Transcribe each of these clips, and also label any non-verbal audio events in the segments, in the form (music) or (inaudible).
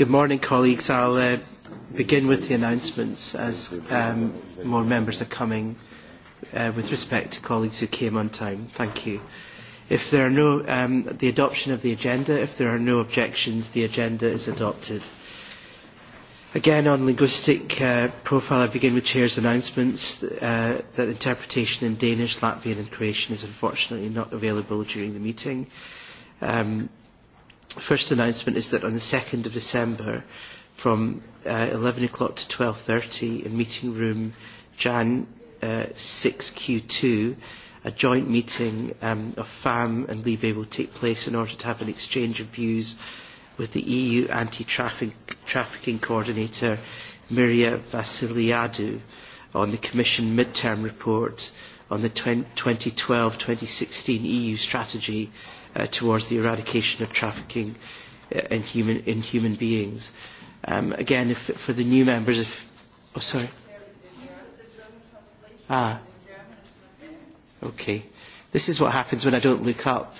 Good morning, colleagues. I'll uh, begin with the announcements as um, more members are coming uh, with respect to colleagues who came on time. Thank you. If there are no, um, the adoption of the agenda, if there are no objections, the agenda is adopted. Again, on linguistic uh, profile, I begin with Chair's announcements uh, that interpretation in Danish, Latvian and Croatian is unfortunately not available during the meeting. Um, first announcement is that on the 2nd of December from uh, 11 o'clock to 12.30 in meeting room Jan uh, 6Q2, a joint meeting um, of FAM and LIBE will take place in order to have an exchange of views with the EU anti-trafficking -traffic coordinator Miria Vasiliadou on the Commission midterm report on the 2012-2016 EU strategy uh, towards the eradication of trafficking uh, in human, in human beings. Um, again, if, for the new members, if, oh sorry. Ah, okay. This is what happens when I don't look up.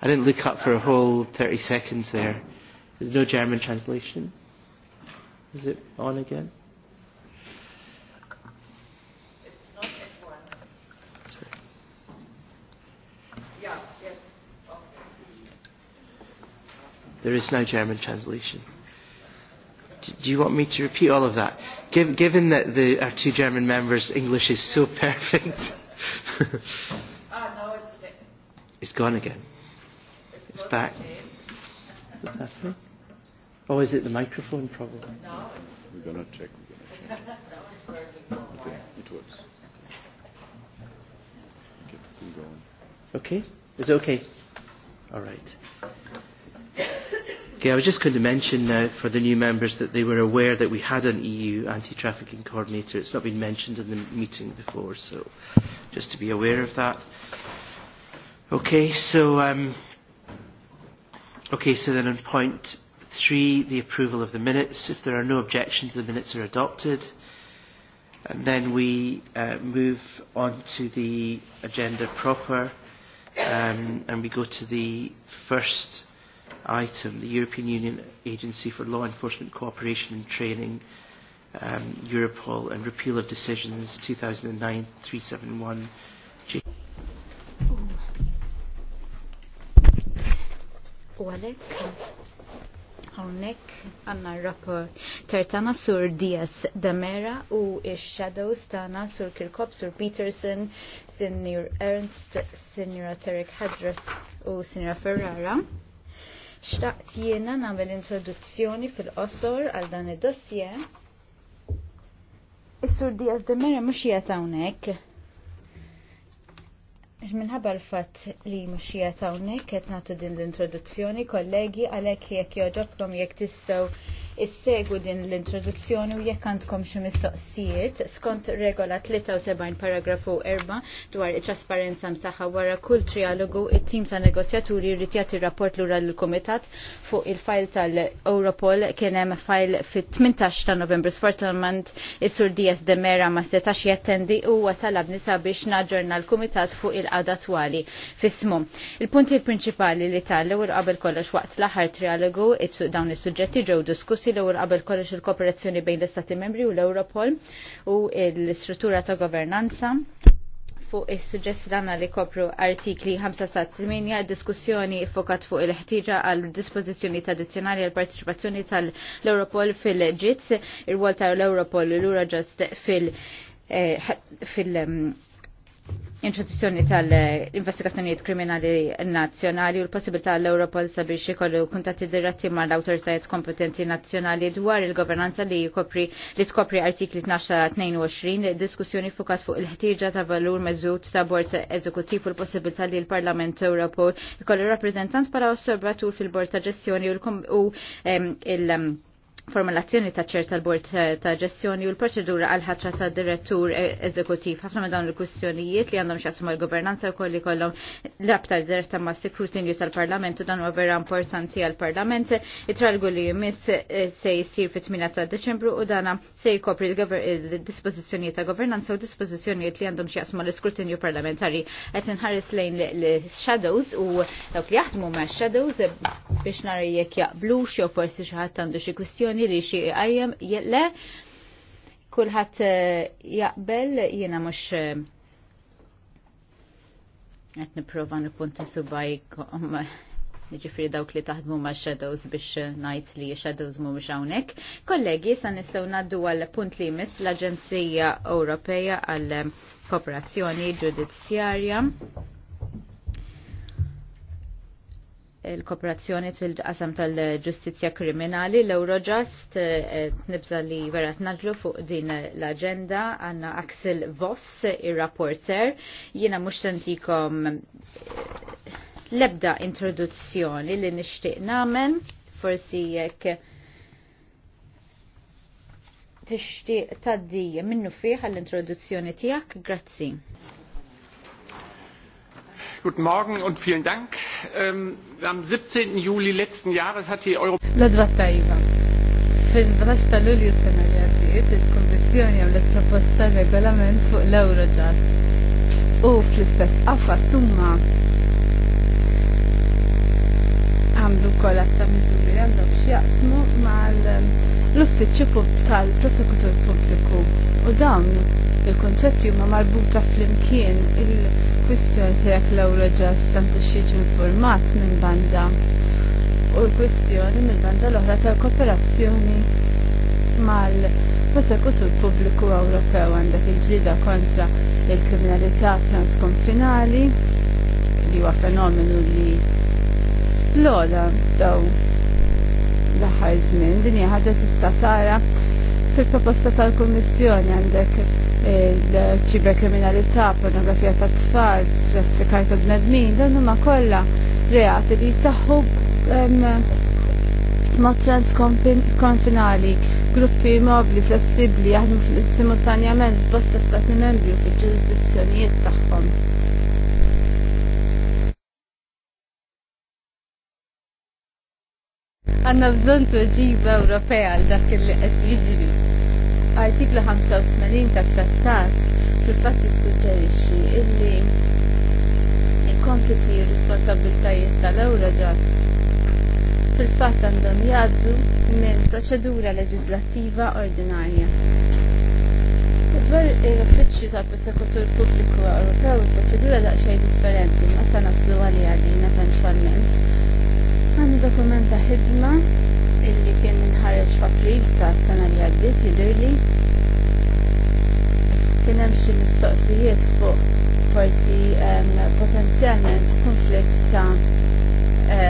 I didn't look up for a whole 30 seconds there. There's no German translation. Is it on again? There is no German translation. do you want me to repeat all of that? Giv given that the, our two German members' English is so (laughs) perfect. Ah, no, it's, it's gone again. It's, it's back. Oh, is it the microphone problem? No. We're going to check. We're going to check. (laughs) okay, it works. Okay, keep going. Okay, is it okay? All right. Okay, I was just going to mention now for the new members that they were aware that we had an EU anti-trafficking coordinator. It's not been mentioned in the meeting before, so just to be aware of that. Okay, so, um, okay, so then on point three, the approval of the minutes. If there are no objections, the minutes are adopted. And then we uh, move on to the agenda proper, um, and we go to the first item, the European Union Agency for Law Enforcement Cooperation and Training, um, Europol, and repeal of decisions 2009-371. U għalek, għonek għanna rapport tertana sur Diaz Damera u il-shadows tana sur Kirkop, sur Peterson, Senior Ernst, Senior Tarek Hadras u Senior Ferrara. Xtaqt jiena nagħmel introduzzjoni fil-qosor għal dan id dossje Is-sur Diaz de Mera mhux qiegħed hawnhekk. Minħabba l-fatt li mhux qiegħed hawnhekk qed nagħtu din l-introduzzjoni kollegi għalhekk jekk jogħġobkom jekk tistgħu Is-segwi din l-introduzzjoni u jekk għandkom xi mistoqsijiet skont regola 73 paragrafu 4 dwar it-trasparenza msaħħa wara kull trialogu it-tim ta' negozjaturi jrid jagħti rapport lura l-Kumitat fuq il-fajl tal-Europol kien hemm fajl fit-18 ta' Novembru sfortunatament is-Sur Dies de Mera ma setax jattendi huwa talab nisa biex naġġorna l-Kumitat fuq il-qada twali fismu. Il-punti prinċipali li tal-ewwel qabel kollox waqt l-aħħar trialogu it-suq dawn is-suġġetti ġew diskussi proposti l ewwel qabel kollox il-kooperazzjoni bejn l-Istati membri u l-Europol u l-istruttura ta' governanza fuq is-suġġetti tagħna li kopru artikli 5 sa 8 diskussjoni fokat fuq il-ħtieġa għal dispożizzjoni tradizzjonali għal partiċipazzjoni tal-Europol fil-ġitz, ir-wol tal-Europol l-Eurojust fil- eh, fil- introduzzjoni tal-investigazzjonijiet kriminali nazzjonali u l-possibilità l-Europol sabiex ikollu kuntatti diretti mal l-autoritajiet kompetenti nazzjonali dwar il-governanza li jkopri li tkopri artikli 12-22 diskussjoni fukat fuq il-ħtieġa ta' valur meżut ta' bord eżekutiv u l-possibilità li l-Parlament Europol ikollu rappreżentant para osservatur fil-bord ta' ġestjoni u l- formulazzjoni ta' ċerta l-bord ta' ġestjoni u l-proċedura għal ħatra ta' direttur e, eżekutiv. Ħafna minn dawn il-kwistjonijiet li għandhom xasum għal governanza u kolli kollom l-rabta diretta ma' sekrutinju tal-Parlament u dan huwa vera importanti għal-Parlament. Itralgu li jmiss e, se jsir fit-8 ta' Deċembru u dana se jkopri l-dispożizzjonijiet ta' governanza u dispożizzjonijiet li għandhom xjaqsmu l-iskrutinju parlamentari. Qed inħares lejn l-shadows u dawk li jaħdmu ma' shadows biex nara jekk jaqblux jew forsi xi ħadd għandu xi kwistjoni kwistjoni li xi qajjem le kulħadd eh, jaqbel jiena mhux eh, qed nipprova nikkunti subaj (laughs) ġifri dawk li taħdmu ma' shadows biex eh, najt li shadows mu mux għawnek. Kollegi, sa' nistaw naddu għal punt li mis l-Aġenzija Ewropeja għal Kooperazzjoni Ġudizzjarja. il-kooperazzjoni tal qasam tal-ġustizja kriminali l-Eurojust eh, nibza li vera tnaġlu fuq din l-agenda għanna Axel Voss, il-rapporter. Jina mux sentikom eh, lebda introduzzjoni li nishtiq namen, forsi jekk tixtieq taddi minnu fiħ għall-introduzzjoni tiegħek, grazzi. Guten Morgen und vielen Dank. Ähm, am 17. Juli letzten Jahres hat die l-Eurojust. u fl-istess qafa summa għamlu kolla ta' għandhom x'jaqsmu mal l-uffiċċju tal-prosekutur pubbliku u dawn il-konċetti huma marbuta fl-imkien il-kwistjoni tiegħek l-Eurojust tant il-format minn banda u l-kwistjoni mill banda l-oħra tal-kooperazzjoni mal prosekutur pubbliku Ewropew għandek il-ġrida kontra il-kriminalità transkonfinali li huwa fenomenu li sploda daw l-aħħar żmien din hija ħaġa tista' tara fil-proposta tal-Kummissjoni għandek il-ċiberkriminalità, pornografija ta' tfal, traffikaj ta' bnedmin, dan huma kollha reati li jsaħħu mod transkonfinali, gruppi mobli, flessibli, jaħdmu simultanjament f'bosta stati membri u fil-ġurisdizzjonijiet tagħhom. Għanna bżon tuġiba Ewropea għal dak li qed jiġri artiklu 85 ta' trattat fil-fatt jissuġġerixxi illi il-kompiti u responsabiltajiet tal-Eurojust fil-fatt għandhom jaddu minn proċedura leġislattiva ordinarja. Dwar l-uffiċċju tal-Prosekutur Pubbliku Ewropew il-proċedura daqsxejn differenti ma sa naslu għalija għalina eventualment. Għandu dokumenta ħidma illi kien ħareġ f'April ta' sena li għaddiet jidhirli kien hemm xi mistoqsijiet fuq forsi potenzjalment konflitt ta'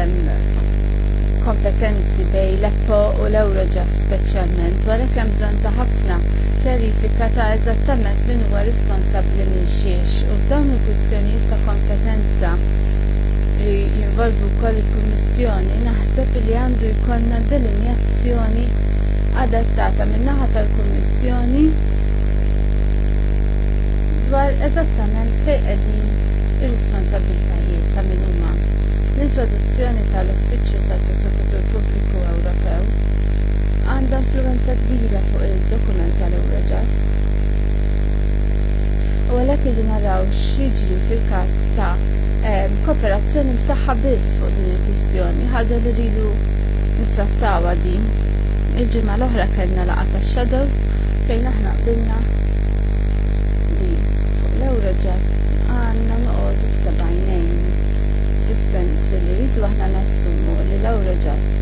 kompetenzi bej l-EPPO u l-Eurojust speċjalment wara kemm hemm bżonn ta' ħafna kjarifika ta' eżattament min huwa responsabbli minn xiex u f'dawn il-kwistjonijiet ta' kompetenza li jinvolvu wkoll il-Kummissjoni naħseb li għandu jkollna delinjazzjoni adattata min-naħa tal-Kummissjoni dwar eżattament fejn qegħdin ir-responsabbiltajiet ta' min huma l-introduzzjoni tal-Uffiċċju tal-Prosekutur Pubbliku Ewropew għandha influenza kbira fuq il-dokument tal-Eurojust. U għalhekk irridu naraw x'jiġri fil-każ ta' kooperazzjoni msaħħa biss fuq din il-kwistjoni, ħaġa li rridu nittrattawa din. Il-ġimgħa l-oħra kellna laqgħa tax-shadows fejn aħna qbilna li fuq l-Eurojust għandna noqogħdu b'sebgħinejn fis-sens li rridu aħna nassumu li l-Eurojust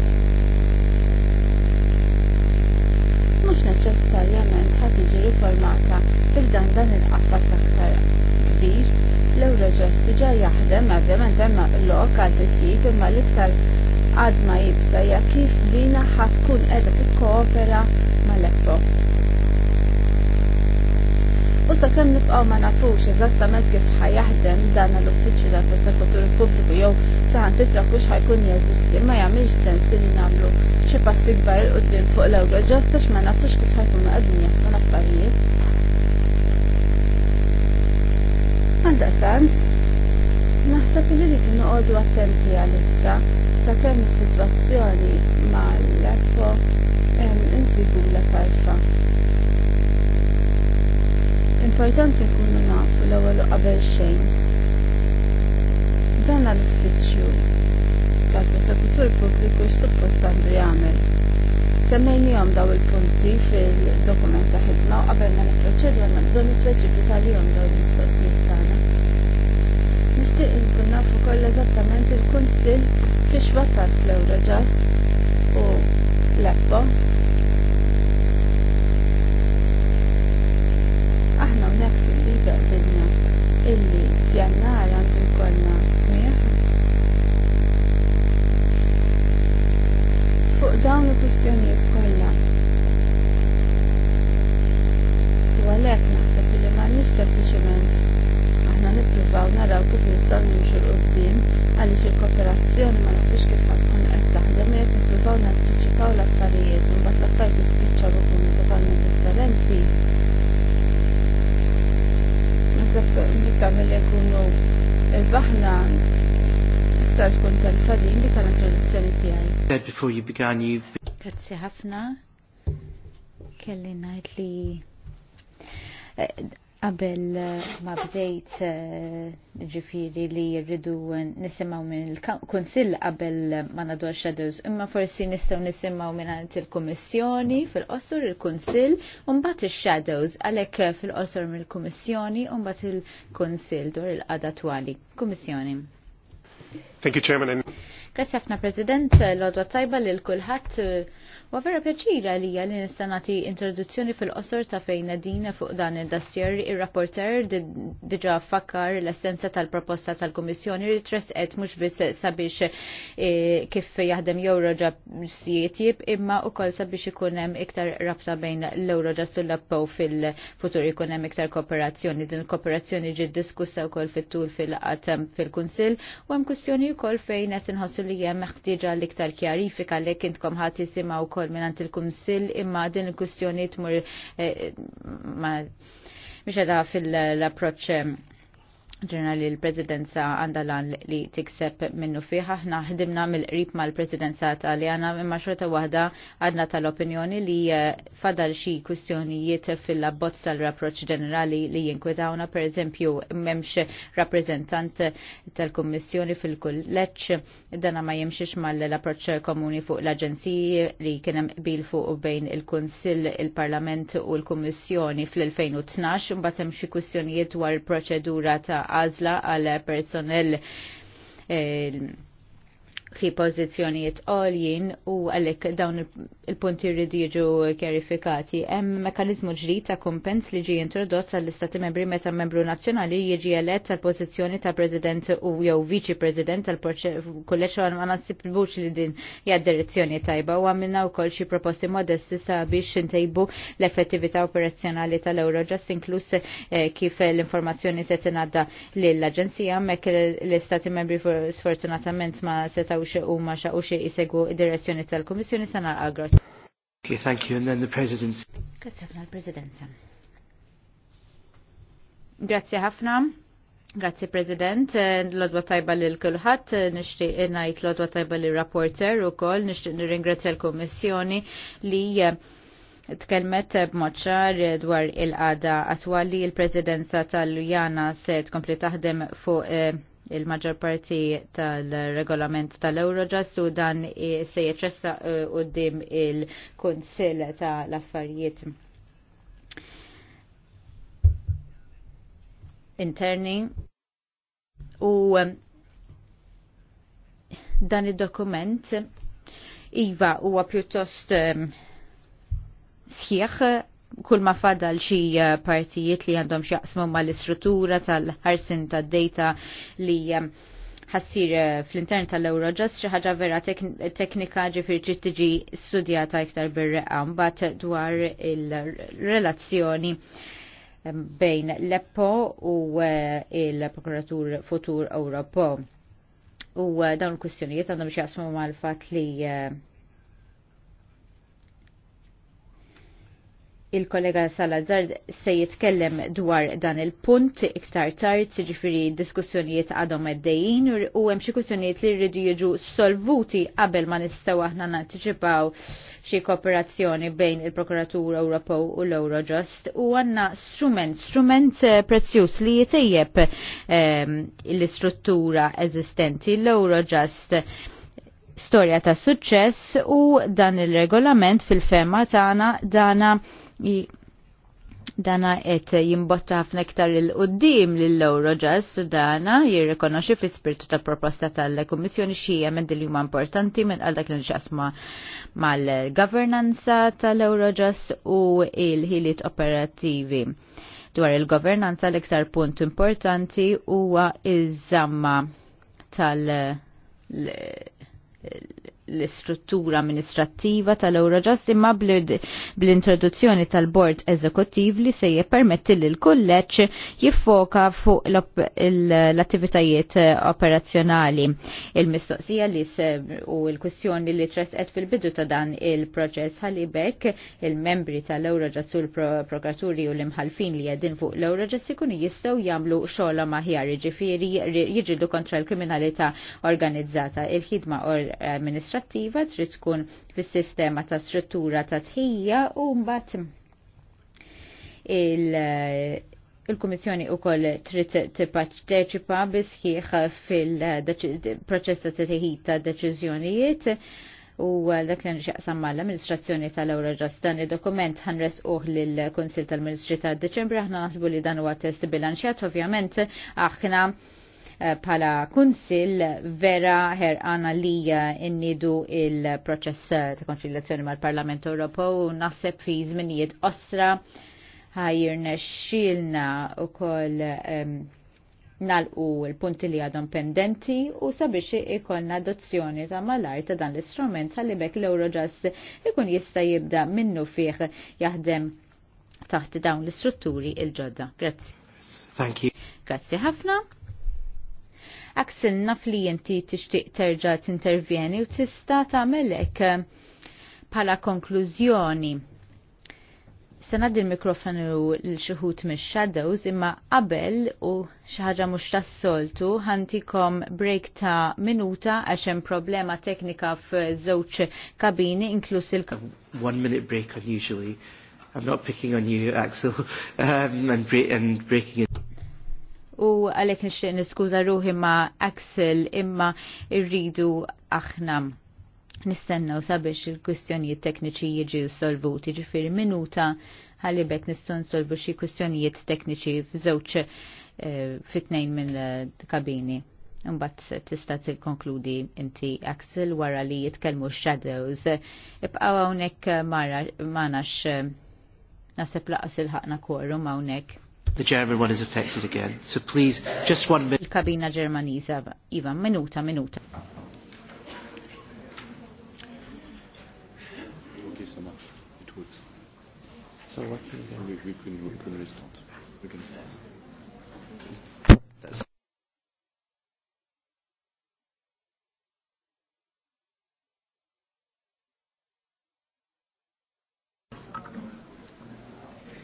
taħdem, ovvjament hemm lok għal titjib imma l-iktar għadma jibsa ja kif dina ħatkun qiegħda tikkoopera mal-EPO. U sakemm nibqgħu ma nafux eżattament kif ħajaħdem dan l-uffiċċju tal-Prosekutur Pubbliku jew saħan titrakux ħajkun jeżisti, ma jagħmilx sens li nagħmlu xi passi kbar il qudiem fuq l-ewro ġast għax ma nafux kif ħajkunu qegħdin jaħdmu l-affarijiet. Għandha sens. Naħseb li rridu noqogħdu attenti għal issa sakemm is-sitwazzjoni mal-lepo insibu tajfa. Importanti nkunu nafu l-ewwel qabel xejn. Dan l-uffiċċju tal-prosekutur pubbliku x'suppost għandu jagħmel. Semmejnihom daw il-punti fil-dokument ta' ħidma u qabel ma nipproċedu għandna bżonn it-tweġibi tal-jum daw l-mistoqsijiet nixtieq inkun naf ukoll eżattament il-Kunsill fiex wasal fl-Eurojust u l-Eppo. Aħna hawnhekk fil-liba qbilna illi f'jannar għandu jkollna smieħ fuq dawn il-kwistjonijiet kollha. U għalhekk naħseb li ma nix sempliċement nippruvaw naraw kif nistgħu nimxu l qoddim għaliex il-kooperazzjoni ma nafx kif ma tkun qed taħdem jekk nippruvaw nanticipaw l-affarijiet u mbagħad l-affarijiet jispiċċaw ikunu totalment differenti. Naħseb niktar milli jkunu irbaħna iktar tkun tal-fadin li kan introduzzjoni tiegħi. Before you began you Grazzi ħafna kelli ngħid li eh, Qabel eh, ma bdejt eh, ġifiri li rridu nisimaw minn il konsil qabel ma nadu shadows imma forsi nistaw nisimaw minn il komissjoni fil-qosor il un mbagħad ix-shadows għalhekk fil minn mill komissjoni u mbagħad il konsil eh, dwar il qadat twali. Kummissjoni. Thank you, Chairman. Grazie ħafna President, l għadwa tajba lil kulħadd Wa vera pjaċira li li nistanati introduzzjoni fil-qosor ta' fejn dina fuq dan il-dossier il-rapporter diġa fakkar l-essenza tal-proposta tal-Komissjoni li tresqet mux biss sabiex e, kif jaħdem jowroġa sijiet imma u kol sabiex ikunem iktar rabta bejn l-Euroġa sullappow fil-futur ikunem iktar kooperazzjoni. Din kooperazzjoni ġid diskussa u kol fit-tul fil-qatem fil-Kunsil u għem kustjoni u kol fejn għet li jem meħtieġa l-iktar kjarifika li kintkom ħat jisimaw ukoll mingħand il-Kunsill imma din il-kwistjoni tmur eh, ma mhix fil-approċċ eh, ġenerali li l-presidenza għandalan li tikseb minnu fiħa. Aħna ħdimna mill-qrib mal presidenza taljana imma xorta waħda għadna tal-opinjoni li eh, fadal xi kwistjonijiet fil-abbozz tal-rapproċ ġenerali li jinkwetawna per eżempju memx rappresentant tal-Kummissjoni fil-kulleċ dana ma jimxiex mal-approċ komuni fuq l-Aġenziji li kienem bil fuq bejn il-Kunsill, il-Parlament u l-Kummissjoni fl-2012 mbagħad hemm xi kwistjonijiet dwar il-proċedura ta' għazla għal personnel eh, fi pozizjonijiet għoljin u għalek dawn il-punti rridi jiġu kjerifikati. Hemm mekanizmu ġdid ta' kompens li ġi introdott għall-istati membri meta membru nazzjonali jiġi elett tal pożizzjoni ta' president u jew viċi president tal-kulleġġ għal ma nasibux li din hija direzzjoni tajba u għamilna wkoll xi proposti modesti sabiex intejbu l-effettività operazzjonali tal-Eurojust inklus eh, kif l-informazzjoni se tingħadda lill-Aġenzija hemmhekk l-istati membri sfortunatament ma setgħu jgħidux huma xaqu xi jsegwu id-direzzjoni tal-Kummissjoni sa agrat. Okay, thank you. And then the President. Grazie ħafna l president Grazie ħafna. Grazie President, eh, l-odwa tajba li l-kulħat, eh, nishtiq najt l-odwa tajba li rapporter u kol, nishtiq nirringrazzja l-Komissjoni li Tkelmet eh, b'moċċar dwar il-qada attwali il-Presidenza tal-Lujana se tkompli taħdem fuq il-maġġor parti tal-regolament tal-Eurojust u dan se jitressa eh, dim il-Kunsill tal-Affarijiet interni u eh, dan id-dokument Iva huwa pjuttost eh, sħiħ kull ma fadal xi eh, partijiet li għandhom ma mal-istruttura tal-ħarsin tad-data li eh, ħassir eh, fl-intern tal-Eurojust xi ħaġa vera teknika ġifier trid tiġi studjata iktar bir-reqqa mbagħad dwar il-relazzjoni bejn l-EPPO u il-Prokuratur Futur Ewropo. U dawn il-kwistjonijiet għandhom xi jaqsmu mal-fatt li il-kollega Salazar se jitkellem dwar dan il-punt iktar tard, ġifiri diskussjonijiet għadhom għaddejjin u hemm xi kwistjonijiet li rridu jiġu solvuti qabel ma nistgħu aħna nanticipaw xi kooperazzjoni bejn il-Prokuratur Ewropew u l-Eurojust u għandna strument, strument eh, prezzjuż li jitejjeb ehm, l-istruttura eżistenti l-Eurojust storja ta' suċċess u dan il-regolament fil-fema tagħna dana, dana dana qed jimbotta ħafna iktar il-qoddim lill-Eurojust dana jirrikonoxxi fil-spiritu ta' proposta tal-Kummissjoni Xija emendi dil huma importanti minn għal dak li nxasma mal-governanza tal-Eurojust u il-ħiliet operattivi. Dwar il-governanza l-iktar punt importanti huwa iż-żamma tal- l-istruttura amministrattiva tal-Eurojust imma bl-introduzzjoni tal-bord eżekuttiv li se jippermetti li l-kulleċ jiffoka fuq l-attivitajiet operazzjonali. Il-mistoqsija li u l-kwistjoni li tresqet fil-bidu ta' dan il-proċess ħalibek il-membri tal-Eurojust u l-prokuraturi u l-imħalfin li jedin fuq l-Eurojust ikunu jistaw jamlu xola maħjar ġifiri jiġidu kontra l-kriminalità organizzata. Il-ħidma or amministrattiva trid tkun fis-sistema ta' struttura ta' tħija u mbagħad il- il-Kummissjoni u koll trid tipparteċipa bisħiħ fil-proċess ta' teħid ta' deċiżjonijiet u dak li nxaqsam mal amministrazzjoni tal ġost dan id dokument ħanres uħ lill kunsill tal-Ministri ta' Deċembru aħna naħsbu li dan huwa test bilanċjat ovvjament aħna Eh, pala kunsil vera herqana li eh, innidu il-proċess eh, ta' konċiljazzjoni mal-Parlament Ewropew naħseb fi żminijiet osra ħajjirna xilna u koll um, ehm, nalqu l-punti li għadhom pendenti u sabiex ikollna adozzjoni ta' malar ta' dan l-istrument għalli bekk l-Eurojust ikun jista' jibda minnu fih jaħdem taħt dawn l-istrutturi il-ġodda. Grazzi. Thank you. Grazzi ħafna naf fli inti tixtieq terġa' t-intervjeni u tista' tagħmel hekk eh, bħala konklużjoni. Sena ngħaddi l-mikrofonu l xuhut mis shadows imma qabel u xi ħaġa mhux tas-soltu ħantikom break ta' minuta għaxem hemm problema teknika f'żewġ kabini inklus il One minute break unusually. I'm not picking on you, Axel, (laughs) um, and, and breaking it u għalhekk nixtieq niskuża ruħi ma' Axel imma rridu aħna nistennew sabiex il-kwistjonijiet tekniċi jiġi solvuti ġifiri minuta ħalibek nistgħu nsolvu xi kwistjonijiet tekniċi f'żewġ eh, fit-tnejn kabini Imbagħad tista' tikkonkludi inti Axel wara li jitkellmu shadows. Ibqaw hawnhekk mara m'għanax naħseb eh, laqas il ħakna korum hawnhekk. The German one is affected again. So please, just one minute. Il-kabina Ġermaniza, Iva, minuta, minuta.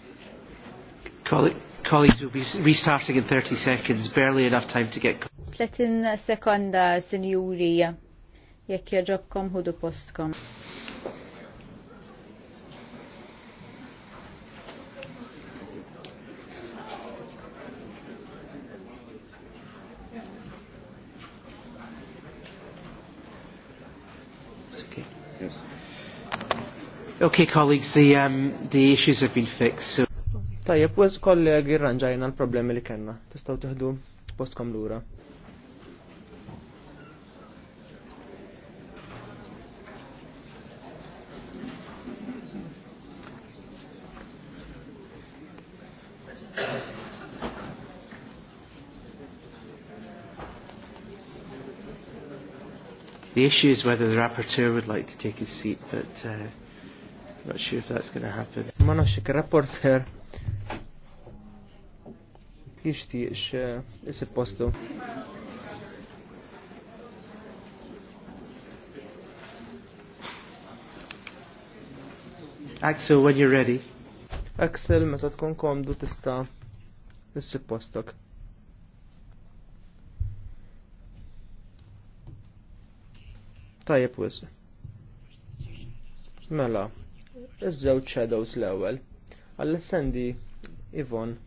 Okay, colleague. Colleagues will be restarting in 30 seconds, barely enough time to get... 30 sekonda, signori, jekk jaġobkom hudu postkom. Okay, colleagues, the, um, the issues have been fixed. So Tajjeb, wez kollegi rranġajna l-problemi li kena. Tistaw tiħdu postkom l-ura. The issue is whether the rapporteur would like to take his seat, but uh, I'm not sure if that's going to happen jishtiqx eh, isib postu. Axel, when you're ready. Axel, meta tkun komdu tista' issib postok. Tajjeb wis. Mela, iż-żewġ shadows l-ewwel. Għall-essendi Yvonne.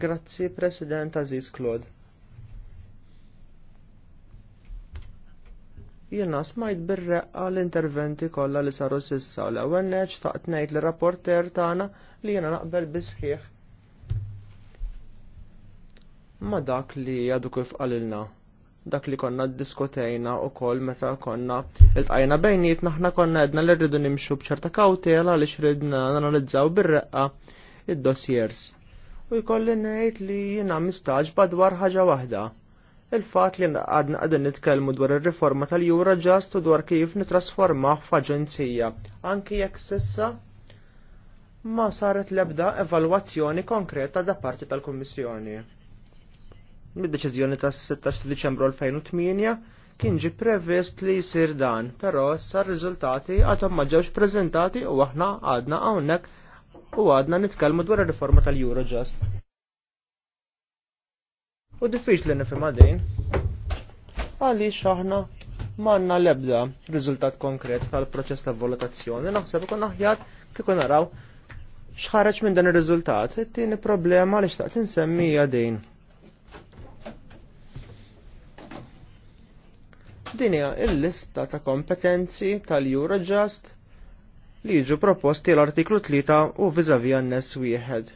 Grazzi, President Aziz Claude. Jena smajt birre l-interventi kollha li saru sissa l ewwel taqt ngħid l rapporter tagħna li jiena naqbel bisħiħ. ma dak li għadu kif għalilna, Dak li konna diskotejna u kol meta konna il-tajna bejniet naħna konna edna li rridu nimxu bċerta kautela li xridna analizzaw birreqqa id-dossiers u jkolli ngħid li jina mistaġ dwar ħaġa waħda. Il-fatt li għadna għadin nitkellmu dwar ir-riforma tal-Jura ġast u dwar kif nitrasforma f'aġenzija, anki jekk sissa ma saret l-ebda evalwazzjoni konkreta da parti tal-Kummissjoni. Mid-deċiżjoni tas-16 Diċembru 2008 kien ġi previst li jisir dan, però sar riżultati għadhom ma ġewx preżentati u aħna għadna hawnhekk u għadna nitkellmu dwar ir-riforma tal-Eurojust. U diffiċli nifim għadin. Għaliex aħna manna lebda riżultat konkret tal-proċess ta' valutazzjoni, naħseb ikun aħjar kun naraw xħareġ minn dan ir-riżultat. It-tieni problema li xtaqt insemmi hija din. il hija lista ta' kompetenzi tal-Eurojust li jiġu proposti l-artiklu 3 u n-nes wieħed.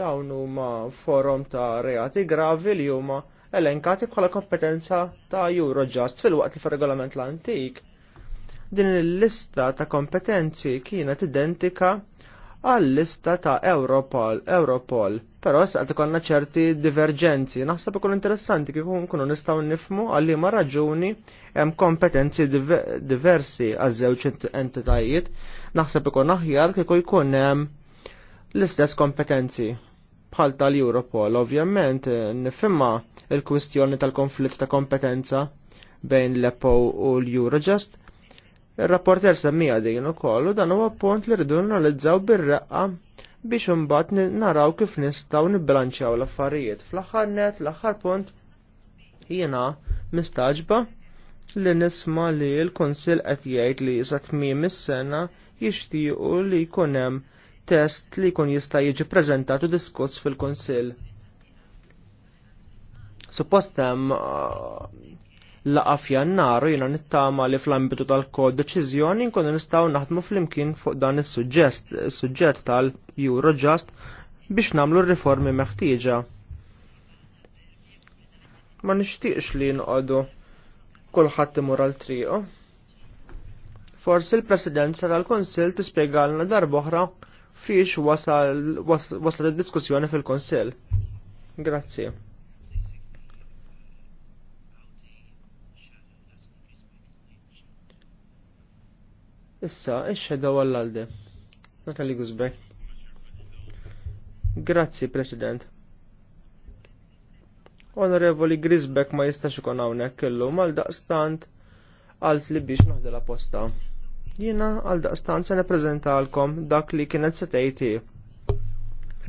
Dawn huma forum ta' reati gravi li huma elenkati bħala kompetenza ta' Eurojust fil-waqt li fir-regolament l-antik. Din il-lista ta' kompetenzi kienet identika għal-lista ta' Europol, Europol Però s konna ċerti divergenzi. Naħseb ikun interessanti kif nkunu nistgħu nifmu għalli ma raġuni hemm kompetenzi diversi għaż-żewġ entitajiet. Naħseb ikun aħjar kieku jkun hemm l-istess kompetenzi bħal tal-Europol. Ovvjament eh, nifimma il-kwistjoni tal-konflitt ta' kompetenza bejn l-EPO u l-Eurojust. Ir-rapporter semmija din ukoll u dan huwa punt li rridu analizzaw bir-reqqa biex imbagħad naraw kif nistgħu nibbilanċjaw l-affarijiet. Fl-aħħar net, l-aħħar punt jiena mistaġba li nisma li l kunsill qed jgħid li sa tmiem is-sena jixtiequ li jkun hemm test li jkun jista' jiġi preżentat u diskuss fil kunsill Suppost hemm Laqaf f'jannaru jiena nittama li fl-ambitu tal-kod deċiżjoni nkunu nistgħu naħdmu flimkien fuq dan is-suġġett tal-Eurojust biex nagħmlu r-riformi meħtieġa. Ma nixtieqx li nqogħdu kulħadd imur għal triqu. Forsi l-Presidenza tal-Konsil tispjegalna darb'oħra fiex wasal waslet id-diskussjoni fil-Konsil. Grazzi. Issa, ix daw għall-għalde. Natali Guzbek. Grazzi, President. Onorevoli Grisbek ma jistax ikun hawnhekk illum għal daqstant għalt li biex naħdel la posta. Jiena għal daqstant se għalkom dak li kienet se tgħidhi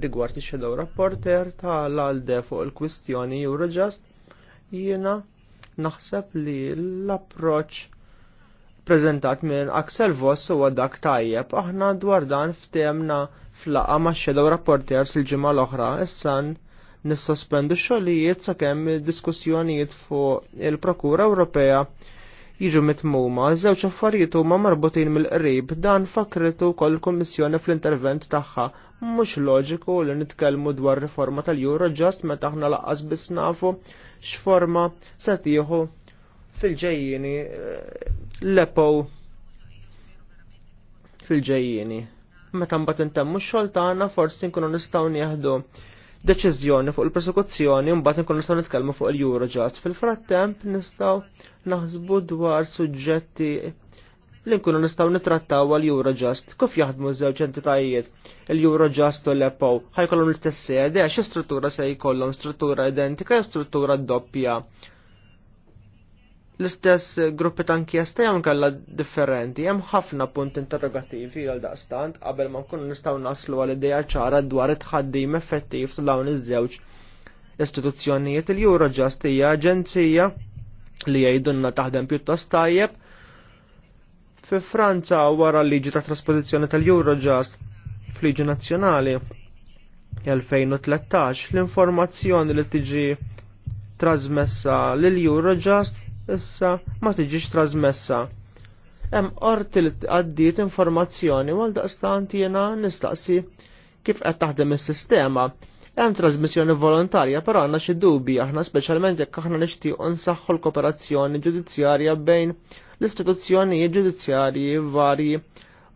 rigward ix-shadow rapporter tal-għalde fuq il-kwistjoni Eurojust jiena naħseb li l-approċ prezentat minn Axel Voss huwa dak tajjeb, aħna dwar dan ftemna flaqa ma' Shadow Rapporters il-ġimgħa l-oħra, issa nissospendu x sa' sakemm diskussjonijiet fuq il-Prokura Ewropea jiġu mitmuma, żewġ affarijiet huma marbutin mill-qrib dan fakritu kol kummissjoni fl-intervent tagħha. Mhux loġiku li nitkellmu dwar riforma tal-Euro ġast meta aħna laqqas biss nafu x'forma se tieħu fil-ġejjini l-epow fil-ġejjini. Meta mbagħad intemmu x-xogħol tagħna forsi nkunu nistgħu nieħdu deċiżjoni fuq il-persekuzzjoni mbagħad nkunu nistgħu nitkellmu fuq il-Eurojust. Fil-frattemp nistgħu naħsbu dwar suġġetti li nkunu nistgħu nitrattaw għal Eurojust. Kif jaħdmu żewġ entitajiet il-Eurojust u l-EPO ħajkollhom l-istess sede għax struttura se jkollhom struttura identika jew struttura doppja l-istess gruppi ta' inkjesta jgħam kalla differenti, hemm ħafna punt interrogattivi għal daqstant qabel ma nkunu nistgħu naslu għal ideja ċara dwar it-ħaddim effettiv ta' dawn iż-żewġ istituzzjonijiet il-Eurojust hija aġenzija li jgħidulna taħdem pjuttost tajjeb fi Franza wara l-liġi ta' trasposizzjoni tal-Eurojust fl-liġi nazzjonali 2013 l-informazzjoni li tiġi trasmessa l Eurojust issa ma tiġix trasmessa. Hemm qorti li tqaddiet informazzjoni għal daqstant jiena nistaqsi kif qed taħdem is-sistema. Hemm trasmissjoni volontarja però għandna xi dubi aħna speċjalment jekk aħna nixtiequ nsaħħu l-kooperazzjoni ġudizzjarja bejn l-istituzzjonijiet ġudizzjarji varji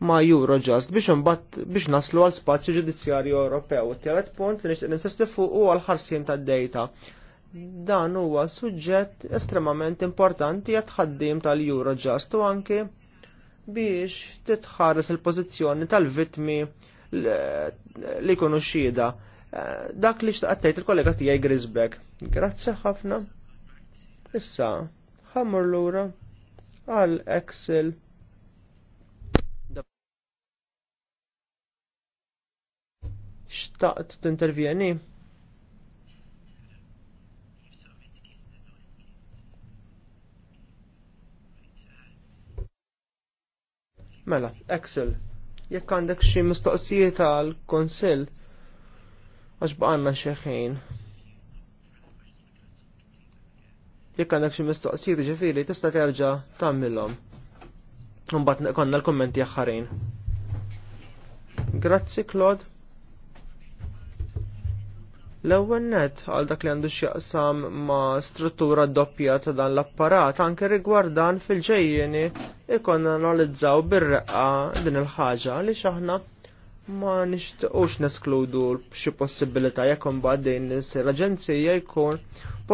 ma' Eurojust biex imbagħad biex naslu għal spazju ġudizzjarju Ewropew. Tielet punt li nixtieq ninsisti fuq huwa l-ħarsien tad-dejta dan huwa suġġett estremament importanti għat ħaddim tal-Eurojust u anke biex titħares il-pożizzjoni tal-vitmi li jkunu xhieda. Eh, dak li xtaqtejt il-kollega tiegħi Grisbeck. Grazzi ħafna. Issa, ħammur lura għal Excel. Xtaqt t-intervjeni? Mela, Excel, jekk għandek xi mistoqsijiet għal konsil għax baqanna xieħin. Jekk għandek xi mistoqsijiet ġifiri, tista' terġa' tagħmilhom. Imbagħad konna l-kommenti aħħarin. Grazzi Claude. L-ewwel net għal dak li għandu x'jaqsam ma' struttura doppja ta' dan l-apparat anke rigwardan fil ġejjeni ikonna analizzaw bir-reqqa din il-ħaġa li aħna ma nixtiequx neskludu xi possibilità jekk imbagħad din l-aġenzija jkun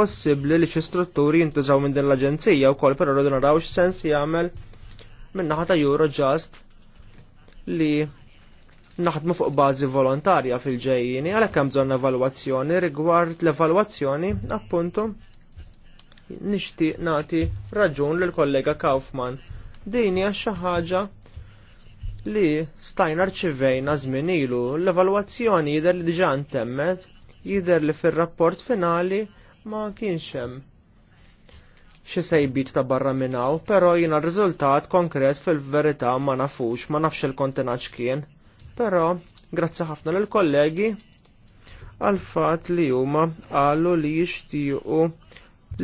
possibbli li xi strutturi jintużaw minn din l-aġenzija wkoll però rridu naraw x'sens jagħmel min-naħa ta' Eurojust li naħdmu fuq bażi volontarja fil-ġejjini, għalhekk hemm bżonn evalwazzjoni rigward l-evalwazzjoni appuntu nixtieq nagħti raġun lill kollega Kaufman. Dini hija xi ħaġa li stajna rċivejna żmien ilu l-evalwazzjoni jidher li diġà ntemmet, jidher li fir-rapport finali ma kienx hemm xi sejbit ta' barra minnaw, però jiena r-riżultat konkret fil-verità ma nafux, ma nafx il-kontenaċ kien Però grazzi ħafna lill kollegi għal fatt li huma qalu li jixtiequ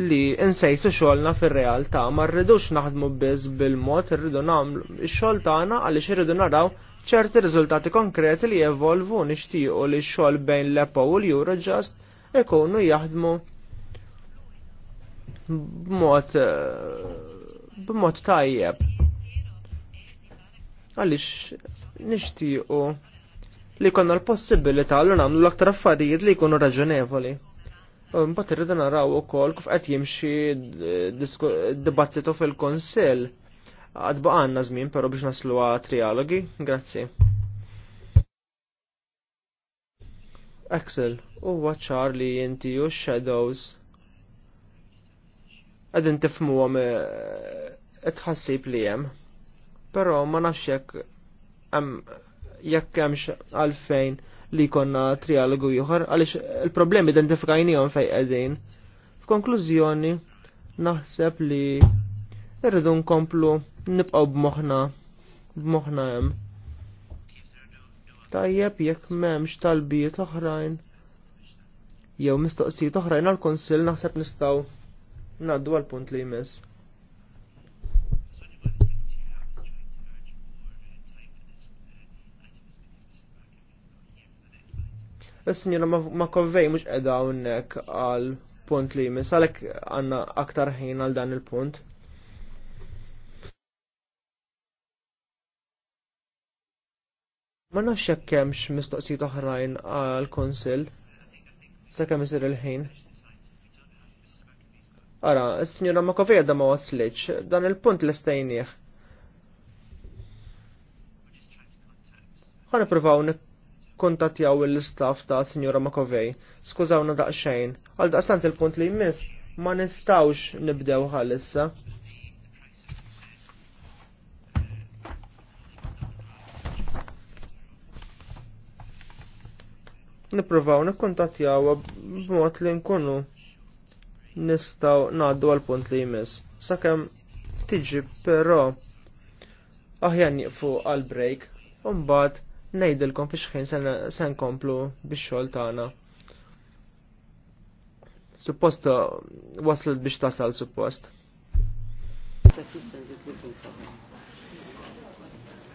li insejsu xogħolna fir-realtà ma rridux naħdmu biss bil-mod rridu nagħmlu x-xogħol tagħna għaliex irridu naraw ċerti riżultati konkreti li evolvu nixtiequ li x-xogħol bejn l-EPA u l-Eurojust ikunu jaħdmu b'mod eh, b'mod tajjeb. Għaliex nixtiequ li konna l-possibilità li nagħmlu l-aktar affarijiet li jkunu raġonevoli. Mbagħad irridu naraw ukoll kif qed jimxi dibattitu fil kunsill Għad baqanna żmien però biex naslu trialogi. Grazzi. Axel, huwa ċar li inti u shadows għedin tifmu għam eh, tħassib li jem. Pero ma nafxek jekk hemmx għalfejn li konna trialogu ieħor għaliex il-problemi identifikajnijhom fejn qegħdin. F'konklużjoni naħseb li irridu nkomplu nibqgħu b'moħħna b'moħħna hemm. Tajjeb jekk m'hemmx talbijiet oħrajn jew mistoqsijiet oħrajn għall kunsill naħseb nistgħu ngħaddu għall punt li jmiss. Is-sinjora Makovej mhux qiegħda hawnhekk għal punt li jmiss għalhekk għandna aktar ħin għal dan il-punt. Ma nafx jekk hemmx mistoqsijiet oħrajn għal konsil sakemm isir il-ħin. Ara, s-sinjora kofi għadda ma wasliċ, dan il-punt l-estejnieħ. Ħana provaw kontattjaw il istaff ta' Sinjora Makovej. Skużawna daqsxejn, għal daqstant il-punt li jmiss ma nistawx nibdew ħalissa. Nipprovaw nikkontattjaw b'mod li nkunu nistaw ngħaddu għal punt li jmiss. Sakemm tiġi però aħjan ah, nieqfu għal break u mbagħad nejdilkom fi xħin sen komplu biex xol tana. Suppost uh, waslet biex tasal suppost.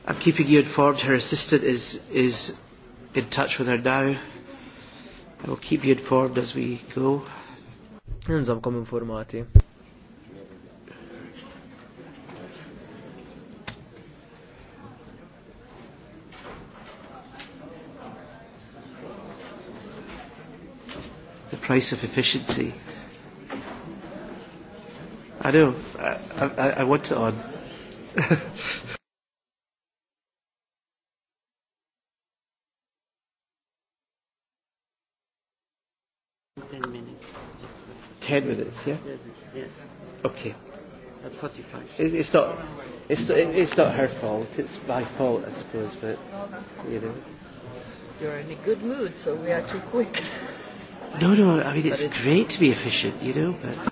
A keeping you informed. Her assistant is is in touch with her now. I will keep you informed as we go. Nżamkom informati. price of efficiency. I know, I, I, I want to on. Ten minutes. Ten yeah? Okay. At 45. It, it's not, it's not, it's not her fault. It's my fault, I suppose, but, you know. You're in a good mood, so we are too quick. (laughs) No, no, I mean, it's great to be efficient, you know, but...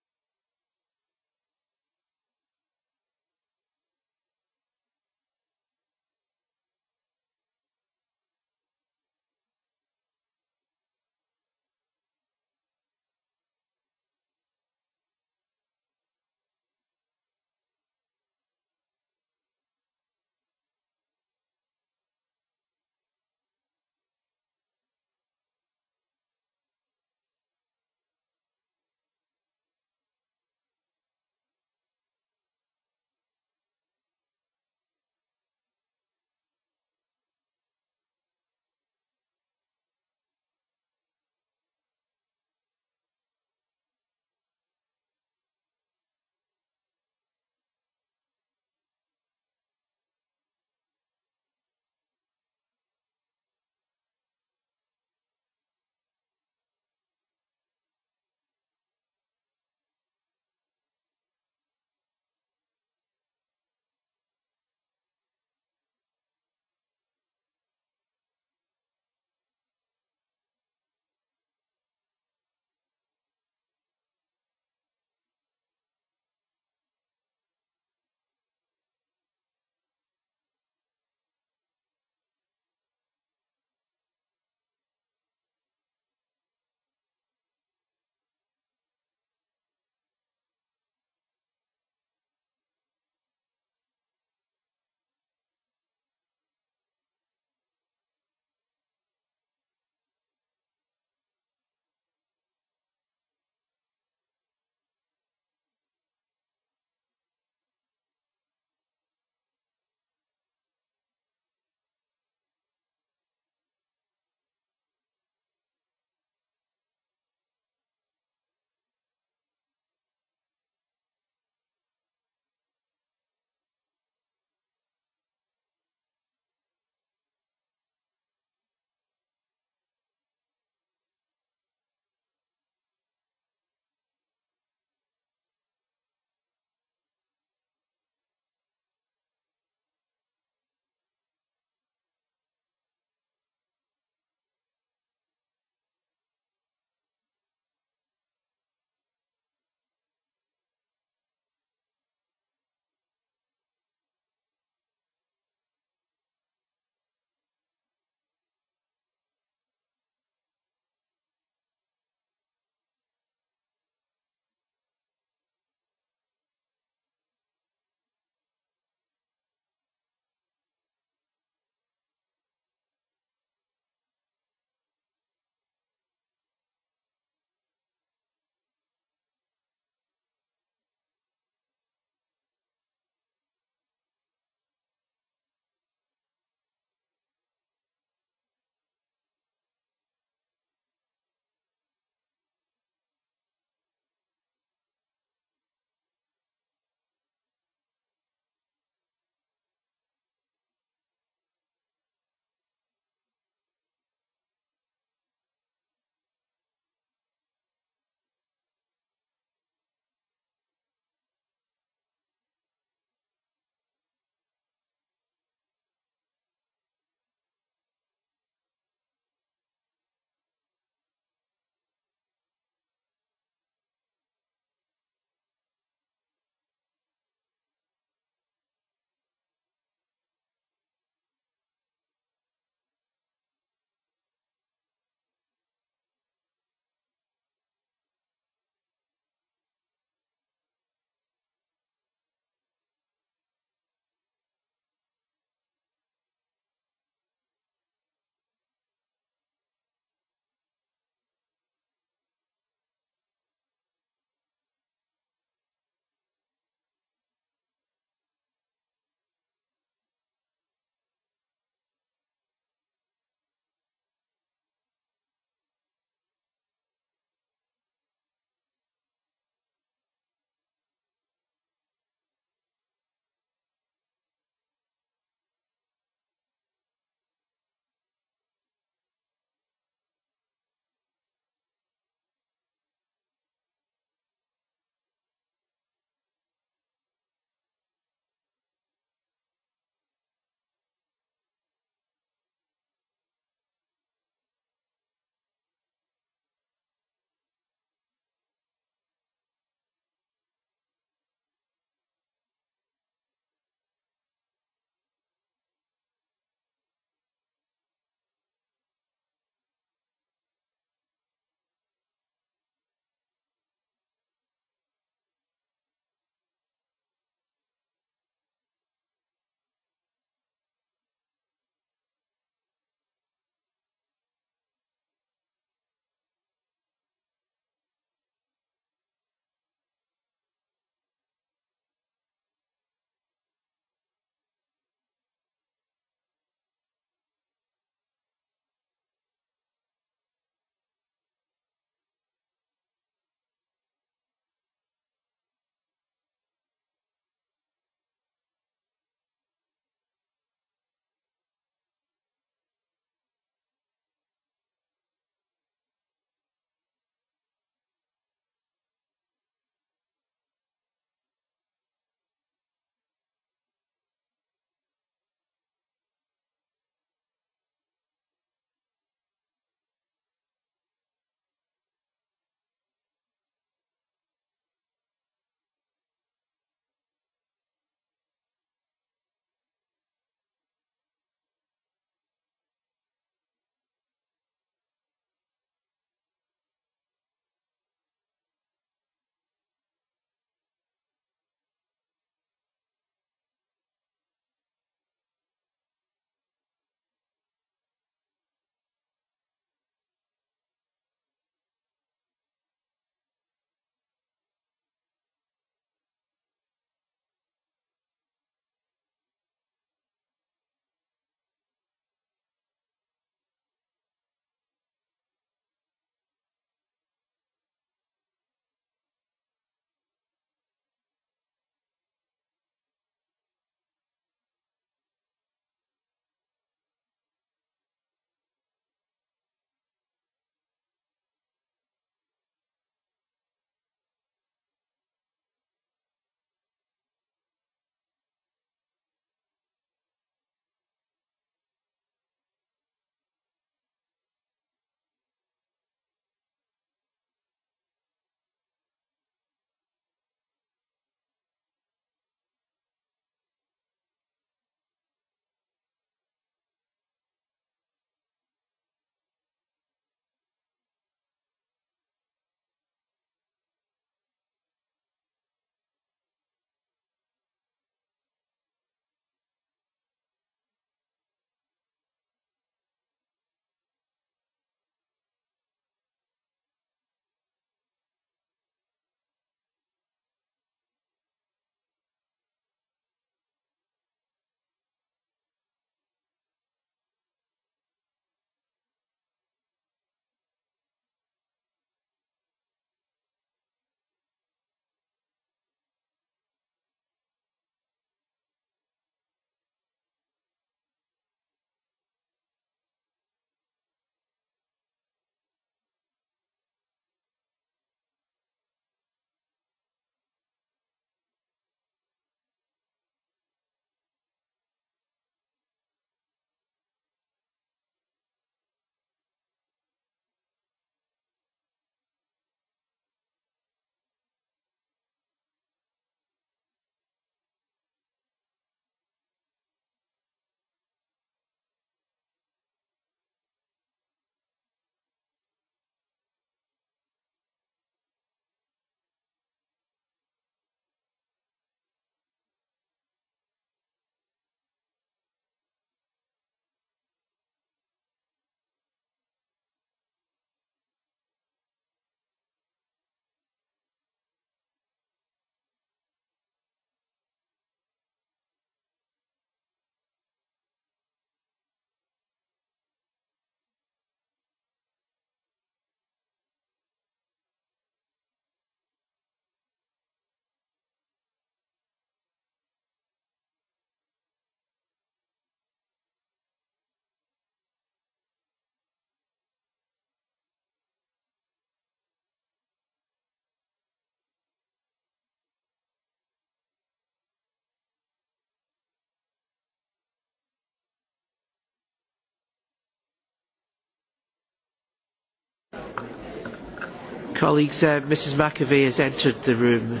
Colleagues, uh, Mrs. McAvey has entered the room.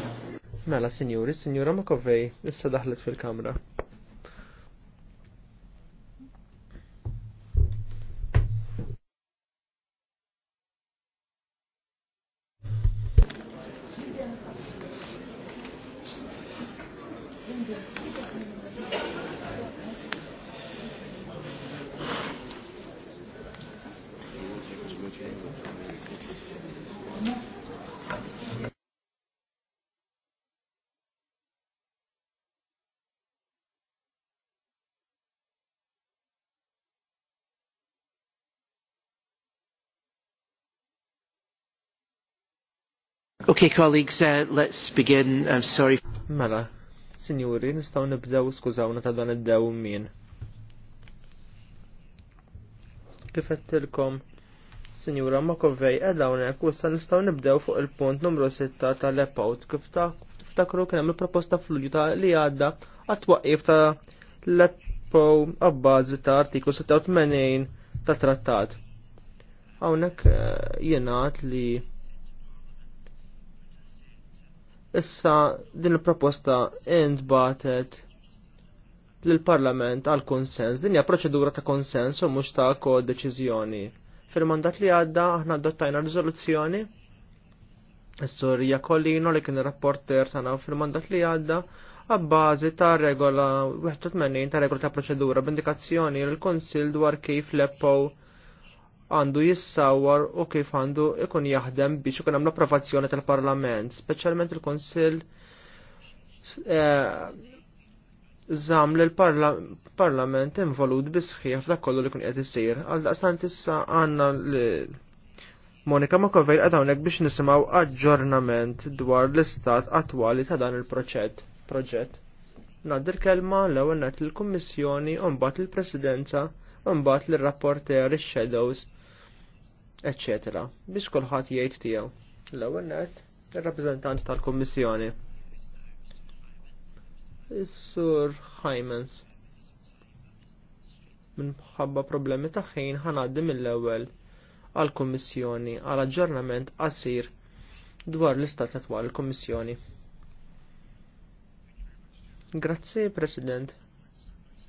Mela, signori, signora McAvey, issa daħlet fil-kamra. Okay, colleagues, uh, let's begin. I'm sorry. Mela, sinjuri, nistaw nibdew skużawna ta' dan id-dew min. Kifettilkom, signora ma konvej edawnek u sa nistaw nibdew fuq il-punt numru 6 tal-lepout kif tiftakru kien hemm il-proposta fl ta' li għadda għat ta' lepo għabbażi ta' artiklu 86 ta' trattat. Hawnhekk eh, jingħad li Issa din il-proposta intbatet l-Parlament għal konsens. Din hija proċedura ta' konsens u mhux ta' kod deċiżjoni. Fil-mandat li għadda aħna adottajna riżoluzzjoni. Is-sur Jakolino li kien ir-rapporter tagħna fil-mandat li għadda għabbażi ta' regola 81 ta' regola ta' proċedura b'indikazzjoni l-Konsil dwar kif leppow għandu jissawar u kif għandu ikun jaħdem biex ikun hemm l-approvazzjoni tal-Parlament, speċjalment il-Kunsill eh, żamm l parlament involut bisħiħ f'dak kollu li kun qed isir. Għal daqstant issa għandna li Monika Makovej qed hawnhekk biex nisimgħu aġġornament dwar l-istat attwali ta' dan il-proġett. Proġett. Nad il-kelma l-ewwel il-Kummissjoni u mbagħad il-Presidenza mbagħad l-rapporter ix-shadows etc. biex kulħadd jgħid tiegħu. L-ewwel net ir-rappreżentant tal-Kummissjoni. Is-Sur Hymans. Minħabba problemi ta' ħin ħanaddi mill-ewwel għall-Kummissjoni għal aġġornament qasir dwar l-istat attwali il-Kummissjoni. Grazzi, President.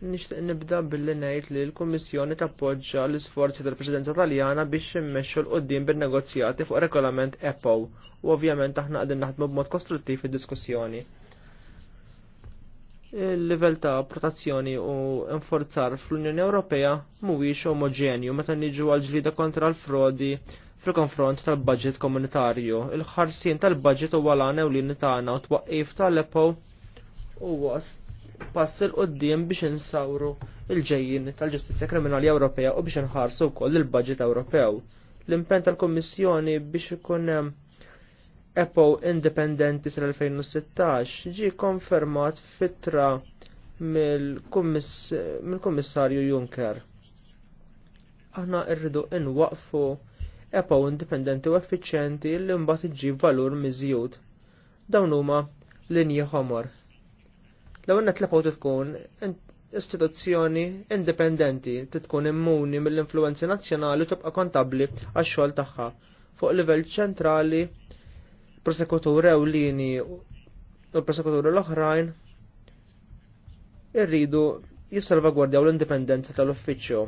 Nixtieq nibda billi ngħid li l-Kummissjoni tappoġġa l-isforzi tal-Presidenza Taljana biex immexxu l-qudiem bin-negozjati fuq regolament EPO u ovvjament aħna qegħdin naħdmu b'mod kostruttiv id-diskussjoni. Il-livell ta' protazzjoni u inforzar fl-Unjoni Ewropea mhuwiex omoġenju meta niġu għal ġlida kontra l-frodi fil-konfront tal-budget komunitarju. Il-ħarsien tal-budget huwa l-għana u l u twaqqif tal-EPO u wast passi l qoddim biex insawru il-ġejjin tal-ġustizja kriminali Ewropea u biex nħarsu wkoll il-budget Ewropew. L-impen tal-Kommissjoni biex ikun hemm EPO indipendenti sal-2016 ġi konfermat fitra mill-Kummissarju Juncker. Aħna rridu inwaqfu EPO indipendenti u effiċjenti li mbagħad iġġib valur miżjud. Dawn huma linji ħomor L-ewwel qed tkun istituzzjoni indipendenti li tkun immuni mill-influenzi nazzjonali u tibqa' kontabbli għax-xogħol tagħha fuq livell ċentrali prosekutur ewlieni u l-prosekuturi l-oħrajn irridu jissalvagwardjaw l-indipendenza tal-uffiċċju.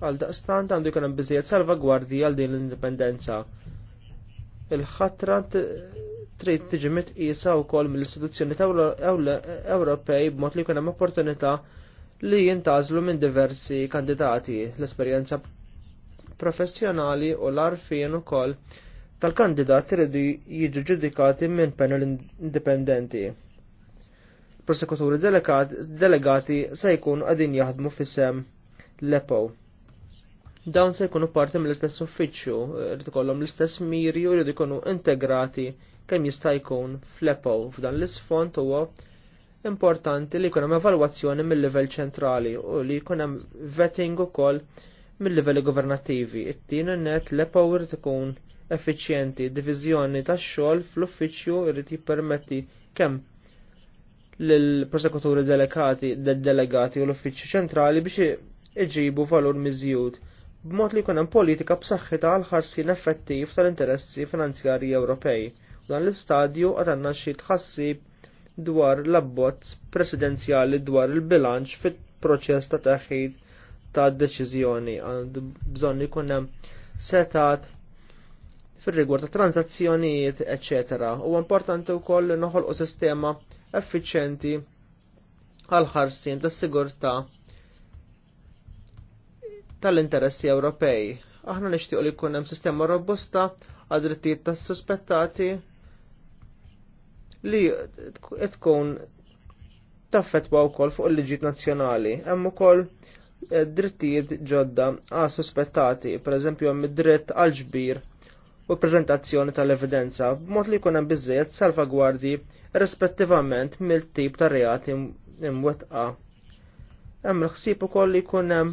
Għal daqstant għandu jkun hemm biżejjed salvagwardji għal din l-indipendenza. Il-ħatra trid tiġi mitqisa wkoll mill-istituzzjoni Ewropej b'mod li jkun hemm opportunità li jintażlu minn diversi kandidati l-esperjenza professjonali u l-arfien ukoll tal-kandidat iridu jiġu ġudikati minn panel indipendenti. Prosekuturi delegati se jkun qegħdin jaħdmu f'isem l-EPO. Dawn se jkunu parti mill-istess uffiċċju, jrid ikollhom l-istess miri u jrid ikunu integrati kemm jista' jkun flepo f'dan l-isfond huwa importanti li jkun hemm evalwazzjoni mill-livell ċentrali u li jkun hemm vetting ukoll mill-livelli governattivi. It-tieni net l-EPO irid ikun effiċjenti, diviżjoni tax-xogħol fl-uffiċċju jrid jippermetti kemm lill prosekuturi delegati, delegati u l-uffiċċju ċentrali biex iġibu valur miżjud b'mod li jkun hemm politika b'saħħitha għal ħarsien effettiv tal-interessi finanzjarji Ewropej. Dan l-istadju għatanna xi tħassib dwar l-abbozz presidenzjali dwar il-bilanċ fit-proċess ta' taħħid ta' deċiżjoni għandu bżonn ikun hemm setat fir-rigward ta' tranzazzjonijiet, eċetera. U importanti wkoll li noħolqu sistema effiċjenti għal ħarsien tas sigurtà tal-interessi Ewropej. Aħna nixtiequ li jkun hemm sistema robusta għad drittijiet tas-suspettati li tkun taffetwa wkoll fuq il-liġijiet nazzjonali. Hemm ukoll eh, drittijiet ġodda għal suspettati, pereżempju hemm id-dritt għal u prezentazzjoni tal-evidenza b'mod li jkun hemm biżżejjed rispettivament mill-tip ta' reati imwettqa. Hemm il-ħsieb ukoll li jkun hemm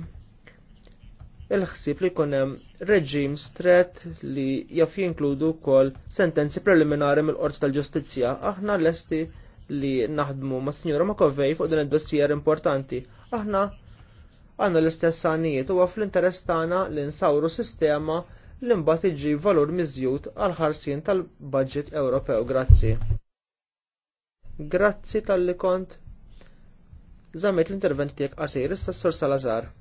il-ħsib li jkun hemm reġim stret li jaf jinkludu wkoll sentenzi preliminari mill-Qorti tal-Ġustizzja. Aħna lesti li naħdmu ma' Sinjura Makovej fuq din id-dossier importanti. Aħna għandna l-istess għanijiet u fl interess tagħna li nsawru sistema li mbagħad iġi valur miżjud għal ħarsien tal-budget Ewropew. Grazzi. Grazzi tal-li kont. Zammet l-intervent tiegħek qasir issa s-sur Salazar.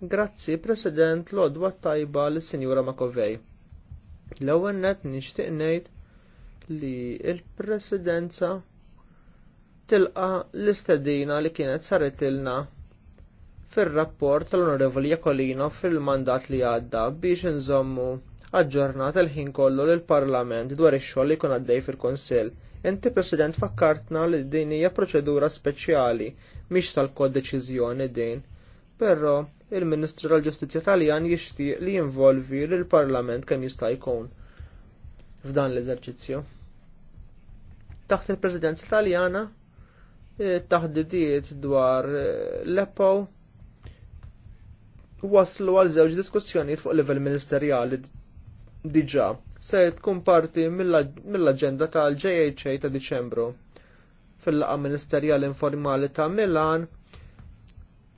Grazzi, President, l-odwa tajba l-Sinjura Makovej. L-ewwel net nixtieq ngħid li l-Presidenza tilqa l-istedina li kienet saritilna fir-rapport tal-Onorevoli Jakolino fil-mandat li għadda biex nżommu aġġornat il-ħin kollu lill parlament dwar ix-xogħol li kun għaddej fil-Kunsill. Inti President fakkartna li din hija proċedura speċjali mhix tal-kod deċiżjoni din. Però il-Ministru tal-Ġustizzja Taljan jixtieq li jinvolvi lill-Parlament kemm jista' jkun f'dan l-eżerċizzju. Taħt il-Presidenza Taljana taħdidiet dwar eh, l-EPO waslu għal żewġ diskussjonijiet fuq livell ministerjali diġà se tkun parti mill-aġenda tal-JHA ta' Diċembru fil laqgħa ministerjali informali ta' Milan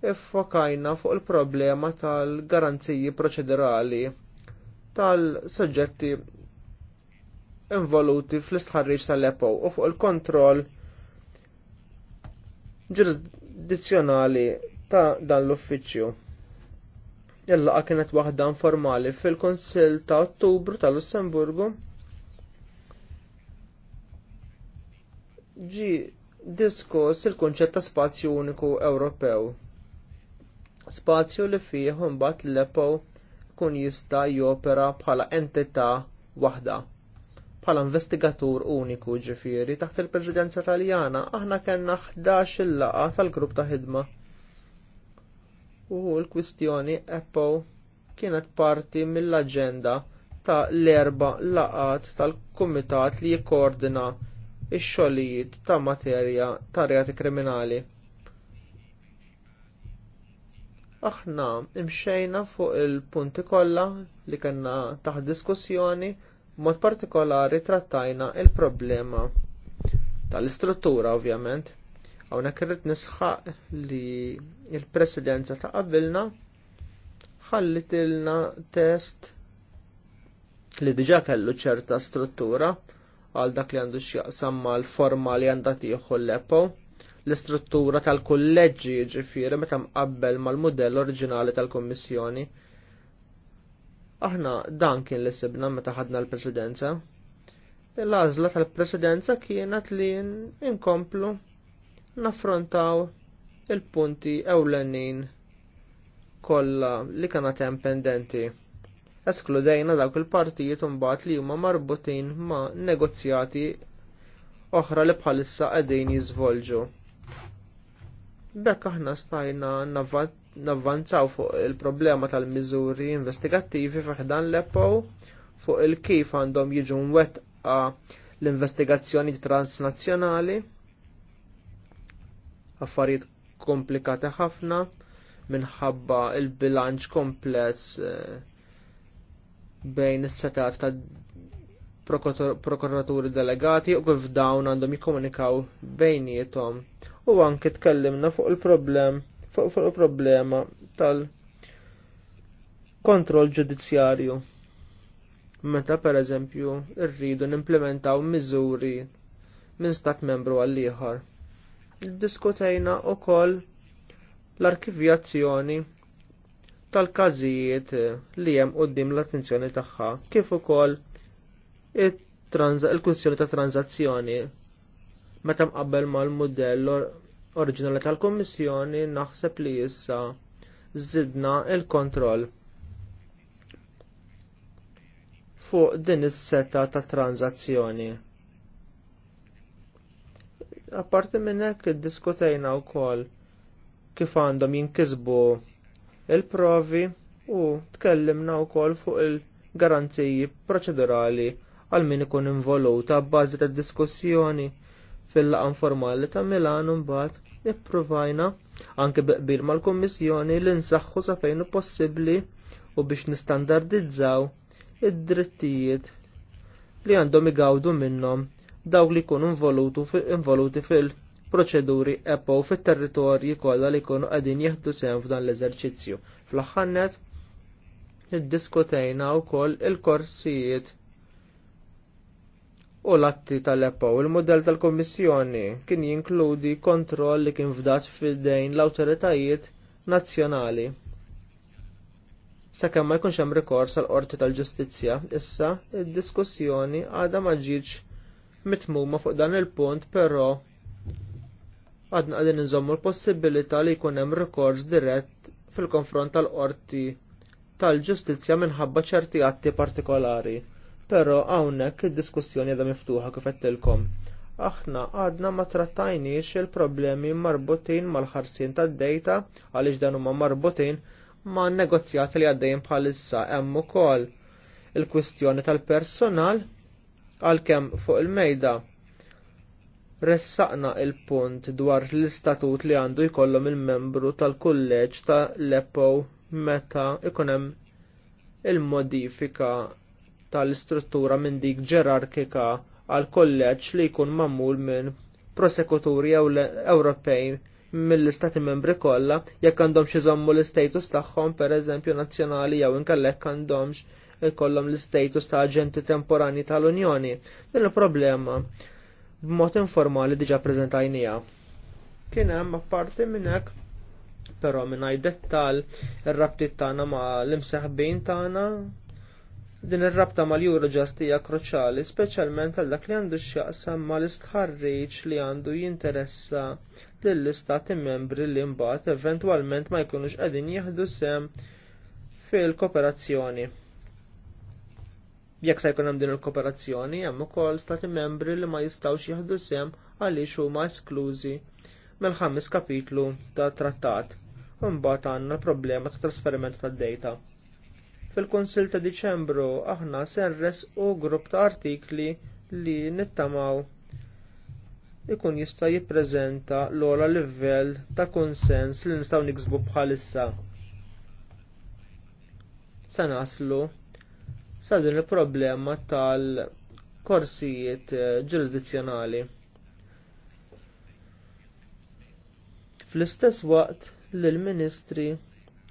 iffokajna fuq il-problema tal-garanziji proċedurali tal-soġġetti involuti fl-istħarriġ tal-EPO u fuq il-kontroll ġurisdizzjonali ta' dan l-uffiċċju. Il-laqgħa kienet waħda informali fil-Konsil ta' Ottubru tal-Lussemburgu ġi diskors il-konċett ta' spazju uniku Ewropew spazju li fih mbagħad l-EPO kun jista' jopera bħala entità waħda. Bħala investigatur uniku ġifieri taħt il-Presidenza Taljana aħna kellna 11 laqa tal-grupp ta' ħidma. U l-kwistjoni EPO kienet parti mill-aġenda ta' l-erba laqat tal-kumitat li jikkoordina x-xogħlijiet ta' materja ta' reati kriminali. Aħna imxejna fuq il-punti kollha li kellna taħt diskussjoni mod partikolari trattajna il-problema tal-istruttura ovvjament. Hawnhekk irrid nisħaq li il-presidenza ta' qabilna ħallitilna test li diġa kellu ċerta struttura għal dak li għandu x'jaqsam mal-forma li għandha tieħu l-EPO l-istruttura tal-kolleġġi ġifiri meta mqabbel mal-modell oriġinali tal-Kommissjoni. Aħna dan kien li sibna meta ħadna l-Presidenza. L-għażla tal-Presidenza kienet li inkomplu naffrontaw il-punti ewlenin kollha li kena hemm pendenti. Eskludejna dawk il-partijiet imbagħad li huma marbutin ma' negozjati oħra li bħalissa qegħdin jiżvolġu. Bekk aħna stajna navvanzaw fuq il-problema tal-miżuri investigattivi fiħdan l-EPO fuq il-kif għandhom jiġu mwettqa l-investigazzjoni transnazzjonali affarijiet komplikati ħafna minħabba il-bilanċ kompless eh, bejn is-setat ta' prokuraturi delegati u kif dawn għandhom jikkomunikaw bejnietom u anke tkellimna fuq il-problem fuq il-problema tal-kontroll ġudizzjarju. Meta per eżempju irridu nimplementaw miżuri minn stat membru għall ieħor Diskutejna wkoll l-arkivjazzjoni tal-każijiet li hemm quddiem l-attenzjoni tagħha kif ukoll il-kwistjoni ta' tranzazzjoni meta mqabbel mal-modell oriġinali tal-Kommissjoni naħseb li issa zidna il-kontroll fuq din is-seta ta' tranzazzjoni. Apparti minn hekk iddiskutejna wkoll kif għandhom jinkisbu il-provi u tkellimna wkoll fuq il-garanziji proċedurali għal min ikun involuta b'bażi tad diskussjoni fil-laqan formali ta' Milano mbagħad ippruvajna anke beqbil mal-Kummissjoni li nsaħħu sa fejn possibbli u biex nistandardizzaw id-drittijiet li għandhom igawdu minnhom dawk li jkunu involuti fil-proċeduri EPO fit-territorji kollha li jkunu qegħdin jieħdu sehem f'dan l-eżerċizzju. Fl-aħħar nett iddiskutejna wkoll il-korsijiet u l-atti tal-EPO. Il-modell tal-Kommissjoni kien jinkludi kontroll li kien fdat fid-dejn l-awtoritajiet nazzjonali. Sakemm ma jkunx hemm rikors għal qorti tal-Ġustizzja, issa id-diskussjoni għadha ma ġietx mitmuma fuq dan il-punt, però għadna qegħdin inżommu l-possibilità li jkun hemm rikors dirett fil-konfront tal-qorti tal-ġustizzja minħabba ċerti atti partikolari. Pero hawnhekk id-diskussjoni għadha miftuħa kif qedtilkom. Aħna għadna ma trattajniex il-problemi marbutin mal-ħarsien tad-dejta għaliex dan huma marbutin ma' negozjati li għaddejn bħalissa hemm ukoll il-kwistjoni tal-personal għalkemm fuq il-mejda ressaqna il-punt dwar l-istatut li għandu jkollhom il-membru tal-kulleġġ ta' Lepo meta ikun hemm il-modifika tal-istruttura minn dik ġerarkika għal kolleġġ li jkun mammul minn prosekuturi Ewropej mill-istati membri kollha jekk għandhom xi żommu l-istatus tagħhom pereżempju nazzjonali jew inkellek għandhomx ikollhom l-istatus ta' aġenti temporani tal-Unjoni. Din il-problema b'mod informali diġà preżentajnija. Kien hemm apparti minn hekk però minn dettal ir-rabtiet tagħna ma' l-imseħbin tagħna Din ir-rabta mal-Eurojust hija kruċjali, speċjalment għal dak li għandu x'jaqsam mal-istħarriġ li għandu jinteressa lill-istati membri li mbagħad eventwalment ma jkunux qegħdin jieħdu sem fil-kooperazzjoni. Jekk se jkun hemm din il-kooperazzjoni, hemm ukoll stati membri li ma jistgħux jieħdu sem għaliex huma esklużi mill-ħames kapitlu ta' trattat. mbagħad għandna l-problema ta' trasferiment tad-dejta Fil-Konsil ta' Diċembru aħna serres u grupp ta' artikli li nittamaw ikun jista' jippreżenta l-ola livell ta' konsens li nistgħu niksbu bħalissa. Se naslu sa din il-problema tal-korsijiet eh, ġurisdizzjonali. Fl-istess waqt lill ministri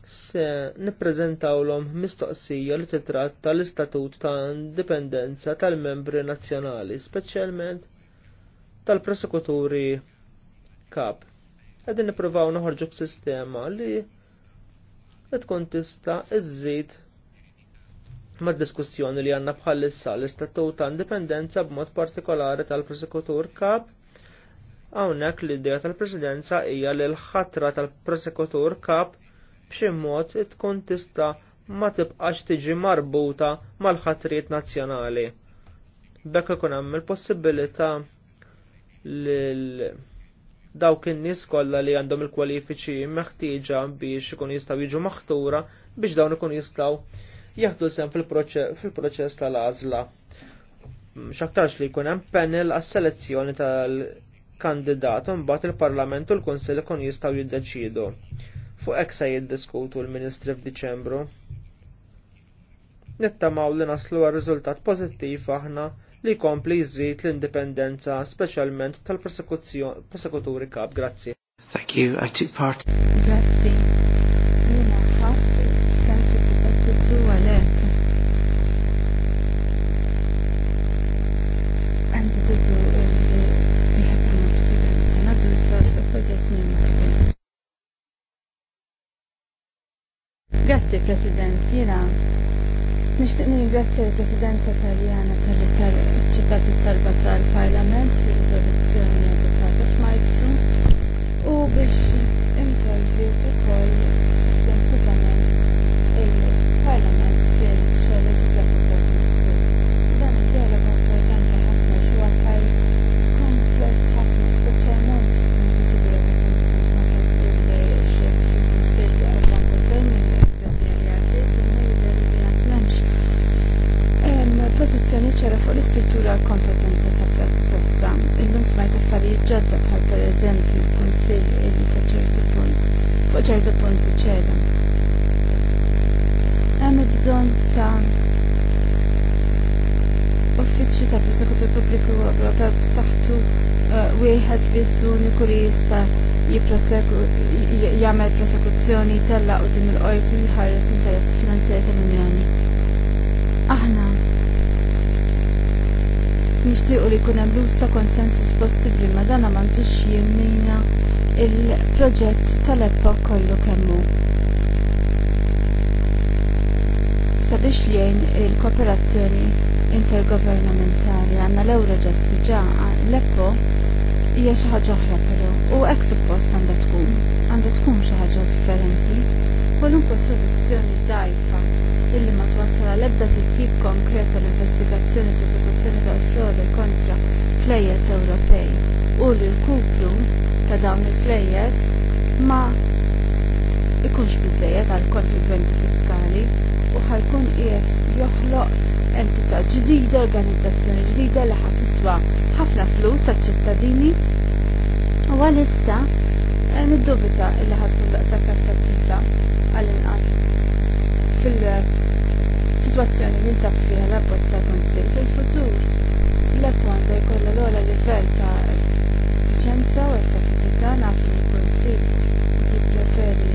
se nippreżentawlhom mistoqsija li titratta l-istatut ta' indipendenza tal-membri nazzjonali, speċjalment tal-prosekuturi kap. Qegħdin nippruvaw noħorġu b'sistema li tkun tista' iżżid ma' diskussjoni li għandna bħalissa l-istatut ta' indipendenza b'mod partikolari tal-prosekutur kap Hawnhekk l-idea tal-presidenza hija li l-ħatra tal-prosekutur kap b'xi mod tkun tista ma tibqax tiġi marbuta mal-ħatrijiet nazzjonali. Bekk ikun hemm il-possibilità li dawk in-nies kollha li għandhom il-kwalifiċi meħtieġa biex ikun jistgħu jiġu maħtura biex dawn ikun jistgħu jaħdu sem fil-proċess tal-għażla. X'aktarx li jkun hemm panel għas-selezzjoni tal-kandidat u mbagħad il-Parlament u l-Kunsill ikun jistgħu jiddeċiedu fuq hekk se jiddiskutu l-Ministri f'Diċembru. Nittamaw li naslu għal riżultat pożittiv aħna li jkompli jżid l-indipendenza speċjalment tal-persekuturi kap. Grazzi. Thank you. I took part. Grazzi. President. biex jgħin il-kooperazzjoni intergovernamentali għanna l-Eurojust diġa l-EPPO hija xi ħaġa oħra però u hekk suppost għandha tkun għandha tkun xi ħaġa differenti. Kwalunkwe soluzzjoni dajfa illi ma twassal lebda ebda tip konkret tal-investigazzjoni ta' esekuzzjoni tal-frodi kontra flejjes Ewropej u li l kuplu ta' dawn il-flejjes ma ikunx bizzejet għal kontribwenti fiskali u ħajkun qiegħed joħloq entità ġdida, organizzazzjoni ġdida li ħadd tiswa ħafna flus għaċ-ċittadini u għalissa eh, niddubita illi ħatkun daqsa kattattiva għall-inqas fil-sitwazzjoni li nsab fiha l-abbozz ta' konsil fil-futur. L-app jkollha l-ogħla livell ta' effiċenza u effettività naf li l-konsil jippreferi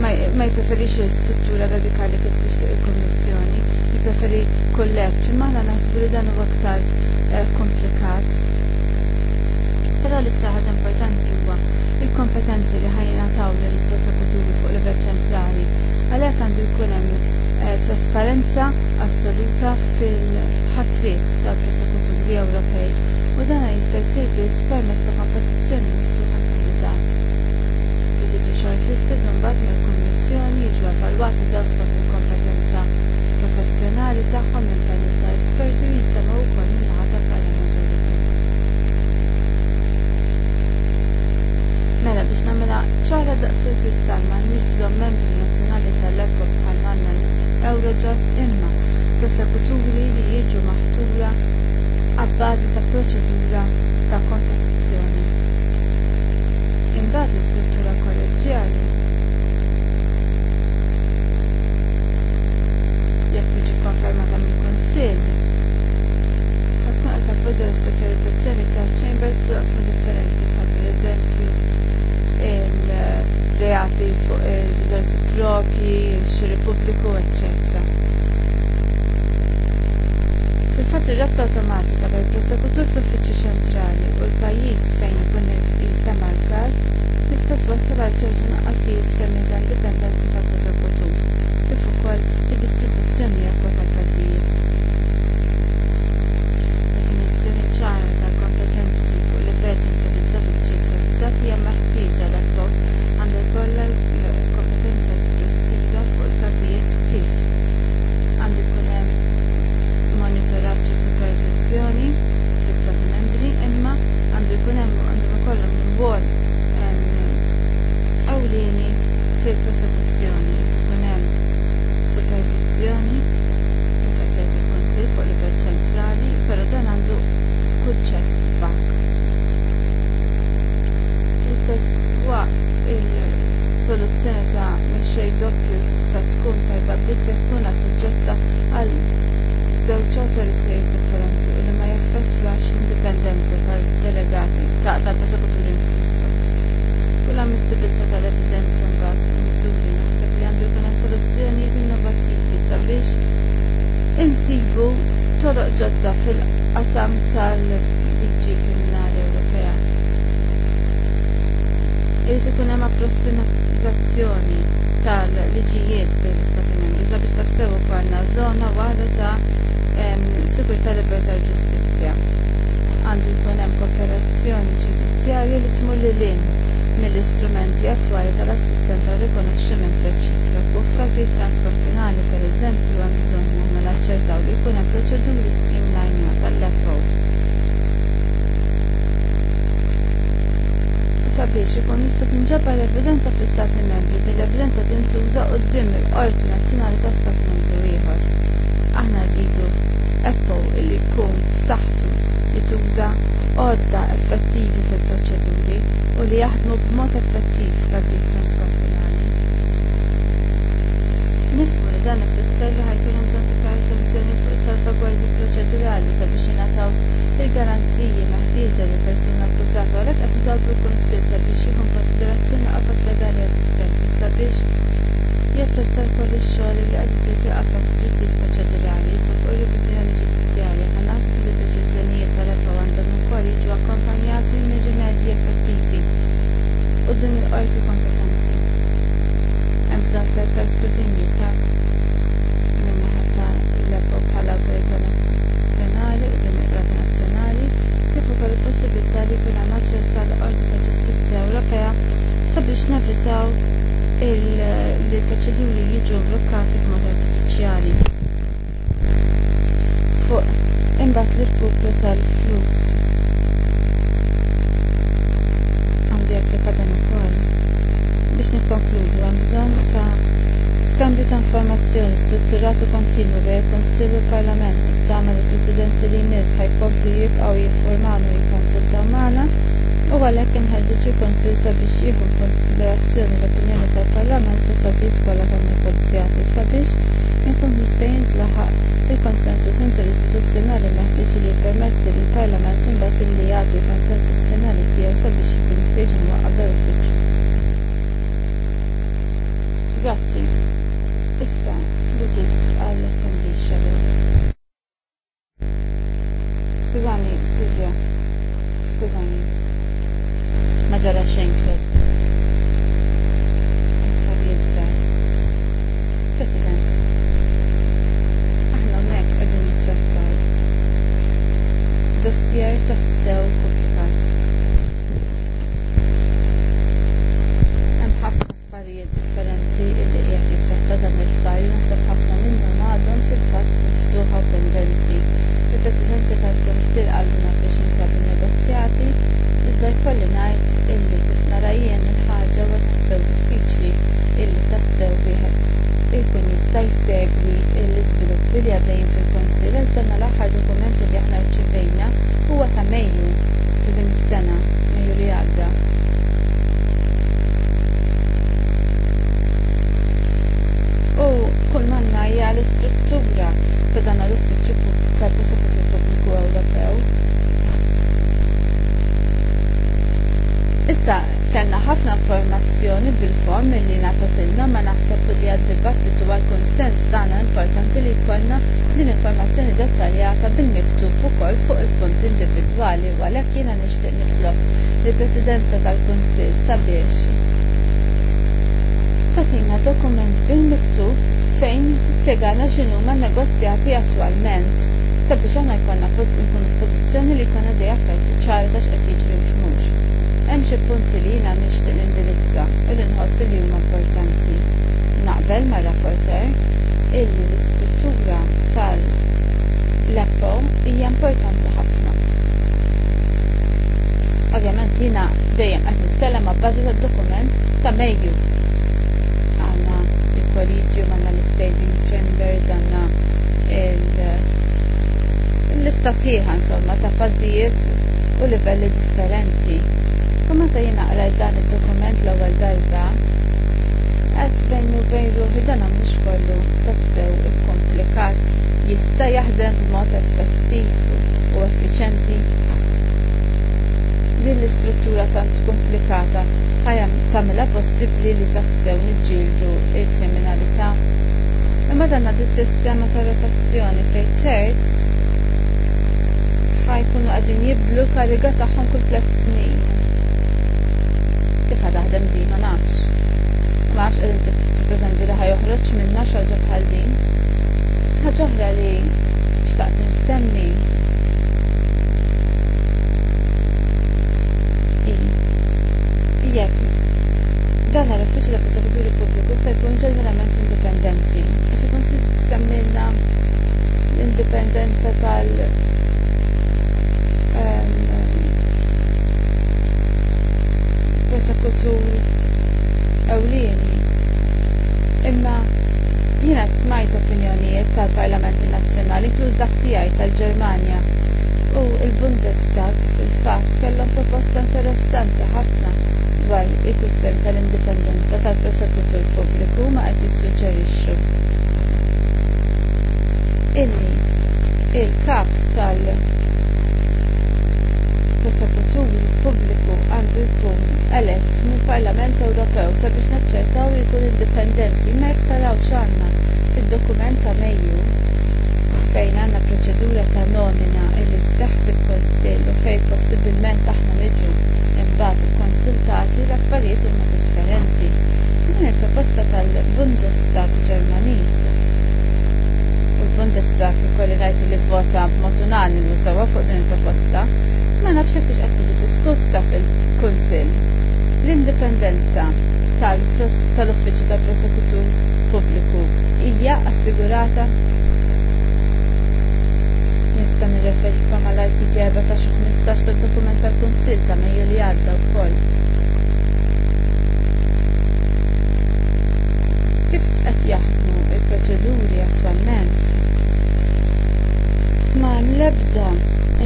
ma jpreferix struttura radikali kif tixtieq il-Kummissjoni, jpreferi kolleġġ, imma aħna naħsbu li dan huwa aktar eh, komplikat. Però l-iktar ħaġa importanti huwa il-kompetenzi li ħajna taw lill-prosekuturi fuq livell ċentrali. Għalhekk għandu jkun hemm eh, trasparenza assoluta fil ħatriet tal-prosekuturi Ewropej u dan għaj biss permezz ta' kompetizzjoni miftuħa kumitat. Dik ix-xogħol li tfidhom bad evalwati daw skont il-kompetenza professjonali tagħhom minn panel ta' esperti u jistgħu wkoll minnaħa ta' Parlament Ewropew. Mela biex nagħmilha ċara daqs il-kristall ma nix bżonn membri nazzjonali tal-ekko bħal għandna l-Eurojust imma prosekuturi li jiġu maħtura għabbażi ta' proċedura ta' kontazzjoni. Imbagħad l-istruttura kolleġjali popli, xiri pubbliku, etc. Fil-fatt il rabta awtomatika bejn prosekutur fl-uffiċċju ċentrali u l-pajjiż fejn ikun jisema' l-każ tista' twassal għal ċertu naqqasijiet f'termini ta' indipendenza għodda effettivi fil-proċeduri u li jaħdmu b'mod biex nevitaw il-proċeduri li jiġu blokkati b'mod artifiċjali. Fuq imbagħad l-irkupru tal-flus. Għandi applika dan ukoll. Biex nikkonkludu hemm bżonn ta' skambju ta' informazzjoni strutturat u kontinwu bejn il-Konsilju Parlament tagħmel il presidenti li jmiss ħajkomplu jibqgħu jiffurmanu jikkonsultaw magħna U għalek inħeġġeġ ċi konsil sabiex jieħu konsiderazzjoni l-opinjoni tal-Parlament fi każijiet kolla tal-negozjati sabiex jinkun jista' jintlaħaq il-konsensus interistituzzjonali meħtieġ li jippermetti li l-Parlament imbagħad li jagħti konsensus finali tiegħu sabiex jkun jista' jiġi mwaqqaf dawn il Grazzi. Issa, li kif għall assembli Shadow. Skużani, Silvia. Skużani ma ġara xejn. illi l-istruttura tal-leppo hija importanti ħafna. Ovvjament jina dejjem qed nitkellem ma' bażi tad-dokument ta' Mejju. Għandna il-kollegium, għandna l-staging chambers, għandna l-lista sieħa insomma ta' fażijiet u livelli differenti. Kuma ta' jina qra dan id-dokument l-ewwel darba, qed bejn u bejn ruħi dan mhux kollu tassew ikkomplikat jista' jaħdem b'mod effettiv u effiċenti din l-istruttura tant komplikata ħajam tagħmilha possibbli li tassew niġġieldu il-kriminalità. Imma danna dis-sistema ta' rotazzjoni fejn terz ħajkunu għadin jiblu kariga tagħhom kull tliet snin. Kif ħadaħdem din ma nafx. Ma nafx qegħdin pereżempju li ħajoħroġ minna xaġa bħal din. Ħaġa oħra li xtaqt nsemmi jekk dan l-uffiċċju ta' prosekuturi pubbliku se jkun ġeneralment indipendenti għax ikun semmilna l-indipendenza tal- smajt opinjonijiet tal-Parlamenti Nazzjonali plus dak tiegħi tal-Ġermanja. U il-Bundestag fil-fatt kellhom proposta interessanti ħafna dwar il-kwistjoni tal-indipendenza tal-prosekutur pubbliku ma qed jissuġġerixxu. Illi il-kap tal- prosekutur pubbliku għandu jkun elett mill-Parlament Ewropew sabiex naċċertaw li jkun indipendenti ma jktarawx għan dokument ta' Mejju fejn għandna proċedura ta' nomina illi tseħħ fil-Kunsill u fejn possibilment aħna niġu imbagħad ikkonsultati l-affarijiet huma differenti. Din il-proposta tal-Bundestag Ġermaniż u l-Bundestag ikolli ngħid li vvota b'mod unanimu sewa fuq din il-proposta ma nafx hekk qed tiġi diskussa fil-Kunsill. L-indipendenza tal-Uffiċċju tal-Prosekutur pubbliku hija assigurata nista' nirreferikom għal xi 14 tad-dokument tal-Kunsill ta' Mejju li għadda wkoll. Kif qed jaħdmu il-proċeduri attwalment? Ma l-ebda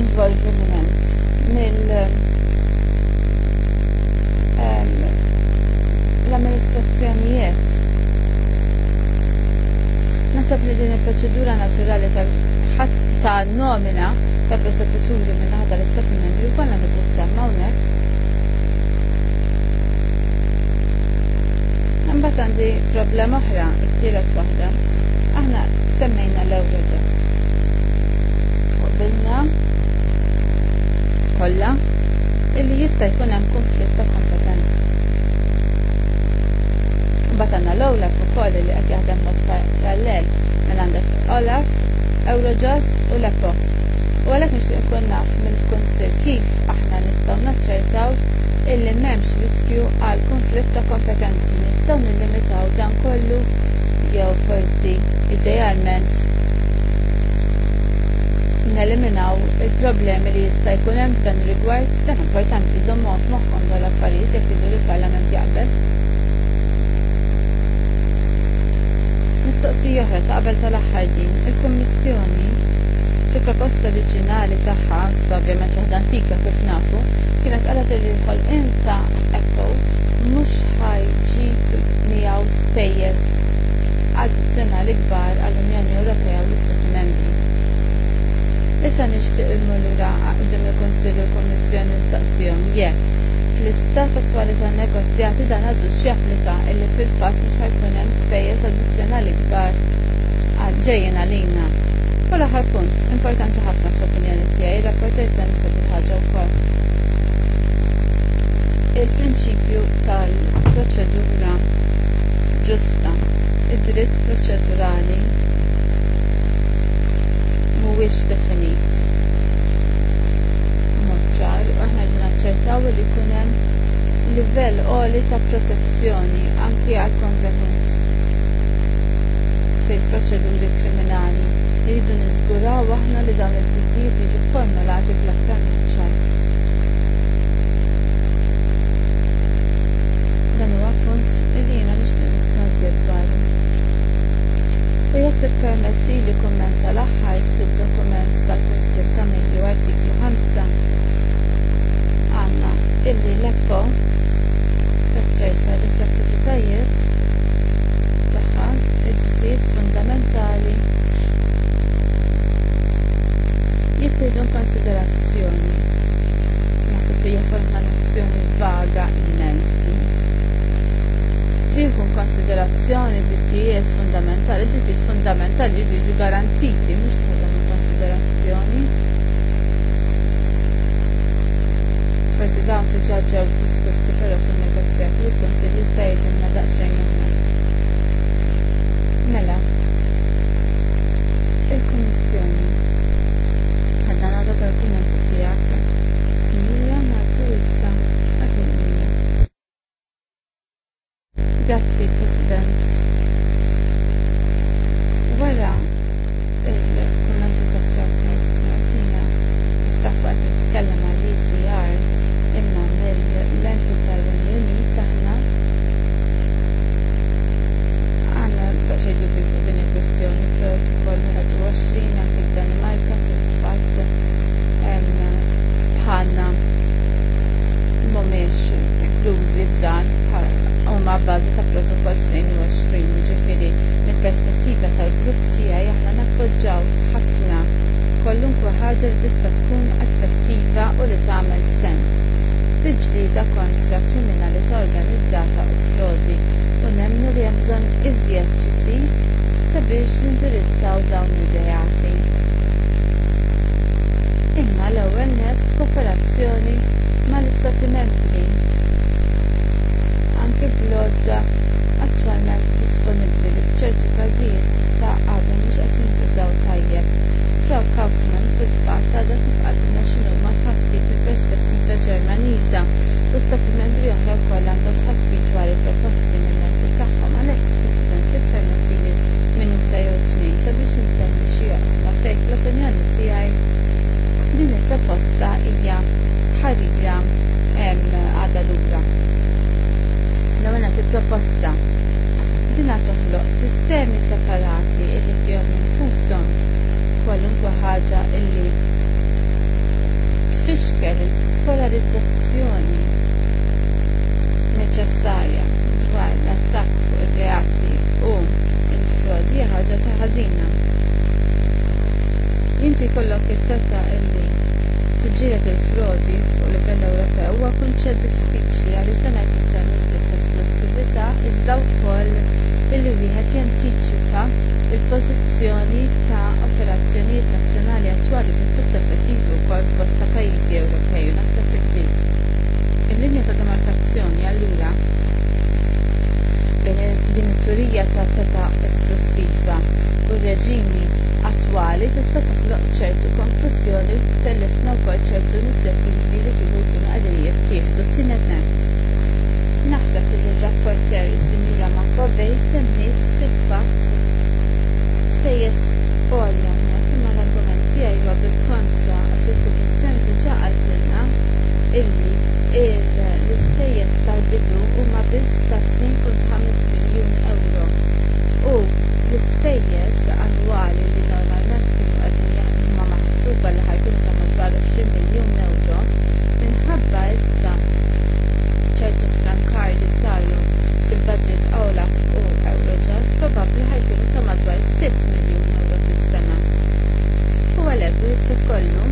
involviment mill l-amministrazzjonijiet Nasab li din il-proċedura naturali ta' nomina ta' prosekuturi minn ħadd l istati Membri kollha tittistemma hawnhekk. Nambat għandi problema oħra, it t waħda. Aħna semmejna l-Ewroġa. 'bilna kollha illi jista' jkun hemm konflitt ta' Mbagħad għandna l fuq ukoll li qed jaħdem mod parallel minn għandek Olaf, Eurojust u Lepo. U għalhekk nixtieq inkun naf minn tkun sir kif aħna nistgħu naċċertaw illi m'hemmx riskju għal konflitt ta' kompetenzi nistgħu nillimitaw dan kollu jew forsi idealment neliminaw il-problemi li jista' jkun hemm f'dan ir-rigward dan importanti żommhom f'moħħhom dwar l-affarijiet jekk li l-Parlament jaqbel. mistoqsi oħra ta' qabel tal-aħħar din, il-Kummissjoni fil-proposta oriġinali tagħha, ovvjament waħda antika kif nafu, kienet qalet li l-ħolqien ta' Apple mhux ħajġib miegħu spejjeż l kbar għall-Unjoni Ewropea u l-Istati Membri. Issa nixtieq il-mulura qdim il-Konsilju Kommissjoni Stazzjon jekk l-istatus wara tan-negozjati dan għaddu x'japplika illi fil fat mux ħajkun hemm spejjeż addizzjonali kbar ġejjin għalina. U l punt, importanti ħafna f'opinjoni opinjoni tiegħi, rapporter semmi fuq il-ħaġa wkoll. Il-prinċipju tal-proċedura ġusta, id-dritt proċedurali mhuwiex definit naċċertaw li jkun hemm livell għoli ta' protezzjoni anki għal konvenut fil-proċeduri kriminali. Rridu nizguraw aħna li dan il drittijiet jiġu formulati bl-aktar azzjoni edukazzjoni, drittijiet fundamentali, drittijiet fundamentali jridu jiġu garantiti, mhux tħodhom il-konsiderazzjoni. Forsi dawn tiġaġġew għabbażi ta' protokoll 22 ġifiri mill-perspettiva tal-grupp tiegħi aħna nappoġġaw ħafna kollunkwe ħaġa li tista' tkun effettiva u li tagħmel sens fil-ġlida kontra kriminalità organizzata u frodi u nemmnu li hemm bżonn iżjed ċisir sabiex nindirizzaw dawn il-reati. Imma l-ewwel net f'kooperazzjoni mal-Istati Membri anke blodda attwalment disponibbli li f'ċertu każijiet issa għadhom mhux qed jintużaw tajjeb. Frau Kaufmann fil-fatt għadha tisqalna x'inhu ma tħassib mill-perspettiva Ġermaniża u stati membri oħra wkoll għandhom tħassib dwar il-proposti minn membri tagħhom għalhekk tisfhem minn minuta jew tnejn sabiex nsemmi xi jaqsma fejn l-opinjoni tiegħi din il-proposta hija ħarija għadha lura ġurnati proposta. Dina toħloq sistemi separati illi fjom jinfusom kwalunkwa ħaġa illi tfixkel il-polarizzazzjoni neċessarja dwar l attak fuq ir-reati u il-frodi ħaġa ta' ħadina. Inti kollok is-setta illi tiġilet il-frodi fuq livell Ewropew huwa kunċett diffiċli għal dan iżda wkoll il wieħed jantiċipa il-pożizzjoni ta' operazzjonijiet nazzjonali attwali pjuttost effettivi wkoll f'bosta pajjiżi Ewropej u naħseb illi il-linja ta' demarkazzjoni allura bejn din it-turija ta' seta' esklusiva u reġimi attwali tista' toħloq ċertu konfessjoni u tellifna wkoll ċertu inizjattivi li kienu jkunu għalijiet tieħdu tienet Naħseb li l-rapporter Sinjura Makovej semmit fil-fatt spejjeż għolja imma l-argument tiegħi huwa bil-kontra għax il-Kummissjoni diġà għaltilna illi l-ispejjeż tal-bidu huma biss ta' 2.5 miljun euro u l-ispejjeż annwali li normalment kienu qegħdin jaħdmu ma' maħsuba li ħajkunu ta' madwar 20 miljun euro minħabba issa l li saru fil-budget awla u Eurojust probabbli ħajkunu ta' madwar 6 miljun euro fis-sena. U għalhekk riskju kollu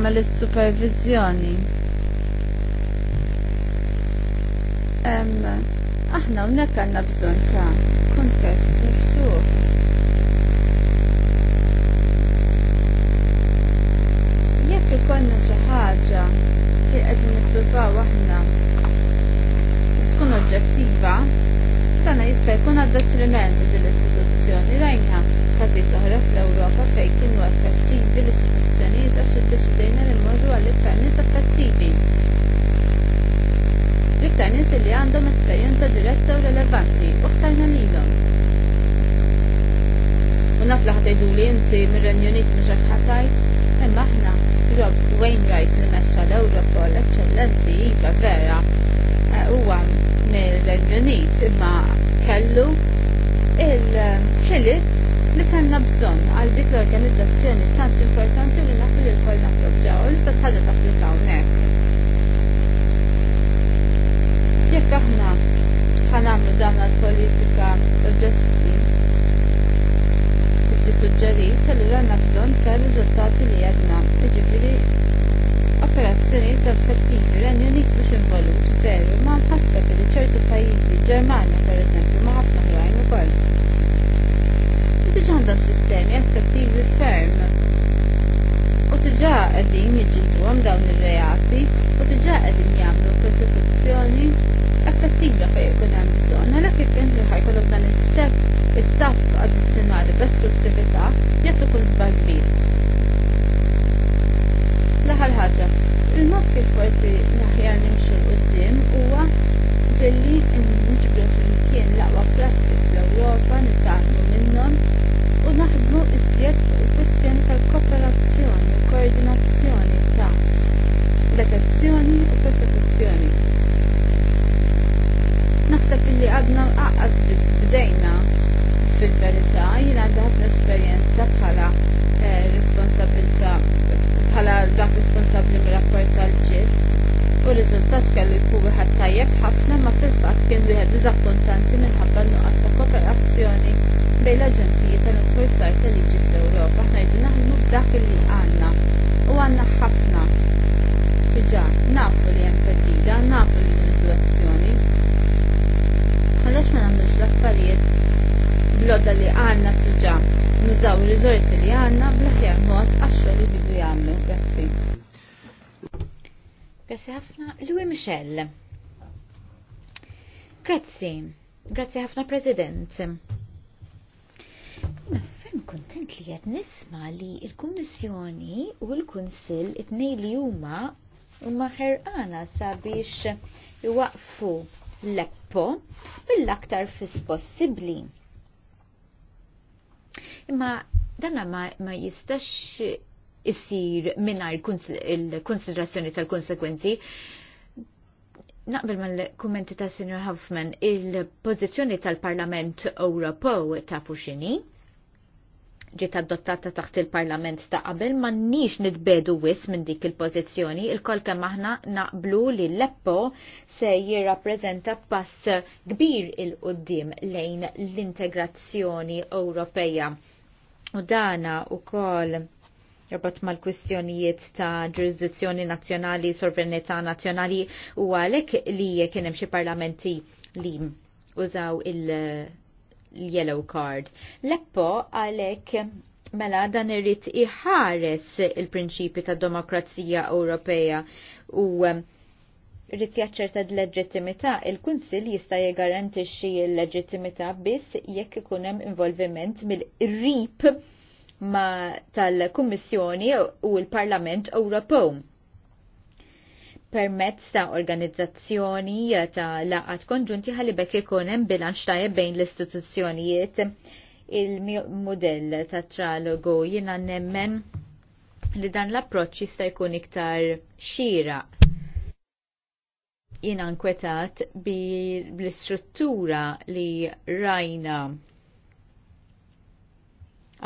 jagħmel is-supervizjoni. Aħna hawnhekk għandna bżonn ta' naf li ħatejdu li inti mir-Renju Unit mhux hekk ħatajt, imma aħna Rob Wainwright li mexxa l-Europol eċċellenti iva vera eh, huwa mir-Renju Unit imma kellu il-ħilit li kellna bżonn għal dik l-organizzazzjoni tant importanti li naqbel il-koll napproġġaw li bas ħaġa tapplika hawnhekk. Jekk aħna ħanamlu dawn l-politika oġġesti jissuġġerit li għanna bżonn ta' riżultati li għadna, iġifiri operazzjoni ta' effettivi l-Renju Unit biex involut veru ma nħassab li ċertu pajjiżi, Ġermanja eżempju, ma ħafna ħrajn u koll. għandhom sistemi effettivi ferm u għedin qegħdin għam dawn il reati u diġà għedin jgħamlu prosekuzzjoni effettiva fejn ikun hemm bżonn, għalhekk jekk inti ħajkollok dan is-sepp it addizjonali bez b'esklusività jekk ikun zbar kbir. L-aħħar il-mod kif forsi naħjar nimxu l qoddim huwa billi fil kien l-aqwa prassi fl-Ewropa nittaqmu minnhom u naħdmu iżjed fuq il-kwistjoni tal-kooperazzjoni u koordinazzjoni ta' detezzjoni u persekuzzjoni naħseb illi għadna għaqqas biss bdejna fil-verità jien għandha ħafna esperjenza bħala eh, responsabilità bħala dak responsabbli mir-rapport tal-ġiet u riżultat kellu jkun wieħed tajjeb ħafna ma fil-fatt kien wieħed diżappuntanti minħabba nuqqas ta' kooperazzjoni bejn l-aġenziji tal-infurzar tal-liġi fl-Ewropa. Aħna jiġu naħdmu f'dak li għandna u għandna ħafna diġà nafu li hemm perdida, nafu li din situazzjoni. Għalax ma nagħmlux l-affarijiet l li għanna tiġa nużaw il-rizorsi li għanna bl-ħjar mod għaxra li bidu jgħamlu. Grazzi. Grazzi ħafna Louis Michel. Grazzi. Grazzi ħafna President. Fem kontent li għed nisma li il-Kommissjoni u l-Kunsil it-nej li huma u għana sabiex iwaqfu l-eppo mill-aktar fis possibbli. Imma danna ma, ma jistax issir minna il-konsiderazzjoni tal-konsekwenzi. Naqbel ma l-kummenti ta' Sr. Hoffman, il-pozizjoni tal-Parlament Ewropew ta' Fuxini ġiet adottata taħt il-Parlament ta' qabel ma nix nitbedu wis minn dik il-pożizzjoni il-kol kemm aħna naqblu li l-Leppo se jirrappreżenta pass kbir il-qudiem lejn l-integrazzjoni Ewropeja U dana u kol Rabot mal-kwistjonijiet ta' ġurisdizzjoni nazjonali, sovranità nazjonali u għalek li kienem xie parlamenti li użaw il-yellow card. Leppo għalek mela dan irrit iħares il-prinċipi ta' demokrazija Ewropea u um, Rrit jaċċerta d-leġittimità, il-Kunsill jista' jgarantixxi l-leġittimità biss jekk ikun hemm involviment mill-rip ma tal-Kummissjoni u l-Parlament Ewropew permezz ta' organizzazzjoni ta' laqat konġunti ħalibek ikun hemm bilanċ ta' bejn l-istituzzjonijiet il-modell ta' tralogu jiena nemmen li dan l-approċċ jista' jkun iktar xira jiena nkwetat bl-istruttura li rajna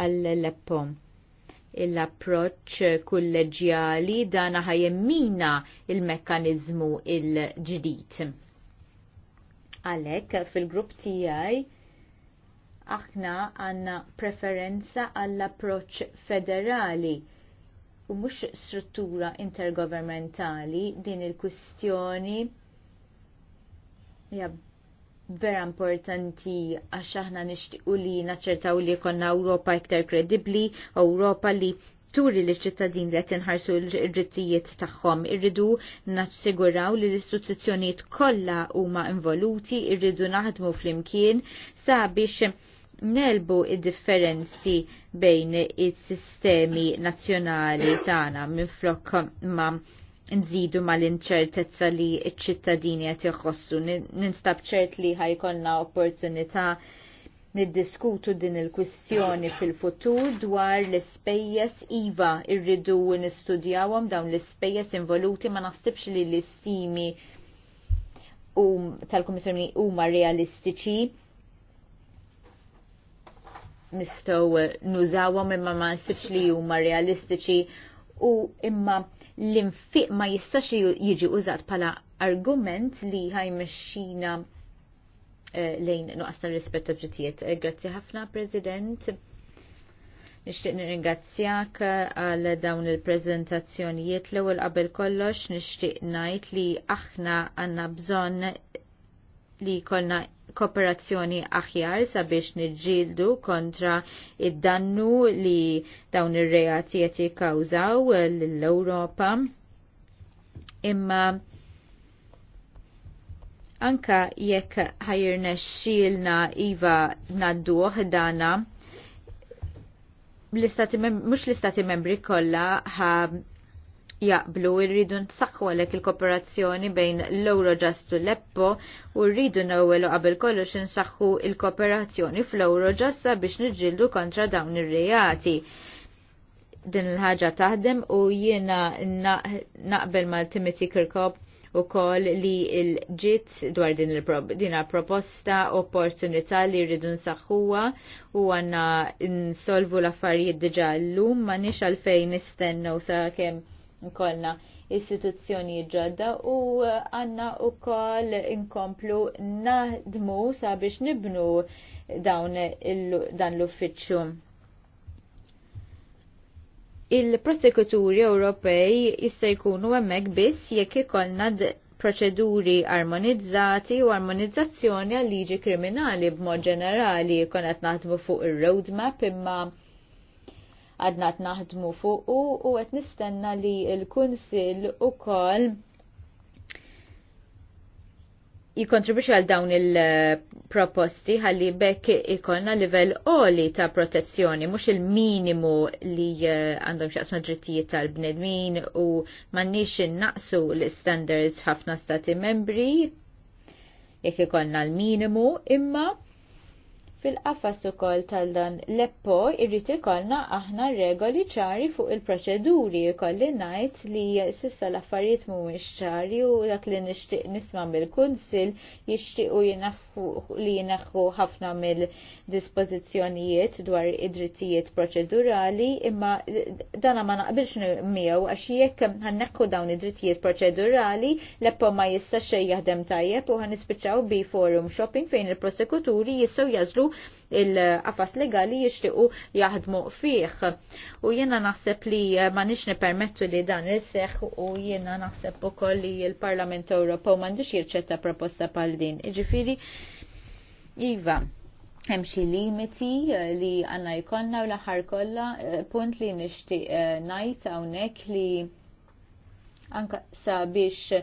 għall leppo l-approċ kolleġjali dan ħajemmina il-mekkanizmu il-ġdid. Għalek, fil-grupp tijaj, aħna għanna preferenza għall-approċ federali u mux struttura intergovernmentali din il-kustjoni Ja, vera importanti għax aħna nixtiqu li naċċertaw li konna Ewropa iktar kredibbli, Ewropa li turi li ċittadin li tinħarsu l rittijiet tagħhom. Irridu naċsiguraw li l-istituzzjonijiet kollha huma involuti, irridu naħdmu flimkien sabiex nelbu id-differenzi bejn is-sistemi nazzjonali tagħna minflok ma' nżidu mal-inċertezza li ċ-ċittadini qed jħossu. Ninstab ċert li ħajkonna opportunità niddiskutu din il-kwistjoni fil-futur dwar l-ispejjeż iva irridu nistudjawhom dawn l-ispejjeż involuti ma naħsibx li l-istimi um- tal-Kummissjoni huma realistiċi nistgħu nużawhom imma ma nsibx li huma realistiċi u imma l-infiq ma jistax jiġi użat pala argument li ħajmexxina eh, lejn nuqqas rispetta ta' drittijiet. Eh, grazzi ħafna, President. Nixtieq nirringrazzjak eh, għal dawn il prezentazzjonijiet l-ewwel qabel kollox nixtieq ngħid li aħna għandna bżonn li kolna kooperazzjoni aħjar sabiex nirġildu kontra id-dannu li dawn ir-reati qed jikkawżaw l-Ewropa. Imma anka jekk ħajrna xilna iva naddu dana, l-istati mux l-istati membri kollha ħa jaqblu irridu nsaxħu għalek il-kooperazzjoni bejn l-Eurojust u l-Eppo u rridu nawelu qabel kollox nsaxħu il-kooperazzjoni fl-Eurojust biex nġildu kontra dawn ir-reati. Din il-ħaġa taħdem u jiena naqbel ma' Timothy Kirkop u kol li il-ġit dwar din il-dina proposta opportunità li rridu nsaxħuwa u għanna nsolvu l-affarijiet diġa l-lum ma nix għalfejn nistennu sa' kem nkollna istituzzjoni ġodda u għanna u koll inkomplu naħdmu sabiex nibnu dawn dan l-uffiċċju. Il-prosekuturi Ewropej jista' jkunu hemmhekk biss jekk ikollna proċeduri armonizzati u armonizzazzjoni għal liġi kriminali b'mod ġenerali kon qed naħdmu fuq ir-roadmap imma għadna naħdmu fuq u għet nistenna li il-Kunsil u kol jikontribuċi għal dawn il-proposti għalli bekk ikonna livell oli ta' protezzjoni, mux il-minimu li eh, għandhom xaqsma drittijiet tal-bnedmin u mannix naqsu l-standards ħafna stati membri, jekk ikonna l-minimu, imma Fil-qafas ukoll tal-dan l-eppo irrid ikollna aħna regoli ċari fuq il-proċeduri kolli ngħid li sissa l-affarijiet mhumiex ċari u dak li nixtieq nisma' mill-kunsill jixtiequ li jinaħħu ħafna mill-dispożizzjonijiet dwar id-drittijiet proċedurali imma dana ma naqbilx miegħu għax jekk ħanneħħu dawn id-drittijiet proċedurali l-eppo ma jistax xejn jaħdem tajjeb u ħanispiċċaw bi forum shopping fejn il-prosekuturi jistgħu jażlu il-qafas legali jixtiequ jaħdmu fih. U jiena naħseb li ma nix nipermettu li dan il-seħ u jiena naħseb ukoll li l-Parlament Ewropew m'għandix jirċetta proposta bħal din. Iġifiri, Iva, hemm xi limiti li għandna jkollna u l-aħħar kollha eh, punt li nixtieq eh, ngħid hawnhekk li anka sabiex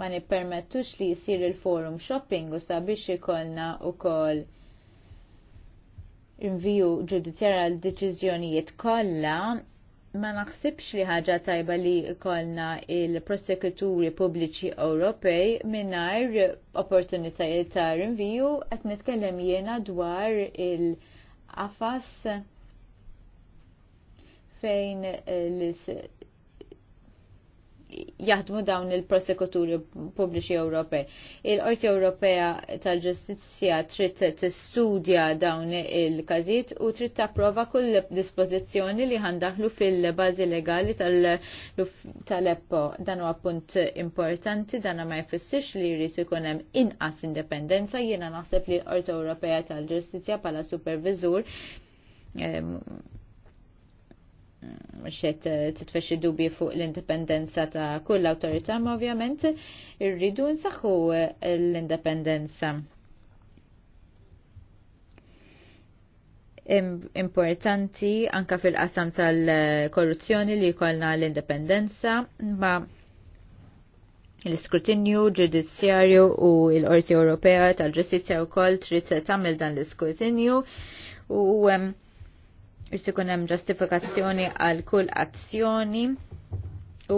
ma nippermettux li jisir il-forum shopping u sabiex ikollna u koll rinviju ġudizjar għal deċiżjonijiet kollha ma naħsibx li ħaġa tajba li kollna il-prosekuturi pubbliċi Ewropej mingħajr opportunitajiet ta' rinviju qed nitkellem jiena dwar il-qafas fejn l is jaħdmu dawn il-prosekuturi pubbliċi Ewropej. Il-Qorti Ewropea tal-Ġustizzja trid tistudja dawn il-każijiet u trid tapprova kull dispożizzjoni li ħandaħlu fil-bażi legali tal-EPPO. Dan huwa punt importanti, dan ma jfissirx li jrid ikun hemm inqas indipendenza, jiena naħseb li l-Qorti Ewropea tal-Ġustizzja bħala supervizur xet eh, titfex dubi fuq l-indipendenza ta' kull autorita' ma' ovvjament irridu nsaħħu eh, l-indipendenza. importanti anka fil-qasam tal-korruzzjoni li jkollna l-indipendenza ma l-iskrutinju ġudizzjarju u l-Qorti Ewropea tal-Ġustizzja wkoll trid tagħmel dan l-iskrutinju u um, Irsi kun hemm ġustifikazzjoni għal kull azzjoni u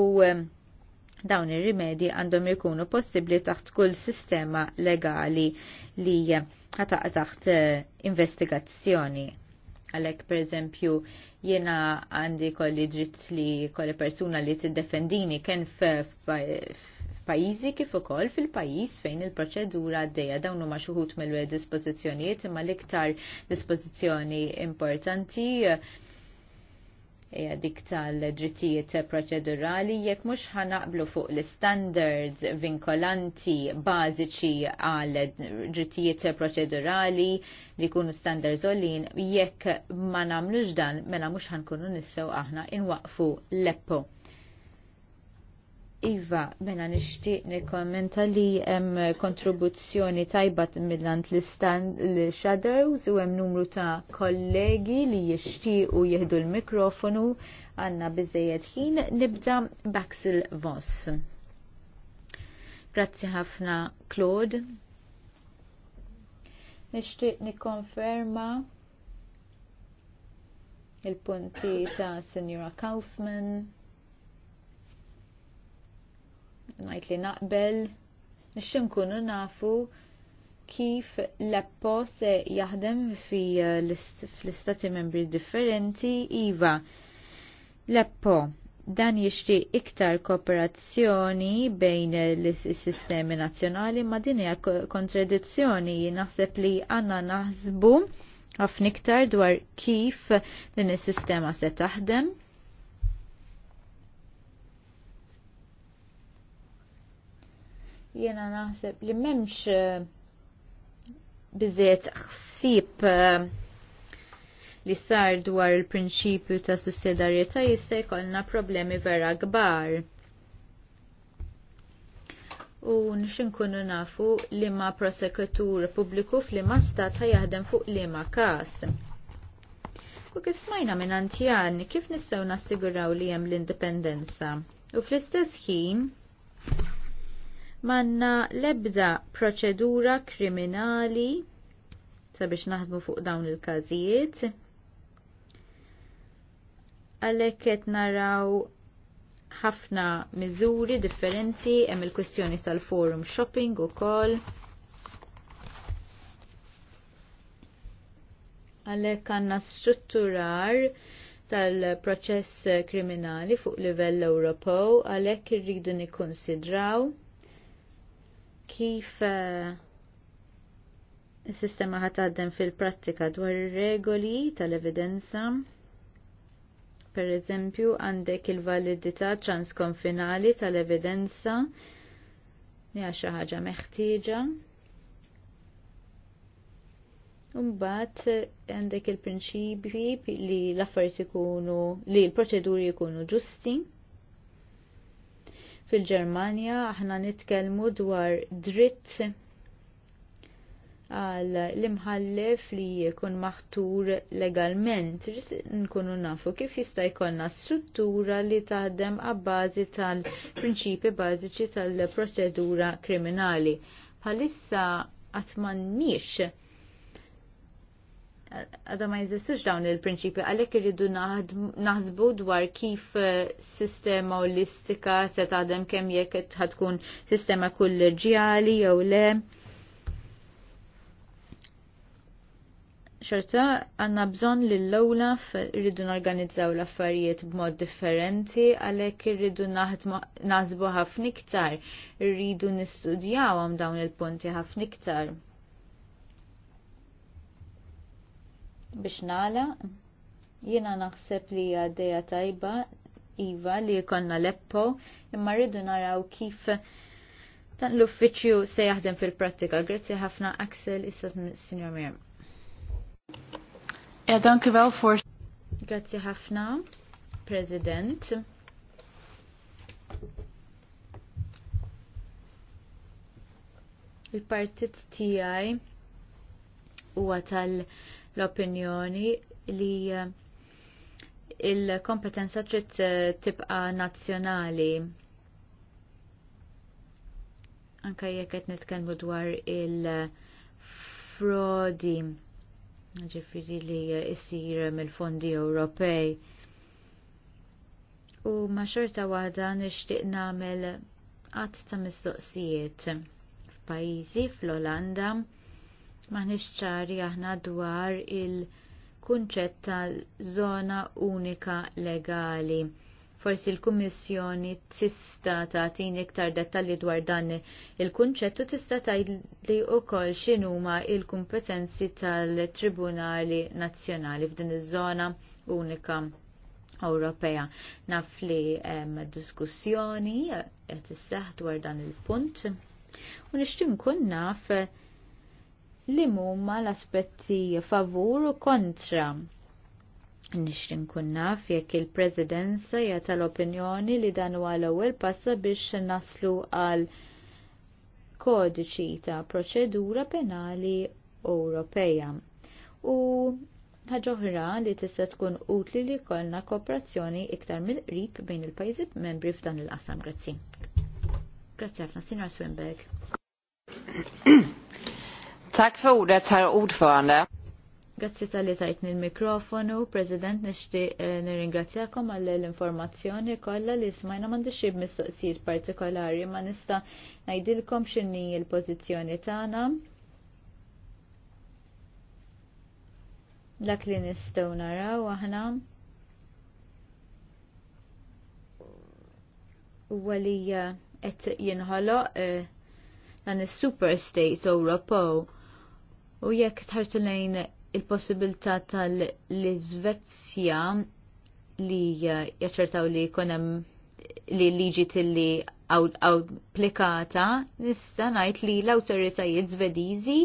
dawn ir-rimedi għandhom jkunu possibbli taħt kull sistema legali li ħataq taħt eh, investigazzjoni. Għalek, per eżempju, jena għandi kolli dritt li kolli persuna li t-defendini kien pajizi kif ukoll fil-pajjiż fejn il-proċedura għaddejja dawn huma xuħut mill-dispożizzjonijiet imma l-iktar dispożizzjoni importanti hija dik tal-drittijiet proċedurali jekk mhux ħanaqblu fuq l-standards vinkolanti bażiċi għal drittijiet proċedurali li jkunu standards olin, jekk ma nagħmlux dan mela mhux ħankunu nissew aħna inwaqfu l-eppo. Iva, mena nishtiq nikkommenta li hemm kontribuzzjoni tajba millant l-stand l-shadows u hemm numru ta' kollegi li jixtiequ jieħdu l-mikrofonu għandna biżejjed ħin nibda Baxil Voss. Grazzi ħafna Claude. Nixtieq nikkonferma il-punti ta' Senjora Kaufman najt li naqbel nixxin nafu kif l-appo se jaħdem fi eh, l-istati membri differenti iva. L-appo dan jishti iktar kooperazzjoni bejn l-sistemi nazzjonali ma din hija kontradizzjoni naħseb li għandna naħsbu ħafna iktar dwar kif din is-sistema se taħdem Jena naħseb li memx bizziet xsib li sar dwar il-prinċipju ta' sussidarieta jista' jkollna problemi vera kbar. U nixin kunu nafu li ma' prosekutur pubbliku f'liema stat jaħdem fuq liema każ. U kif smajna minn antjan, kif nistgħu nassiguraw li hemm l-indipendenza? U fl-istess ħin, manna lebda proċedura kriminali sabiex naħdmu fuq dawn il-każijiet. Għalhekk qed naraw ħafna miżuri differenti hemm il-kwistjoni tal-forum shopping ukoll. Għalhekk għandna strutturar tal-proċess kriminali fuq livell Ewropew għalhekk irridu nikkonsidraw kif eh, is-sistema ħataddem fil-prattika dwar ir-regoli tal-evidenza. Per eżempju, għandek il-validità transkonfinali tal-evidenza li għax xi ħaġa meħtieġa. Mbagħad eh, għandek il-prinċipji li l-affarijiet ikunu li l-proċeduri jkunu ġusti fil-Ġermanja aħna nitkellmu dwar dritt għal l-imħallef li jkun maħtur legalment. Nkunu nafu kif jista' jkollna struttura li taħdem għabbażi tal-prinċipi bażiċi tal-proċedura kriminali. Bħalissa m'għandniex għada ma jeżistux dawn il-prinċipi għalhekk irridu naħsbu dwar kif eh, sistema olistika se għadem kemm jekk tkun sistema kollegiali jew le. ċerta għanna bżon li l-lowla n norganizzaw l-affarijiet b'mod differenti għalhekk irridu naħsbu ħafna iktar, irridu nistudjaw għam dawn il-punti ħafna iktar. biex nala, jiena naħseb li għaddeja tajba Iva li konna leppo, imma rridu naraw kif dan l-uffiċju se jaħdem fil-prattika. Grazzi ħafna Axel, issa Signor Mir. Ja, for. Grazzi ħafna, President. Il-partit tijaj u għatal tal l-opinjoni li eh, il-kompetenza trid eh, tibqa nazzjonali. Anke jekk qed nitkellmu dwar il-frodi ġifiri li jisir mill-fondi Ewropej. U ma xorta waħda nixtieq nagħmel qatt ta' mistoqsijiet f'pajjiżi fl-Olanda maħniex ċari aħna dwar il-kunċett ta' zona unika legali. Forsi l-Kummissjoni tista tagħtini iktar dettalji dwar dan il-kunċett u tista' tgħidli wkoll x'inhuma il-kompetenzi tal-Tribunali Nazzjonali f'din iż-żona unika Ewropea. Naf li hemm diskussjoni qed isseħħ dwar dan il-punt u nixtieq nkun naf li huma l-aspetti favur u kontra. Nixtin kunna fjek il-Presidenza jata tal-opinjoni li dan huwa l-ewwel passa biex naslu għal kodiċi ta' proċedura penali Ewropeja. U ħagħuħra li tista' tkun utli li kollna kooperazzjoni iktar mill-qrib bejn il-pajjiżi membri f'dan il-qasam. Grazzi. Grazzi ħafna, Sinjor Swinberg. Tack för ordet, herr ordförande. Grazzi tal-li tajtni l-mikrofonu, President, nishti eh, nirringrazzjakom għall l-informazzjoni kolla li smajna mandi xib mistoqsijiet partikolari, ma nista najdilkom xinni l-pozizjoni tana. Dak li nistaw naraw aħna. U għalija għet eh, jinħolo eh, dan is-super state Ewropew U jekk tħarsu lejn il-possibilità tal-Iżvezzja li jaċċertaw li konem li liġi tilli applikata, nista' ngħid li l-awtoritajiet Zvediżi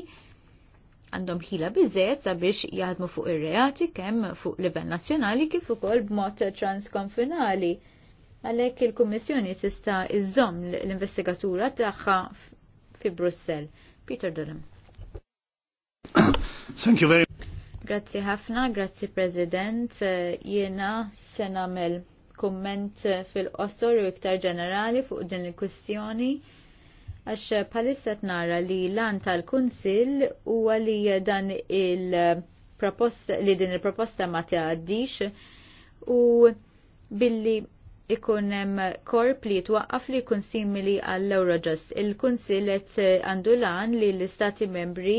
għandhom ħila biżet sabiex jaħdmu fuq ir-reati kemm fuq livell nazzjonali kif ukoll b'mod transkonfinali. Għalhekk il-Kummissjoni tista' iżżomm l-investigatura tagħha fi Brussell. Peter Dolem. Thank you very Grazzi ħafna, grazzi President. Jiena se nagħmel komment fil-qosor u iktar ġenerali fuq din il-kwistjoni. Għax palissa nara li lan tal-Kunsil huwa li dan il-proposta li din il-proposta ma tgħaddix u billi ikun hemm korp li twaqqaf li jkun simili għall eurojust Il-Kunsill qed għandu lan li l-Istati membri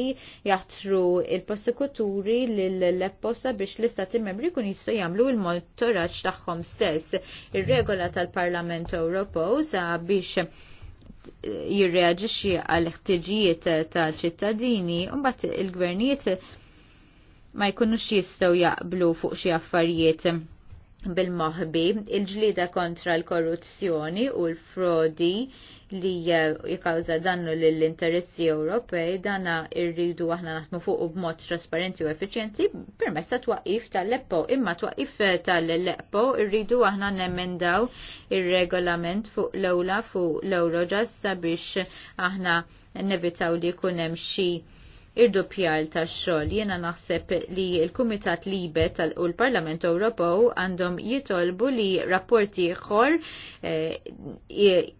jaħtru il-prosekuturi lill-lepposa biex l-Istati membri kun jistgħu jagħmlu l-monitoraġġ tagħhom stess. Ir-regola tal-Parlament Ewropew sabiex biex jirreaġixxi għall ħtiġijiet ta' ċittadini, u mbagħad il-gvernijiet ma jkunux jistgħu jaqblu fuq xi affarijiet bil-moħbi il-ġlida kontra l-korruzzjoni u l-frodi li jikawza dannu l-interessi Ewropej dana irridu aħna naħmu fuq b'mod trasparenti u effiċjenti permessa ta' twaqif tal-leppo imma twaqif tal-leppo irridu aħna nemmendaw ir-regolament fuq l-ewla fuq l-Eurojust sabiex aħna nevitaw li kunem xi irdupjar tax-xogħol. Jiena naħseb li l-Kumitat Libe u l-Parlament Ewropew għandhom jitolbu li rapporti ieħor eh,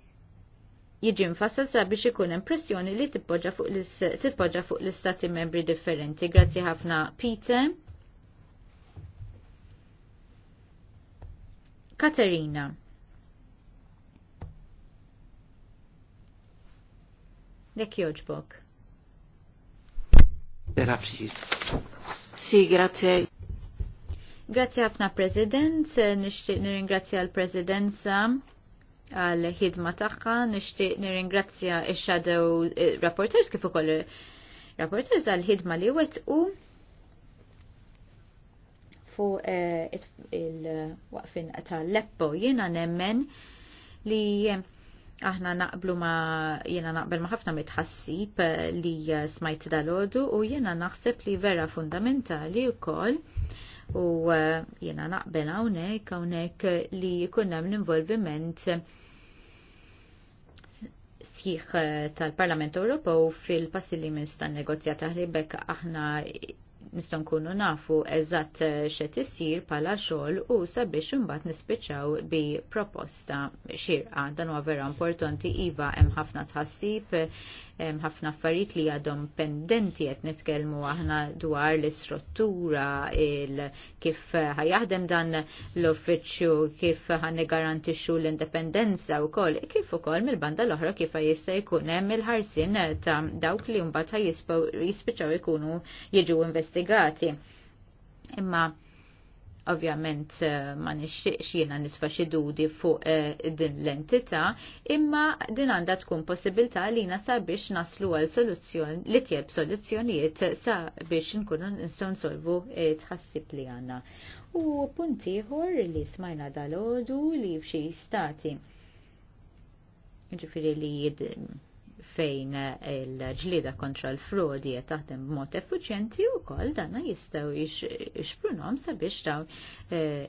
jiġi mfassal sabiex ikun impressjoni li titpoġġa fuq l-istati membri differenti. Grazzi ħafna Peter. Katerina. Dek joġbok. Era Sì, grazie. Grazie ħafna President, nixtieq nirringrazzja l-Presidenza għal ħidma tagħha, nixtieq nirringrazzja il shadow eh, Rapporters kif ukoll Rapporters għal ħidma li wettqu fu eh, il-waqfin tal-leppo jiena nemmen li Aħna naqblu ma jena naqbel ma ħafna mitħassib eh, li eh, smajt dal-ħodu u jena naħseb li vera fundamentali u koll eh, u jena naqbel għawnek għawnek li jkunna l-involviment sħiħ tal-Parlament Ewropew fil-passi li minn stan negozjata ħlibek aħna nistgħu nkunu nafu eżatt eh, xet isir pala xogħol u sabiex imbagħad nispiċċaw bi proposta xirqa. Dan huwa vera importanti iva hemm ħafna tħassib ħafna affarijiet li għadhom pendenti qed nitkellmu aħna dwar l-istruttura, kif ħajaħdem dan l-uffiċċju, kif ħannegarantixxu l-indipendenza wkoll, kif ukoll mill-banda l-oħra kif jista' jkun hemm il-ħarsin ta' dawk li mbagħad jispiċċaw jkunu jiġu investigati. Imma ovvjament eh, ma nixtieqx jiena nisfa xi dudi fuq eh, din l-entità, imma din għandha tkun possibilità li nasa biex naslu għal soluzzjoni li tjeb soluzzjonijiet sa biex nkunu nistgħu nsolvu eh, tħassib li għandna. U punt ieħor li smajna dal li f'xi stati Ġifieri li fejn il-ġlida kontra l-frodi qed taħdem b'mod effiċjenti wkoll dana jistgħu jixprunom sabiex dawn eh,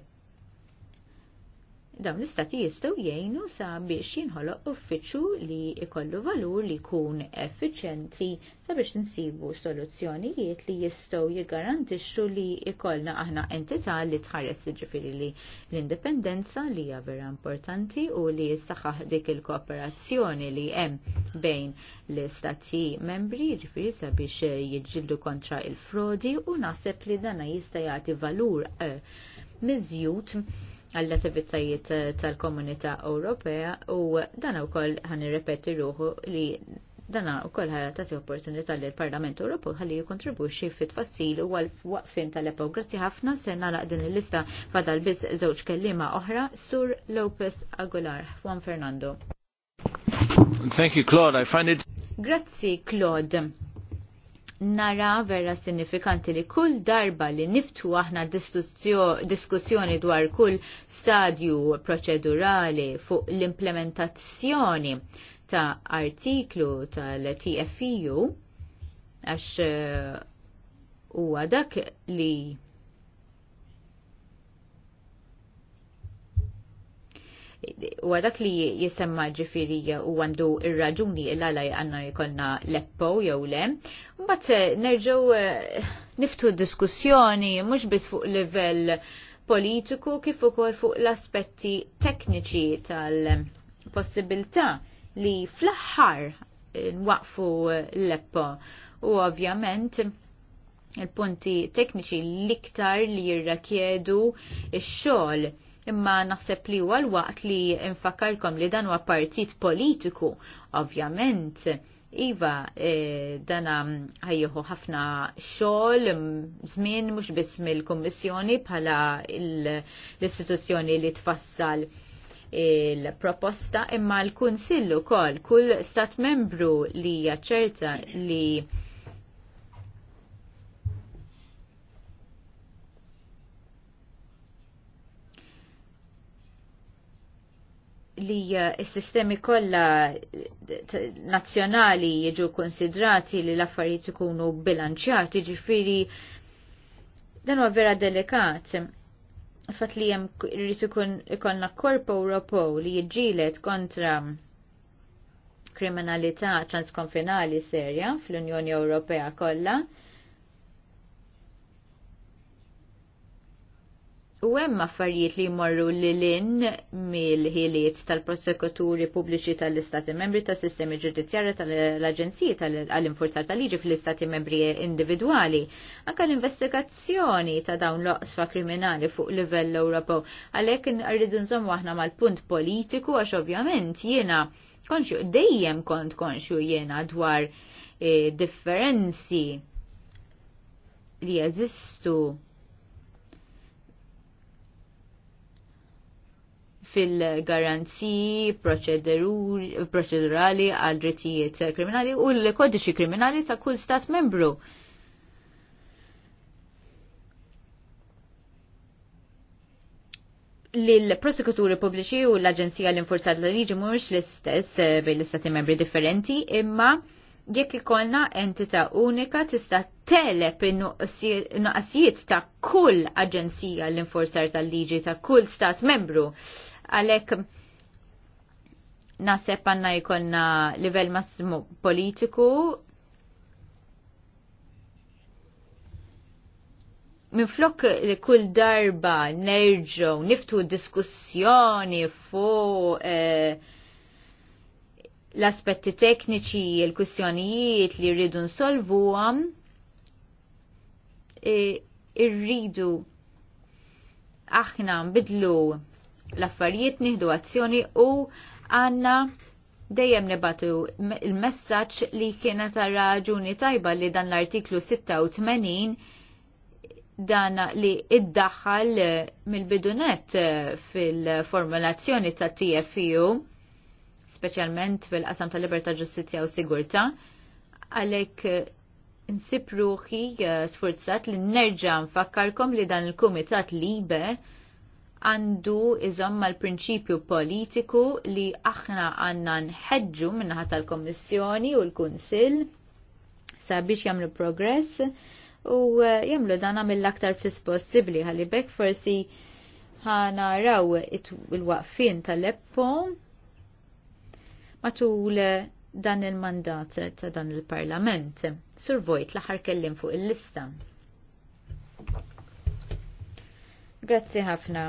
dawn l-istati jistgħu jgħinu sabiex jinħoloq uffiċċju li jkollu valur li jkun effiċjenti sabiex insibu soluzzjonijiet li jistgħu jiggarantixxu li jkollna aħna entità li tħares jiġifieri li l-indipendenza li hija vera importanti u li jissaħħaħ dik il-kooperazzjoni li hemm bejn l-istati membri jiġifieri sabiex jiġġildu kontra il-frodi u naħseb li dana jista' jagħti valur eh, miżjud għall-attivitajiet eh, tal-Komunità Ewropea u dan ukoll ħan irrepeti ruħu li dan ukoll ħajja tagħti opportunità li l-Parlament Ewropew ħalli jikkontribwixxi fit-tfassil u għal waqfin tal-epo. Grazzi ħafna se nagħlaq din il-lista fadal biss żewġ kelliema oħra Sur Lopez Aguilar, Juan Fernando. Thank you, Claude. I find it... Grazzi, Claude nara vera sinifikanti li kull darba li niftu aħna diskussjoni dwar kull stadju proċedurali fuq l-implementazzjoni ta' artiklu tal-TFU għax eh, huwa dak li u għadak li jisemma ġifiri u għandu ir-raġuni il-għala għanna jkollna leppo jew le. Mbagħad eh, nerġgħu eh, niftu diskussjoni mhux biss fuq livell politiku kif ukoll fuq l-aspetti tekniċi tal-possibilità li fl-aħħar eh, nwaqfu l-leppo u ovvjament il-punti tekniċi l-iktar li jirrakjedu ix-xogħol imma naħseb li huwa l-waqt li nfakkarkom li dan huwa partit politiku, ovvjament. Iva, e, dana ħajjuħu ħafna xol, zmin mux biss mill-Kommissjoni bħala l-istituzzjoni li tfassal il-proposta imma l-Kunsillu kol, kull stat membru li jaċerta li li eh, s-sistemi kollha nazzjonali jiġu konsidrati li l-affarijiet ikunu bilanċjati, ġifiri dan huwa vera delikat. Fat li jem rrit ikonna korp Ewropew li jiġġielet kontra kriminalità transkonfinali serja fl-Unjoni Ewropea kollha U hemm affarijiet li jmorru li lin mill-ħiliet tal-prosekuturi pubbliċi tal-Istati membri tas-sistemi ġudizzjarja tal-Aġenziji tal-Infurzar tal-Liġi fl-Istati membri individwali. Anka l-investigazzjoni ta' dawn l-oqsfa kriminali fuq livell Ewropew. Għalhekk irridu nżommu aħna mal-punt politiku għax ovvjament jiena konxju dejjem kont konxu jiena dwar eh, differenzi li jeżistu fil-garanziji proċedurali għal drittijiet kriminali u l-kodiċi kriminali ta' kull stat membru. Lill-prosekuturi pubbliċi u l-Aġenzija l-Infurzat l-Liġi mhux l-istess eh, bejn l-istati membri differenti imma jekk ikollna entita unika tista' telep in-nuqqasijiet ta' kull aġenzija l-infurzar tal-liġi ta' kull stat membru. Għalek naseb għanna jikonna livell massimo politiku flok li kull darba nerġaw niftu diskussjoni fuq eh, l-aspetti tekniċi, l-kwistjonijiet li rridu nsolvu għam, eh, irridu aħna nbidlu l-affarijiet nieħdu azzjoni u għanna dejjem nebatu il-messaġġ li kienet raġuni tajba li dan l-artiklu 86 dan li iddaħħal mill-bidunet fil-formulazzjoni ta' TFU, speċjalment fil-qasam ta' libertà ġustizzja u sigurta, għalek nsipruħi eh, sfurzat li nerġa' nfakkarkom li dan il-kumitat libe għandu iżom mal-prinċipju politiku li aħna għanna nħedġu minnaħat tal komissjoni u l-Kunsil sabiex jamlu progress u eh, jamlu dan mill-aktar fis possibli għalli bekk forsi ħana raw il-waqfin tal-eppo matul eh, dan il-mandat ta' dan il-parlament. Survojt l-aħar kellim fuq il-lista. Grazzi ħafna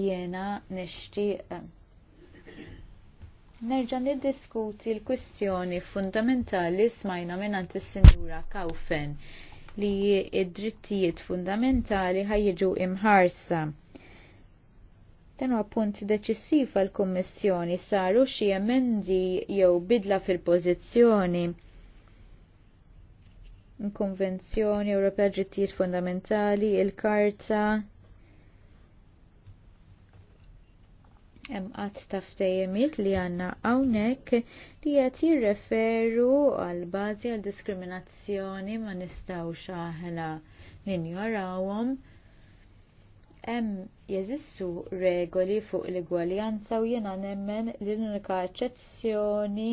jiena nixtieq eh, nerġa' niddiskuti l-kwistjoni fundamentali smajna minn is-Sinjura Kawfen li id-drittijiet fundamentali ħajġu imħarsa. Tenu huwa punt deċissiv għall kummissjoni saru xi emendi jew bidla fil-pożizzjoni konvenzjoni Ewropea Drittijiet Fundamentali, il-Karta hemm qatt ta' ftejjemiet li għandna hawnhekk li qed jirreferu għal bażi għal diskriminazzjoni ma nistgħux aħna ninjorawhom. Hemm jeżistu regoli fuq l-igwaljanza u jiena nemmen li l-unika eċċezzjoni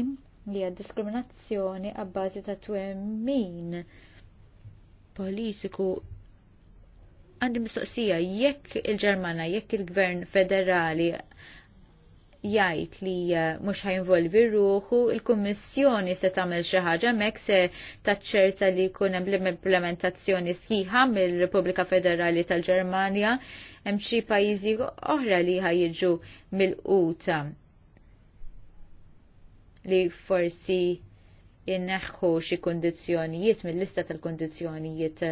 li għad diskriminazzjoni għabbażi ta' twemmin politiku għandi mistoqsija jekk il-Ġermana, jekk il-Gvern federali jgħid li eh, mhux ħajinvolvi ruħu, il-Kummissjoni se tagħmel xi ħaġa hemmhekk se taċċerta li jkun hemm implementazzjoni sħiħa mill-Repubblika Federali tal-Ġermanja hemm xi pajjiżi oħra li ħajjiġu mill-quta li forsi inneħħu xi kundizzjonijiet mill-lista tal-kundizzjonijiet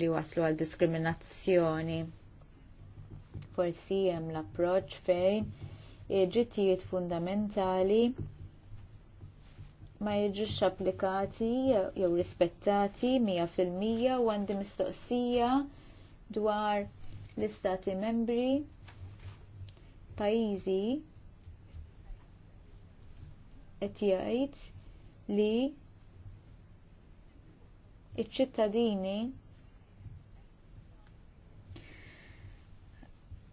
li waslu għal diskriminazzjoni. Forsi hemm l-approċċ fejn id-drittijiet fundamentali ma jiġux applikati jew rispettati 100% u għandi mistoqsija dwar l-istati membri pajjiżi qed jgħid li iċ-ċittadini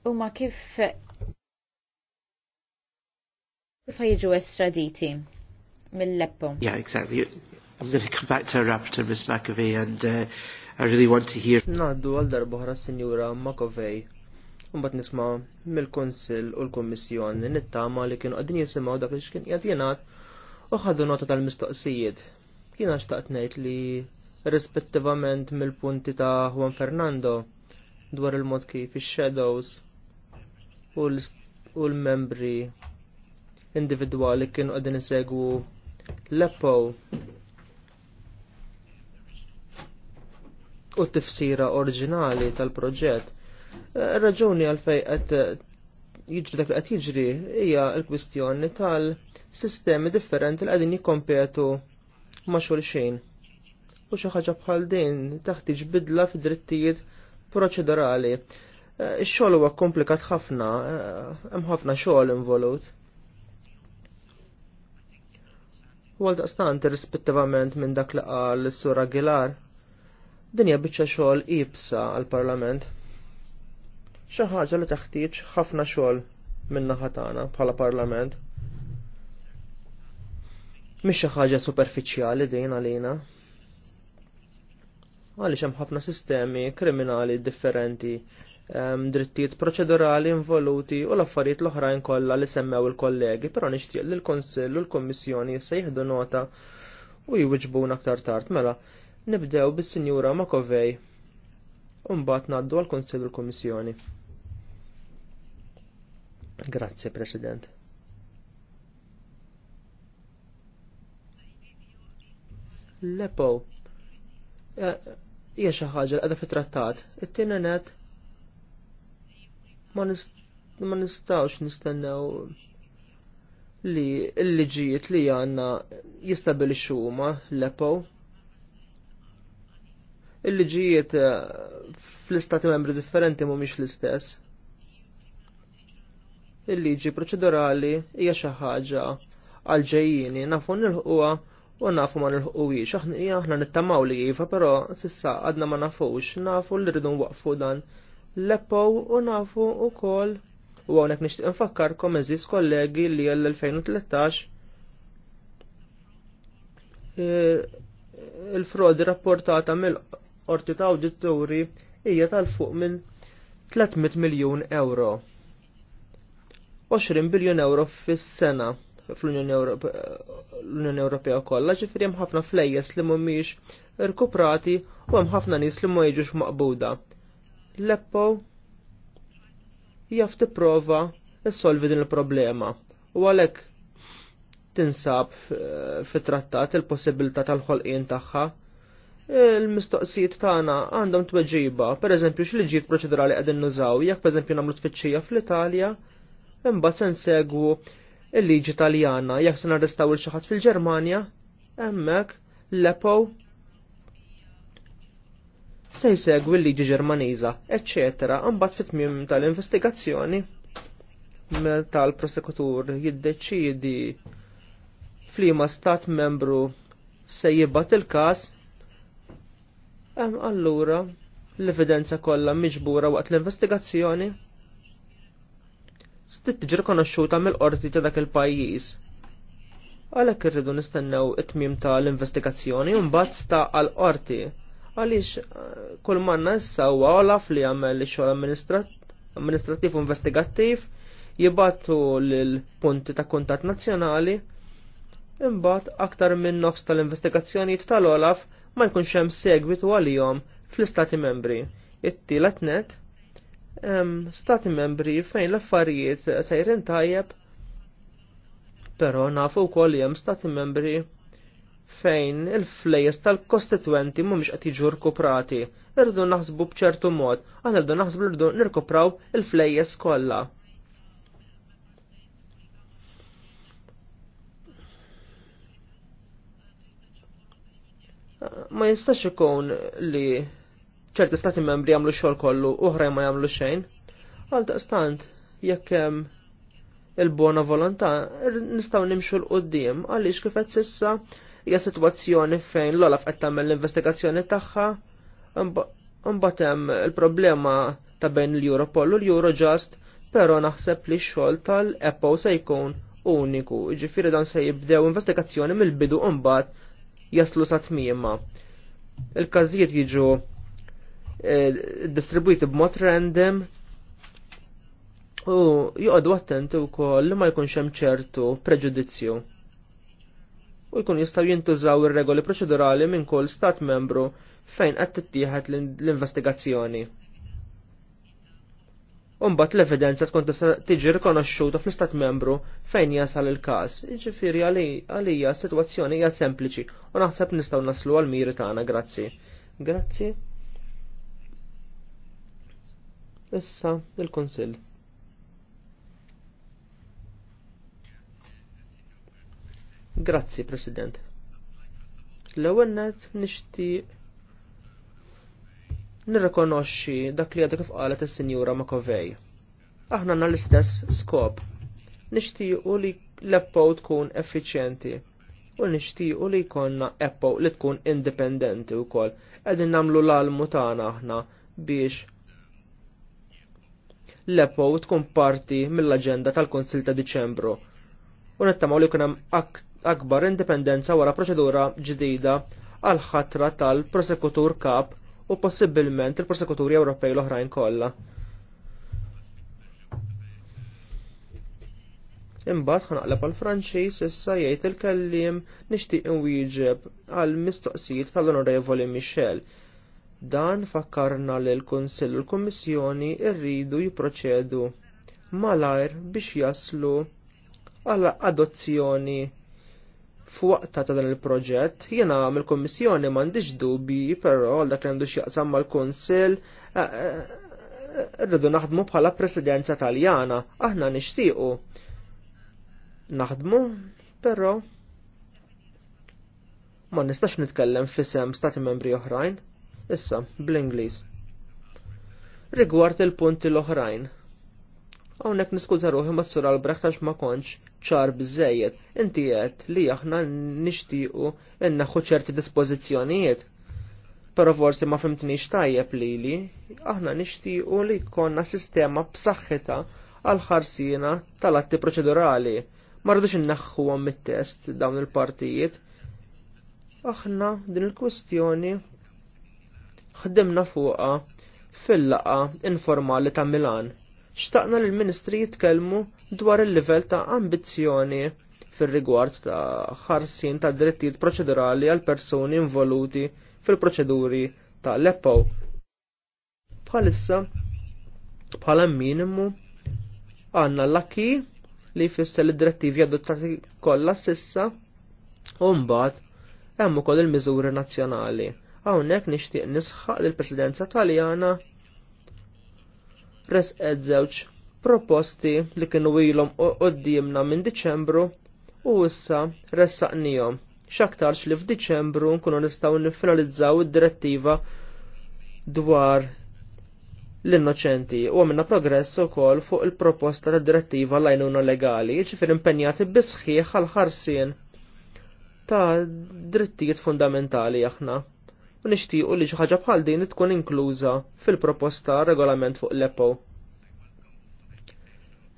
huma kif Kif jiġu estraditi mill-Leppo? Yeah, exactly. I'm going to come back to our rapporteur, Ms. McAvey, and uh, I really want to hear. Naddu għal s Sinjura McAvey. Umbat nisma mill-Konsil u l-Kommissjon nittama li kienu għadin jisimaw dak li xkien jadjenat u ħadu nota tal-mistoqsijiet. Kiena xtaqt ngħid li rispettivament mill-punti ta' Juan Fernando dwar il-mod kif ix-shadows u l-membri individwali kienu għadin isegwu l u tifsira oriġinali tal-proġett. Eh, raġuni għalfej qed eh, jiġri dak li qed jiġri hija l-kwistjoni tal-sistemi differenti li qegħdin jikkompetu ma' xulxin. U xi ħaġa bħal din taħtiġ bidla fid-drittijiet proċedurali. Eh, ix-xogħol huwa komplikat ħafna, hemm ħafna xogħol involut. U għal daqstant rispettivament minn dak li qal is-Sur Aguilar, dinja biċċa xogħol ibsa għal Parlament. Xi ħaġa li teħtieġ ħafna xogħol minna naħa tagħna bħala Parlament. Mish xi ħaġa superfiċjali din għalina. Għaliex hemm ħafna sistemi kriminali differenti drittijiet proċedurali involuti u l-affarijiet l-oħrajn kollha li semmew il-kollegi, però nixtieq li l-Konsill u l-Kommissjoni se jieħdu nota u jwiġbuna aktar tard mela. Nibdew bis-Sinjura Makovej u mbagħad ngħaddu għall kunsill u l kummissjoni Grazie President. Lepo. Eh, eh, hija xi ħaġa li qiegħda fit-trattat. It-tieni net ma nistawx nistennew li l-liġijiet li għanna jistabilixxu huma l-EPO. Il-liġijiet eh, fl-istati membri differenti mhumiex l-istess. Il-liġi proċedurali hija xi ħaġa għal ġejjini nafu nilħuha u nafu ma nilħuwix. Aħna nittamaw li jiva, però sissa għadna ma nafux, nafu li rridu waqfu dan Leppow u nafu u kol u għonek nishtiq nfakkarkom eżis kollegi li l-2013 eh, il-frodi rapportata mill-orti ta' auditori hija tal-fuq minn 300 miljun euro. 20 biljon euro fis-sena fl-Unjoni Ewropea kollha, ġifieri hemm ħafna flejjes li mhumiex irkuprati u hemm ħafna nies li ma jiġux maqbuda. Leppo jaf tipprova solvi din il-problema u għalhekk tinsab eh, fit-trattat il-possibilità tal-ħolqien tagħha. Il-mistoqsijiet tagħna għandhom tweġiba, pereżempju x'liġijiet proċedurali qegħdin nużaw, jekk pereżempju nagħmlu tfittxija fl-Italja, imbagħad se nsegwu il-liġi Taljana, jekk se narrestaw il xi ħadd fil-Ġermanja, hemmhekk lepow se jsegwi l-liġi Ġermaniża, eċċetera, imbagħad fit-tmiem tal-investigazzjoni meta l-prosekutur jiddeċiedi flima stat membru se jibgħat il-każ, allura l-evidenza kollha miġbura waqt l-investigazzjoni se tiġi rikonoxxuta mill-qorti ta' dak il-pajjiż għalek irridu nistennew it-tmim tal-investigazzjoni un bat sta għal-qorti għaliex eh, kull manna issa u Olaf li għamel xogħol amministrattiv u investigattiv jibattu l-punti ta' kontat nazzjonali imbagħad aktar minn nofs tal-investigazzjonijiet tal-Olaf ma jkunx hemm segwitu għalihom fl-istati membri. It-tielet net stati membri fejn l-affarijiet sejrin tajjeb, però nafu wkoll hemm stati membri fejn il-flejes tal-kostituenti mhumiex qed jiġu rkuprati. Irdu naħsbu b'ċertu mod, aħna rridu naħsbu rdu nirkupraw il-flejes kollha. Ma jistax ikun li ċerti stati membri jagħmlu xogħol kollu oħrajn ma jagħmlu xejn. stant jekk hemm il-bona volontà, nistgħu nimxu l-qudiem għaliex kif qed sissa hija sitwazzjoni fejn l qed tagħmel l-investigazzjoni tagħha mbagħad hemm il-problema ta' bejn l-Europol u l-Eurojust, però naħseb li x-xogħol tal apple se jkun uniku, ġifieri dan se jibdew investigazzjoni mill-bidu u mbagħad jaslu sa tmiema. Il-każijiet jiġu eh, distribuiti b'mod random u joqgħodu attenti wkoll li ma jkunx hemm ċertu preġudizzju u jkun jistaw jintużaw ir-regoli proċedurali minn kull stat membru fejn qed tittieħed l-investigazzjoni. Umbat l-evidenza tkun tista' tiġi rikonoxxuta fl-istat membru fejn jasal il-każ. Jiġifieri għalija s-sitwazzjoni hija sempliċi u naħseb nistgħu naslu għall miri tagħna grazzi. Grazzi. Issa il-Kunsill. Grazzi, President. L-ewwel net nixtieq nirrikonoxxi dak li għadha kif qalet is-Sinjura Makovej. Aħna għandna l-istess skop. Nixtiequ li l-Apple tkun effiċjenti u nixtiequ li jkollna Apple li tkun indipendenti wkoll. Qegħdin nagħmlu l-almu tagħna aħna biex l-Apple tkun parti mill-aġenda tal-Konsil ta' Diċembru u nittamaw li jkun hemm aktar akbar indipendenza wara proċedura ġdida għal ħatra tal-prosekutur kap u possibilment il-prosekuturi Ewropej l-oħrajn kollha. Imbagħad ħanaqleb għal Franċiż issa jgħid il-kelliem nixtieq inwieġeb għal mistoqsijiet tal-Onorevoli Michel. Dan fakkarna li l-Kunsill u l-Kummissjoni rridu jipproċedu malajr biex jaslu għal adozzjoni F'waqta ta' dan il-proġett, jiena mill-Kommissjoni m'għandix dubi, però għal dak li għandu x'jaqsam mal-Kunsill eh, eh, rridu naħdmu bħala presidenza taljana, aħna nixtiequ. Naħdmu, però ma nistax nitkellem f'isem stati membri oħrajn, issa bl-Ingliż. Rigward il-punti l-oħrajn. Hawnhekk niskuża ruħi mas-sur Albrecht ma konċ ċar bżejjed. Inti għed li aħna nixtiequ inna ċerti dispożizzjonijiet. Però forsi ma fimtniex tajjeb lili, aħna nixtiequ li jkollna sistema b'saħħitha għal ħarsina tal-atti proċedurali. Ma rridux għom mit-test dawn il-partijiet. Aħna din il-kwestjoni ħdimna fuqha fil-laqa informali ta' Milan. Xtaqna l-Ministri jitkellmu dwar il-livell ta' ambizzjoni fil-rigward ta' ħarsin ta' drittijiet proċedurali għal persuni involuti fil-proċeduri ta' Aleppo. Bħalissa, bħala minimu, għanna l-akki li jfisser li direttivi adottati kollha sissa u mbagħad hemm ukoll il-miżuri nazzjonali. Hawnhekk nixtieq nisħaq lill-Presidenza Taljana res żewġ proposti li kienu ilhom qoddimna minn Diċembru u issa ressaqniehom. X'aktarx li f'Diċembru nkunu nistgħu niffinalizzaw id-direttiva dwar l-innoċenti u għamilna progress ukoll fuq il-proposta ta' direttiva l-għajnuna legali, ġifir impenjati bisħiħ għal-ħarsien ta' drittijiet fundamentali aħna u nixtiequ li xi ħaġa bħal din tkun inkluża fil-proposta regolament fuq l-EPO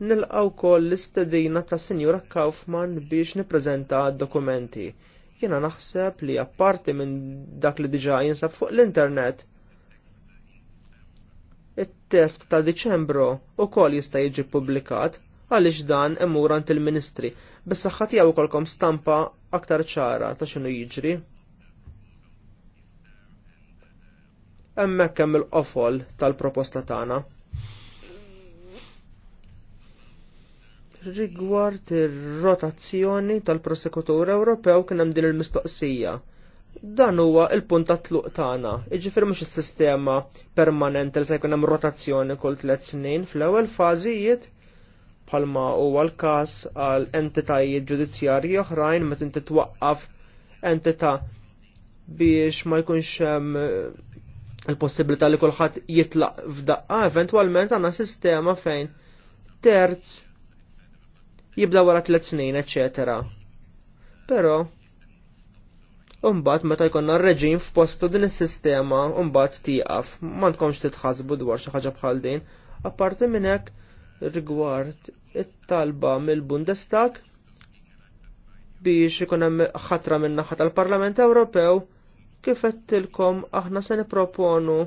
nilqaw kol l-istedina ta' Sinjura Kaufman biex niprezenta dokumenti. Jena naħseb li apparti minn dak li diġa jinsab fuq l-internet. It-test ta' Diċembru u kol jista' jiġi publikat għaliex dan emurant il-ministri, bis saħħat kolkom stampa aktar ċara ta' xinu jiġri. Emmek kemm il-qofol tal-proposta tagħna. rigward ir-rotazzjoni tal-prosekutur Ewropew kien hemm din il-mistoqsija. Dan huwa il-punt ta' tluq tagħna, jiġifier mhux is-sistema permanenti li se jkun hemm rotazzjoni kull tliet snin fl-ewwel fażijiet bħalma huwa l-każ għal entitajiet ġudizzjarji oħrajn meta inti twaqqaf entità biex ma jkunx hemm eh, il-possibilità li kulħadd jitlaq f'daqqa, eventwalment għandna sistema fejn terz jibda wara tliet snin, eċetera. Però Umbat meta jkollna r-reġim f'postu din is-sistema umbat tieqaf, ma tkomx titħasbu dwar xi ħaġa bħal din. Apparti minn hekk rigward it-talba mill-Bundestag biex ikun hemm ħatra minn naħa tal-Parlament Ewropew kif qedtilkom aħna se nipproponu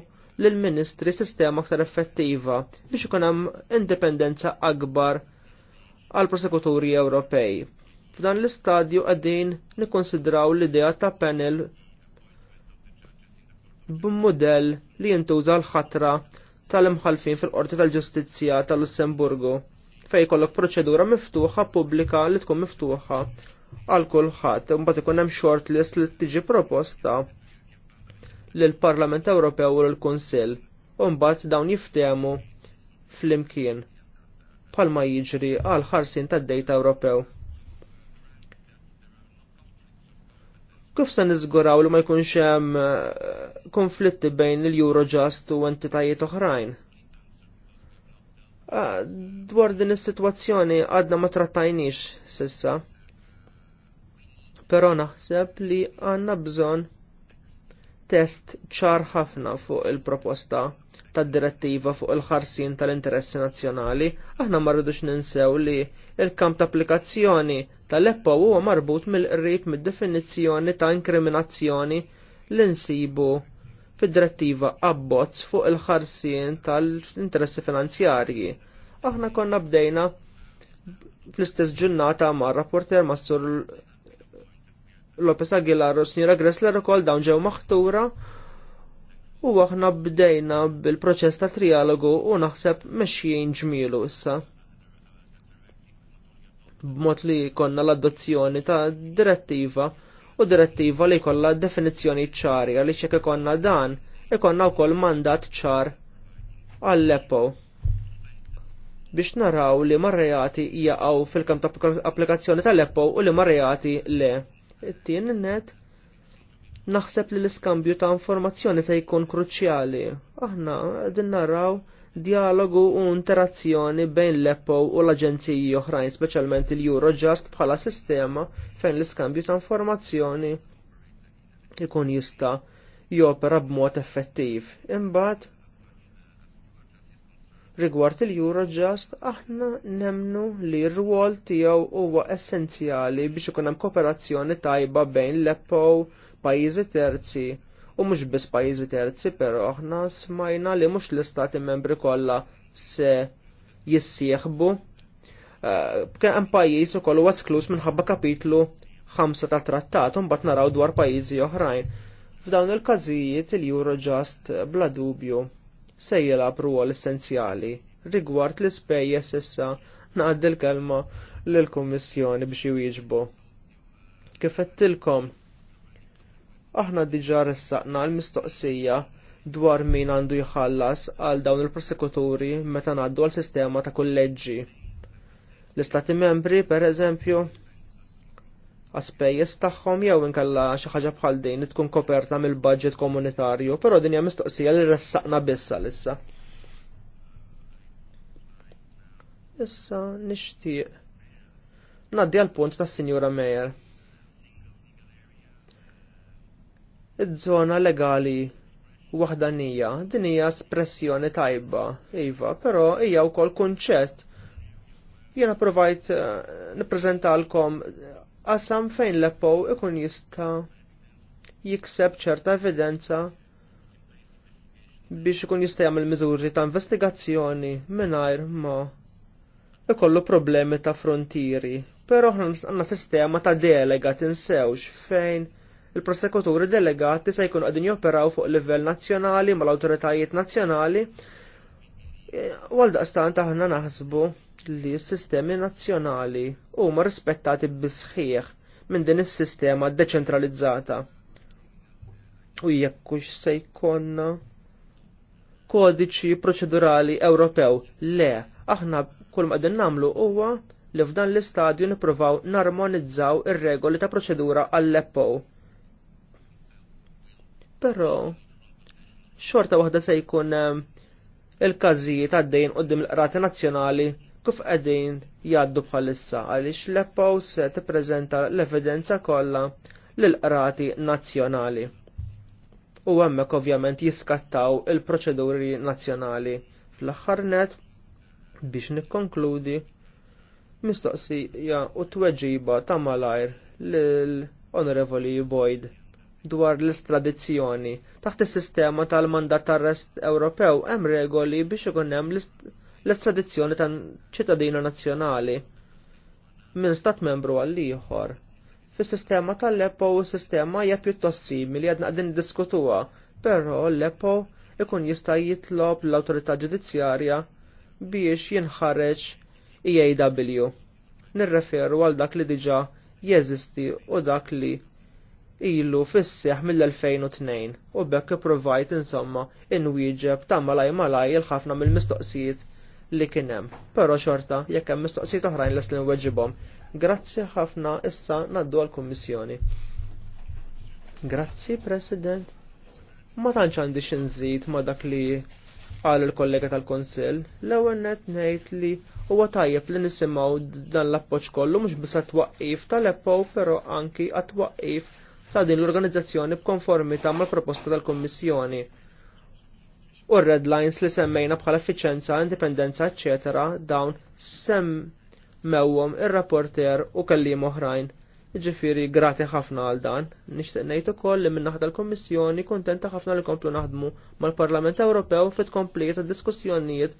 lill-Ministri sistema aktar effettiva biex ikun hemm indipendenza akbar għal prosekuturi Ewropej. F'dan l-istadju għadin nikkonsidraw l-idea ta' panel b'modell li jintuża l-ħatra tal-imħalfin fil-Qorti tal-Ġustizzja tal-Lussemburgu fej kollok proċedura miftuħa pubblika li tkun miftuħa għal kulħadd. Mbagħad ikun hemm short list li tiġi proposta lill parlament Ewropew u l-Kunsill. U mbagħad dawn jiftehmu flimkien bħalma jiġri għal ħarsin tad-dejta Ewropew. Kif se niżguraw li ma jkunx hemm eh, konflitti bejn il-Eurojust u entitajiet oħrajn? Ah, dwar din is-sitwazzjoni għadna ma trattajniex sissa. Però naħseb li għandna bżonn test ċar ħafna fuq il-proposta tad-direttiva fuq il-ħarsin tal-interessi nazzjonali, aħna ma rridux ninsew li il-kamp ta' applikazzjoni tal-EPPO huwa marbut mill-qrib mid-definizzjoni ta' inkriminazzjoni li nsibu fid-direttiva abbozz fuq il-ħarsien tal-interessi finanzjarji. Aħna konna bdejna fl-istess ġurnata ma' rapporter ma' sur Lopez Aguilar u Sinjora Gressler ukoll dawn ġew maħtura u aħna bdejna bil-proċess ta' trialogu u naħseb mexjien ġmilu issa. B'mod li konna l-adozzjoni ta' direttiva u direttiva li kolla definizzjoni ċari għaliex jekk ikonna dan ikonna wkoll mandat ċar għall-EPO biex naraw li marrejati jaqaw fil-kamp ta' applikazzjoni tal-Apple u li marrejati le. Tien net Naħseb li l-iskambju ta' informazzjoni se jkun kruċjali. Aħna din naraw dialogu u interazzjoni bejn l eppo u l-aġenziji oħrajn, speċjalment il-Eurojust bħala sistema fejn l-iskambju ta' informazzjoni ikun jista jopera b'mod effettiv. Imbagħad rigward il-Eurojust aħna nemnu li r-rwol tiegħu huwa essenzjali biex ikun hemm kooperazzjoni tajba bejn l eppo pajjiżi terzi u mhux biss pajjiżi terzi però aħna smajna li mhux l-istati membri kollha se jissieħbu. Eh, Kien hemm pajjiż ukoll huwa sklus minħabba kapitlu 5 tat trattat u mbagħad naraw dwar pajjiżi oħrajn. F'dawn il-każijiet il-Eurojust bla dubju se jilab ruol essenzjali rigward l-ispejjeż issa naqdi l-kelma lill-Kummissjoni biex jwieġbu. Kif qedtilkom Aħna diġa ressaqna l-mistoqsija dwar min għandu jħallas għal dawn il-prosekuturi meta ngħaddu għal sistema ta' kolleġġi. L-istati membri, per eżempju, għaspejjes tagħhom jew inkella xi ħaġa bħal din tkun koperta mill-budget komunitarju, però din hija mistoqsija li ressaqna bissa issa. Issa nixtieq. Naddi għal punt tas-Sinjura Mejer. id żona legali waħdanija din hija espressjoni tajba, iva, però hija wkoll kunċett. Jiena provajt eh, nippreżentalkom qasam fejn leppow ikun jista' jikseb ċerta evidenza biex ikun jista' jagħmel miżuri ta' investigazzjoni mingħajr ma ikollu problemi ta' frontieri. Però aħna għandna sistema ta' delega tinsewx fejn il-prosekuturi delegati se jkunu għadin joperaw fuq livell nazzjonali mal-awtoritajiet nazzjonali u e, għal daqstan aħna naħsbu li s-sistemi nazzjonali huma rispettati bisħieħ minn din is-sistema deċentralizzata. U jekkux se jkun kodiċi proċedurali Ewropew le aħna kull ma din nagħmlu huwa li f'dan l-istadju nippruvaw narmonizzaw ir-regoli ta' proċedura għall-EPPO però xorta waħda se jkun ehm, il-każijiet għaddejn qoddim il-qrati nazzjonali kif qegħdin jgħaddu bħalissa għaliex l-EPPAW se tippreżenta l-evidenza kollha lill-qrati nazzjonali. U hemmhekk ovvjament jiskattaw il-proċeduri nazzjonali fl-aħħar net biex nikkonkludi mistoqsija u tweġiba ta' malajr lil Honorevoli Boyd dwar l-istradizzjoni. Taħt is-sistema tal-mandat tar-rest Ewropew hemm regoli biex ikun hemm l-istradizzjoni ta' ċittadina nazzjonali minn stat membru għal ieħor. Fis-sistema tal-EPO u sistema hija pjuttost simili għadna qegħdin diskutuha, però l-EPO ikun jista' jitlob l-awtorità ġudizzjarja biex jinħareġ EAW. Nirreferu għal dak li diġà jeżisti u dak li ilu fis mill-2002 u bekk provajt insomma in-wieġeb ta' malaj malaj il-ħafna mill-mistoqsijiet li kienem. Pero xorta, jekk hemm mistoqsijiet oħrajn les li nweġibhom. Grazzi ħafna issa naddu għall-Kummissjoni. Grazzi, President. Ma tantx għandi xinżid ma dak li qal il-kollega tal kunsill l-ewwel net ngħid li huwa tajjeb li nisimgħu dan l-appoġġ kollu mhux biss għat-twaqqif tal-eppow, però anki għat-twaqqif ta' din l-organizzazzjoni b'konformità mal-proposta tal-Kommissjoni. U red lines li semmejna bħala effiċenza, indipendenza, eccetera, dawn semmewhom ir-rapporter u kellim oħrajn. Ġifiri, grati ħafna għal dan. Nixtieq ngħid ukoll li minn naħda l-Kommissjoni kuntenta ħafna li komplu naħdmu mal-Parlament Ewropew fit kompleta diskussjonijiet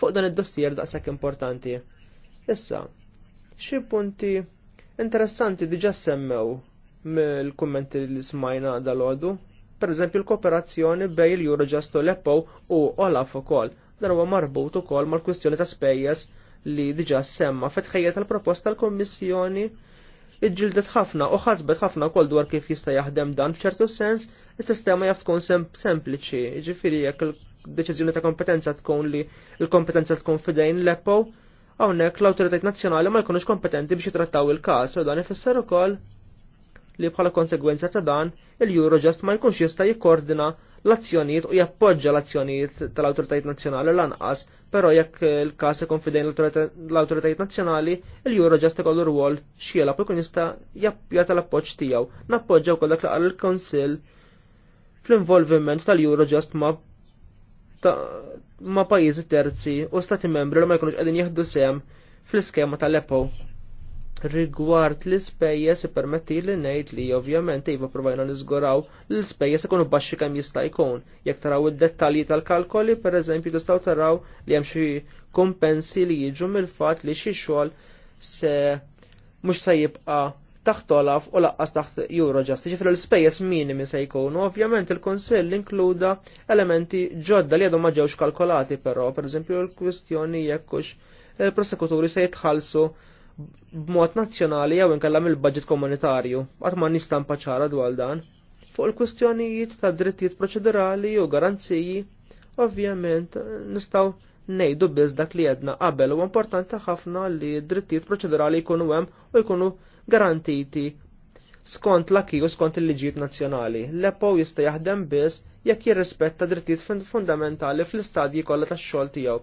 fuq dan id-dossier daqshekk importanti. Issa, xi punti interessanti diġà semmew mill-kummenti li smajna dal-ħodu. Per eżempju l-kooperazzjoni bej il-Eurojust u l u Olaf ukoll. Dan huwa marbut ukoll mal-kwistjoni ta' spejjeż li diġa' semma fetħejja tal-proposta l kommissjoni iġġildet ħafna u ħasbet ħafna kol dwar kif jista' jaħdem dan f'ċertu sens, is-sistema jaf tkun sempliċi, ġifieri jekk il-deċiżjoni ta' kompetenza tkun li l-kompetenza tkun fidejn l-Eppo, hawnhekk l-awtoritajt nazzjonali ma jkunux kompetenti biex jitrattaw il-każ u dan ifisser ukoll li bħala konsegwenza ta' dan il-Eurojust ma jkunx jista' jikkordina l-azzjonijiet u jappoġġa l-azzjonijiet tal-awtoritajiet nazzjonali lanqas, però jekk il-każ ikun fidejn l-awtoritajiet nazzjonali, il-Eurojust ikollu rwol xielab u jkun jista' jappjata l-appoġġ tiegħu. Nappoġġa wkoll dak qal il-Kunsill fl-involviment tal-Eurojust ma ma pajjiżi terzi u stati membri li ma jkunux qegħdin jieħdu sehem fl-iskema tal-EPO rigward l-ispejjeż permetti li ngħid li ovvjament iva provajna niżguraw l-ispejjeż ikunu baxxi kemm jista' jkun. Jekk taraw id-dettalji tal-kalkoli pereżempju tistgħu taraw li hemm xi kompensi li jiġu mill-fatt li xi xogħol se mhux se jibqa' taħt olaf u laqqas taħt Eurojust. Ġifri l-spejjeż minimi se jkunu, ovvjament il-Konsill inkluda elementi ġodda li għadhom ma ġewx kalkolati però, pereżempju l-kwistjoni jekkux il-prosekuturi se jitħallsu b'mod nazzjonali jew inkella mill-budget komunitarju, qatt ma nistampa ċara dwar dan. Fuq il-kwistjonijiet ta' drittijiet proċedurali u garanziji, ovvjament nistgħu ngħidu biss dak li jedna qabel u importanti ħafna li drittijiet proċedurali jkunu hemm u jkunu garantiti skont l-akki u skont il-liġijiet nazzjonali. L-EPO jista' jaħdem biss jekk jirrispetta drittijiet fundamentali fl-istadji kollha tax-xogħol tiegħu.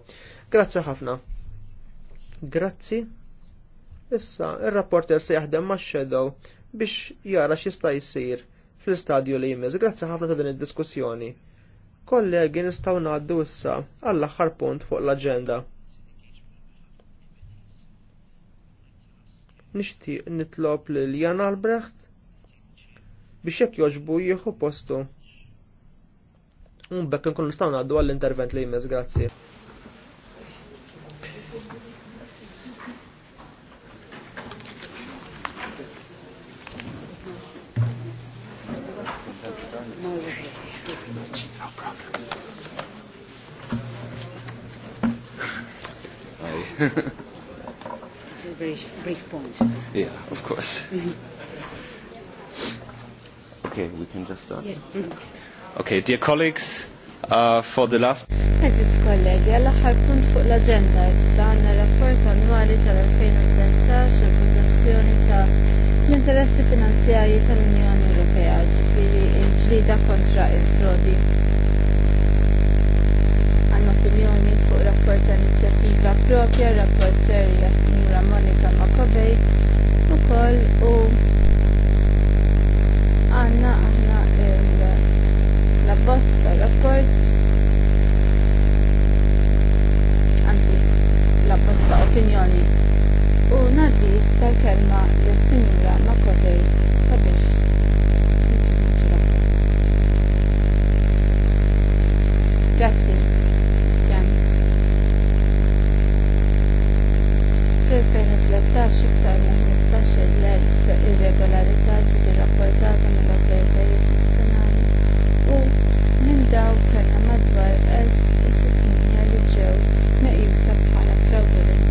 Grazzi ħafna. Grazzi. Issa, il-rapporter se jaħdem ma' shadow biex jara xista jsir fl-istadju li jmiss. Grazzi ħafna ta' din id-diskussjoni. Kollegi nistgħu ngħaddu issa għall-aħħar punt fuq l-aġenda. Nixtieq nitlob lil Jan Albrecht biex jekk jogħġbu jieħu postu. Unbek nkun nistgħu ngħaddu għall-intervent li jmiss, grazzi. It's a very brief point. Yeah, of course. Mm-hmm. okay, we can just start. Yes. Mm-hmm. Okay, dear colleagues, uh, for the last... Eżis kollegi, għall-axar punt fuq the agenda għanna rapport annuali tal-2013 u l-pozizjoni ta' l-interessi finanzjari tal-Unjoni Ewropea, ġifiri il-ġlida kontra il-frodi opinjoni fuq rapport ta' inizjattiva propja rapporterja Signora Monika Makovej ukoll u għanna aħna la bozza rapport anzi la bozza opinjoni u nadi tal-kelma l Signora Makovej sabiex fl-2013 iktar minn 15,000 irregolarità ġiet irrapportata mill-awtoritajiet nazzjonali u minn dawn kellna madwar 1,600 li ġew meqjusa bħala fraudolenti.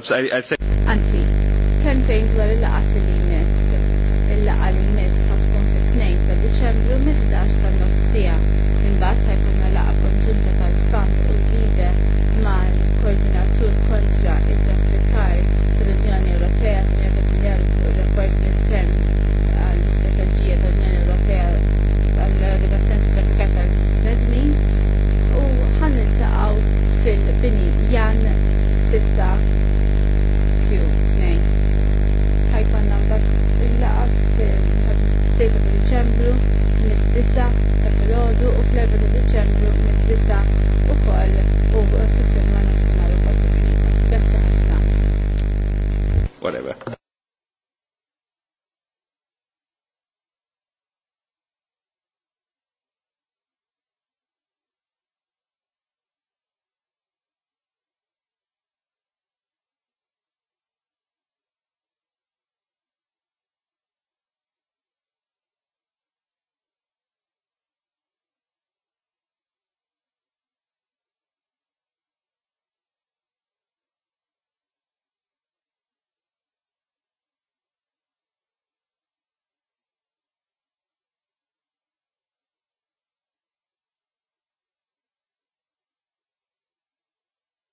perhaps I, I say